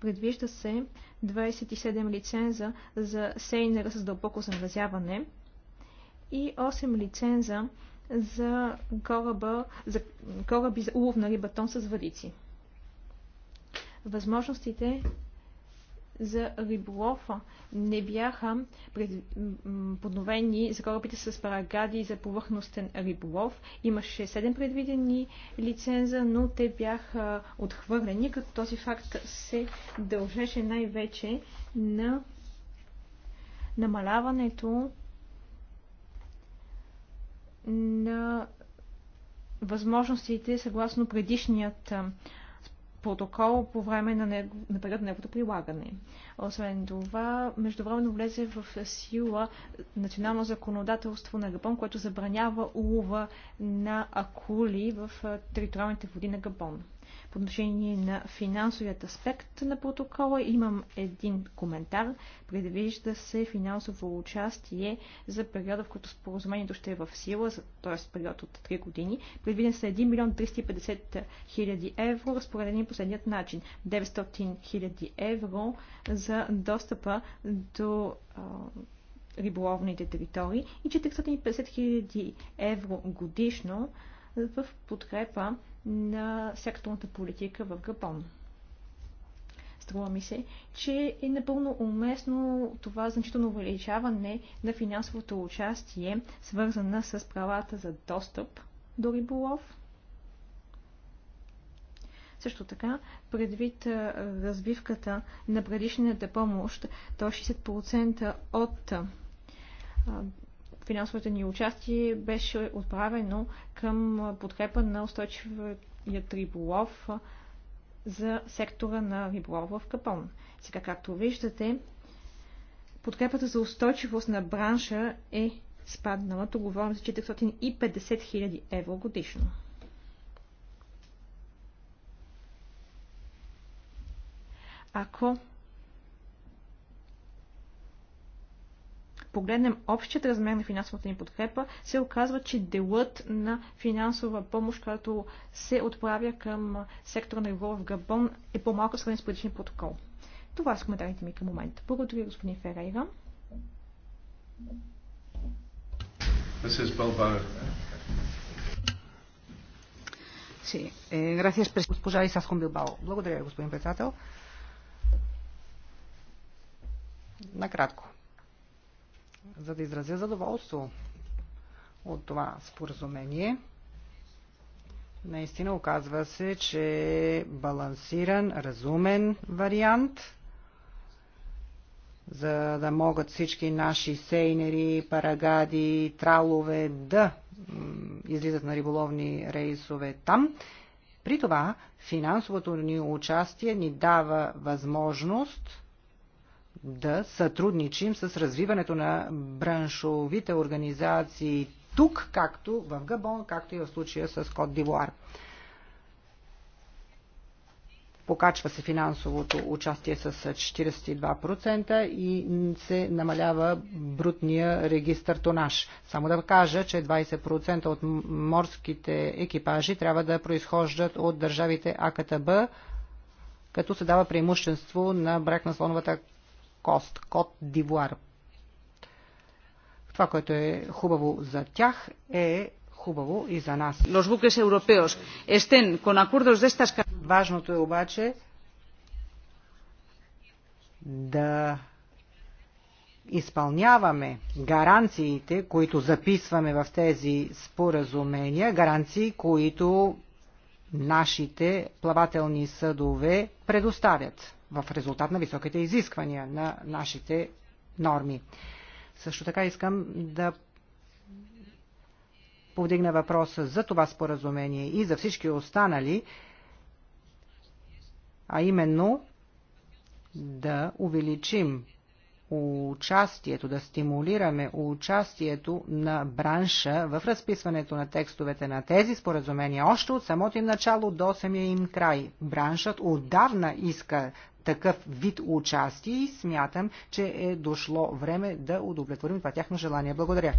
предвижда се 27 лиценза за сейнера с дълбоко замразяване – и 8 лиценза за, кораба, за кораби за улов на рибатон с валици. Възможностите за риболов не бяха подновени за корабите с парагади за повърхностен риболов. Имаше 7 предвидени лиценза, но те бяха отхвърлени, като този факт се дължеше най-вече на намаляването на възможностите съгласно предишният протокол по време на, него, на период на неговото прилагане. Освен това, междувременно влезе в сила национално законодателство на Габон, което забранява улова на акули в териториалните води на Габон. По отношение на финансовият аспект на протокола имам един коментар. Предвижда се финансово участие за периода, в който споразумението ще е в сила, т.е. период от 3 години. Предвиден са 1 милион 350 хиляди евро, разпоредени последният начин. 900 хиляди евро за достъпа до риболовните територии и 450 000 евро годишно в подкрепа на секторната политика в ГАПОН. Струва ми се, че е напълно уместно това значително увеличаване на финансовото участие, свързана с правата за достъп до риболов. Също така, предвид развивката на предишната помощ, то 60% от финансовото ни участие беше отправено към подкрепа на устойчивият риболов за сектора на риболов в Капон. Сега, както виждате, подкрепата за устойчивост на бранша е спаднала. Тук говорим за 450 000 евро годишно. Ако погледнем общият размер на финансовата ни подкрепа, се оказва, че делът на финансова помощ, която се отправя към сектора на риболов в Габон, е по-малко сравнен с предишния протокол. Това са коментарите ми към момента. Благодаря, господин Ферейра. Е, госпожа Исаскон Билбао. Благодаря, господин председател. Накратко за да изразя задоволство от това споразумение. Наистина оказва се, че е балансиран, разумен вариант, за да могат всички наши сейнери, парагади, тралове да излизат на риболовни рейсове там. При това финансовото ни участие ни дава възможност да сътрудничим с развиването на браншовите организации тук, както в Габон, както и в случая с Кот Дивуар. Покачва се финансовото участие с 42% и се намалява брутния регистър тонаж. Само да кажа, че 20% от морските екипажи трябва да произхождат от държавите АКТБ, като се дава преимущество на брак на слоновата Кост, Кот Дивуар. Това, което е хубаво за тях, е хубаво и за нас. Los buques europeos estén con acuerdos de estas... Важното е обаче да изпълняваме гаранциите, които записваме в тези споразумения, гаранции, които нашите плавателни съдове предоставят в резултат на високите изисквания на нашите норми. Също така искам да повдигна въпроса за това споразумение и за всички останали, а именно да увеличим участието, да стимулираме участието на бранша в разписването на текстовете на тези споразумения още от самото им начало до самия им край. Браншът отдавна иска такъв вид участие и смятам, че е дошло време да удовлетворим това тяхно желание. Благодаря.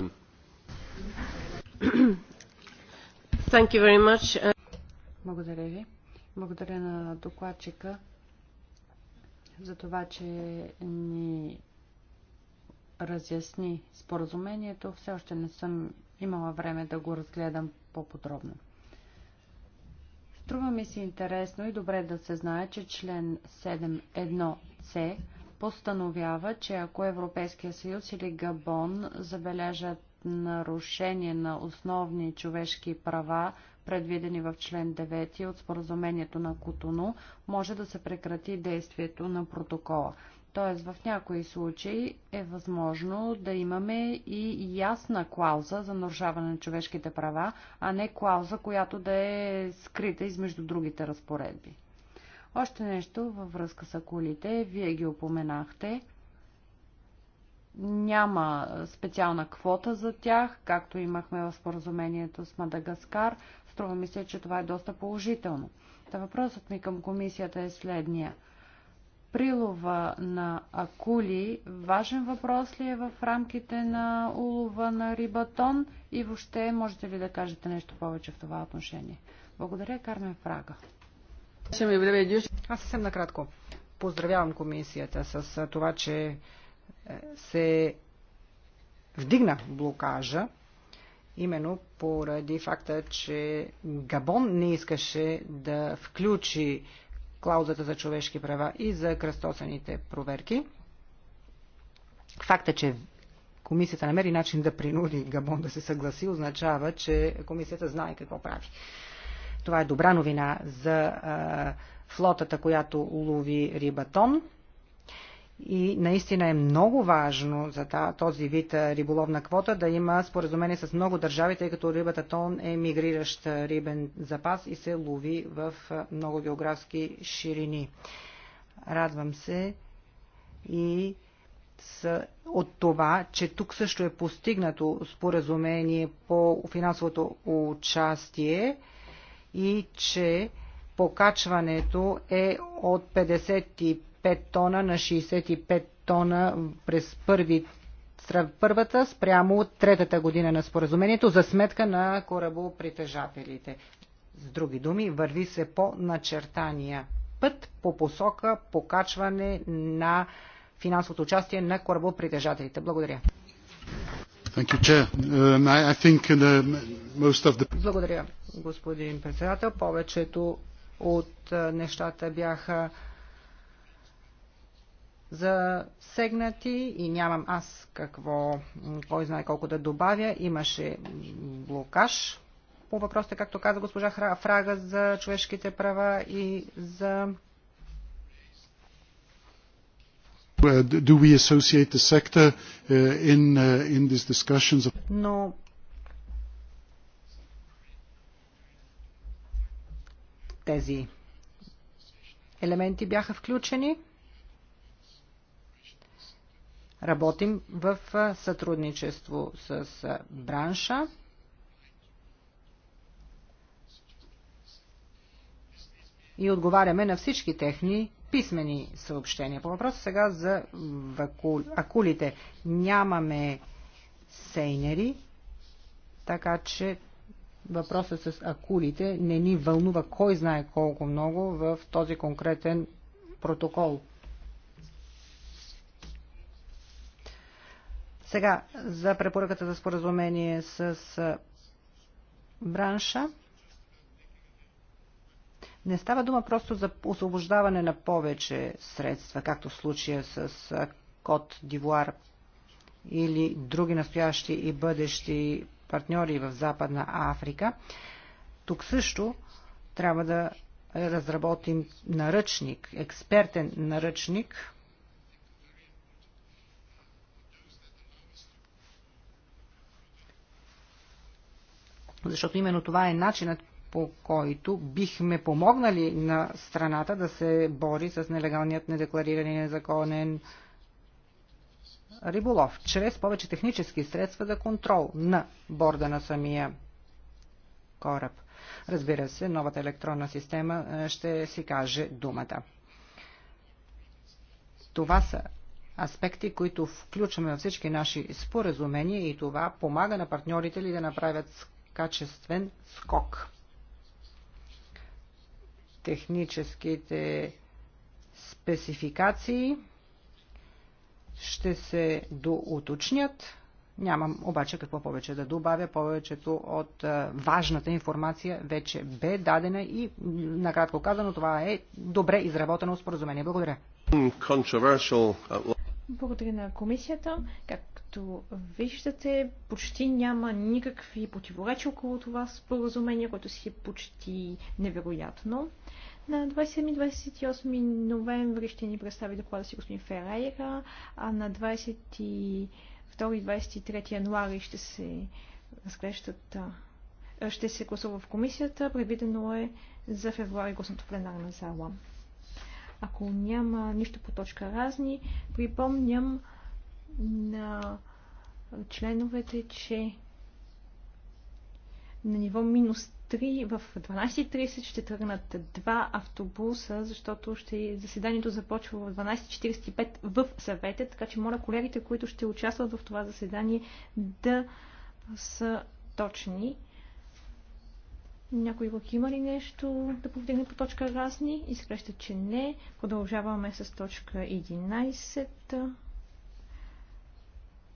Thank you very much. Благодаря ви. Благодаря на докладчика за това, че ни разясни споразумението. Все още не съм имала време да го разгледам по-подробно. Струва ми се интересно и добре да се знае, че член 7.1c постановява, че ако Европейския съюз или Габон забележат нарушение на основни човешки права, предвидени в член 9 от споразумението на Кутуно, може да се прекрати действието на протокола. Тоест, в някои случаи е възможно да имаме и ясна клауза за нарушаване на човешките права, а не клауза, която да е скрита измежду другите разпоредби. Още нещо във връзка с акулите, вие ги опоменахте. Няма специална квота за тях, както имахме в споразумението с Мадагаскар. Струва ми се, че това е доста положително. Та въпросът ми към комисията е следния – прилова на акули важен въпрос ли е в рамките на улова на рибатон и въобще можете ли да кажете нещо повече в това отношение? Благодаря, Кармен Фрага. Аз съвсем накратко. Поздравявам комисията с това, че е, се вдигна блокажа именно поради факта, че Габон не искаше да включи клаузата за човешки права и за кръстосаните проверки. Факта, че комисията намери начин да принуди Габон да се съгласи, означава, че комисията знае какво прави. Това е добра новина за а, флотата, която лови рибатон. И наистина е много важно за този вид риболовна квота да има споразумение с много държави, тъй като рибата тон е мигриращ рибен запас и се лови в много географски ширини. Радвам се и от това, че тук също е постигнато споразумение по финансовото участие и че покачването е от 55 5 тона на 65 тона през първи, първата спрямо третата година на споразумението за сметка на корабопритежателите. С други думи, върви се по начертания път по посока покачване на финансовото участие на корабопритежателите. Благодаря. Благодаря, господин председател. Повечето от нещата бяха засегнати и нямам аз какво, кой знае колко да добавя. Имаше блокаж по въпросите, както каза госпожа Фрага, за човешките права и за do we associate the sector uh, in, uh, in these discussions? Но тези елементи бяха включени. Работим в сътрудничество с бранша. И отговаряме на всички техни писмени съобщения. По въпроса сега за акулите. Нямаме сейнери, така че въпросът с акулите не ни вълнува кой знае колко много в този конкретен протокол. Сега, за препоръката за споразумение с бранша. Не става дума просто за освобождаване на повече средства, както в случая с Кот Дивуар или други настоящи и бъдещи партньори в Западна Африка. Тук също трябва да разработим наръчник, експертен наръчник, защото именно това е начинът по който бихме помогнали на страната да се бори с нелегалният, недеклариран и незаконен риболов, чрез повече технически средства за контрол на борда на самия кораб. Разбира се, новата електронна система е, ще си каже думата. Това са аспекти, които включваме във всички наши споразумения и това помага на партньорите ли да направят качествен скок. Техническите спецификации ще се доуточнят. Нямам обаче какво повече да добавя. Повечето от важната информация вече бе дадена и, накратко казано, това е добре изработено споразумение. Благодаря. Благодаря на комисията. Както виждате, почти няма никакви противоречи около това споразумение, което си е почти невероятно. На 27-28 ноември ще ни представи доклада си господин Ферейра, а на 22-23 януари ще се разглеждат ще се гласува в комисията, предвидено е за февруари гласното пленарна зала. Ако няма нищо по точка разни, припомням на членовете, че на ниво минус 3 в 12.30 ще тръгнат два автобуса, защото ще, заседанието започва в 12.45 в съвета, така че моля колегите, които ще участват в това заседание, да са точни. Някой го има ли нещо да повдигне по точка разни? Изглежда, че не. Продължаваме с точка 11.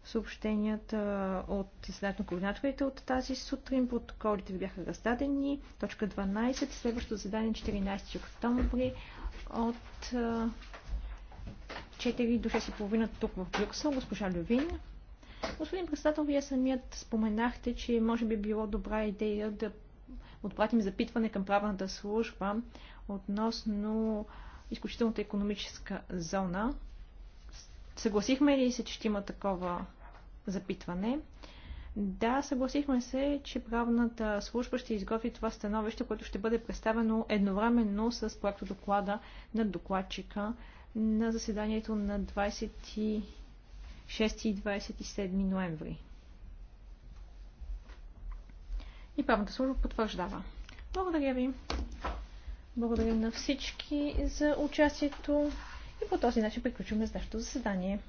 Съобщенията от заседанието на координаторите от тази сутрин. Протоколите ви бяха раздадени. Точка 12. Следващото задание 14 октомври от 4 до 6.30 тук в Брюксел. Госпожа Лювин. Господин председател, вие самият споменахте, че може би било добра идея да отпратим запитване към правната служба относно изключителната економическа зона. Съгласихме ли се, че ще има такова запитване? Да, съгласихме се, че правната служба ще изготви това становище, което ще бъде представено едновременно с проекто доклада на докладчика на заседанието на 26 и 27 ноември. И правната служба потвърждава. Благодаря ви. Благодаря на всички за участието и по този начин приключваме с нашето заседание.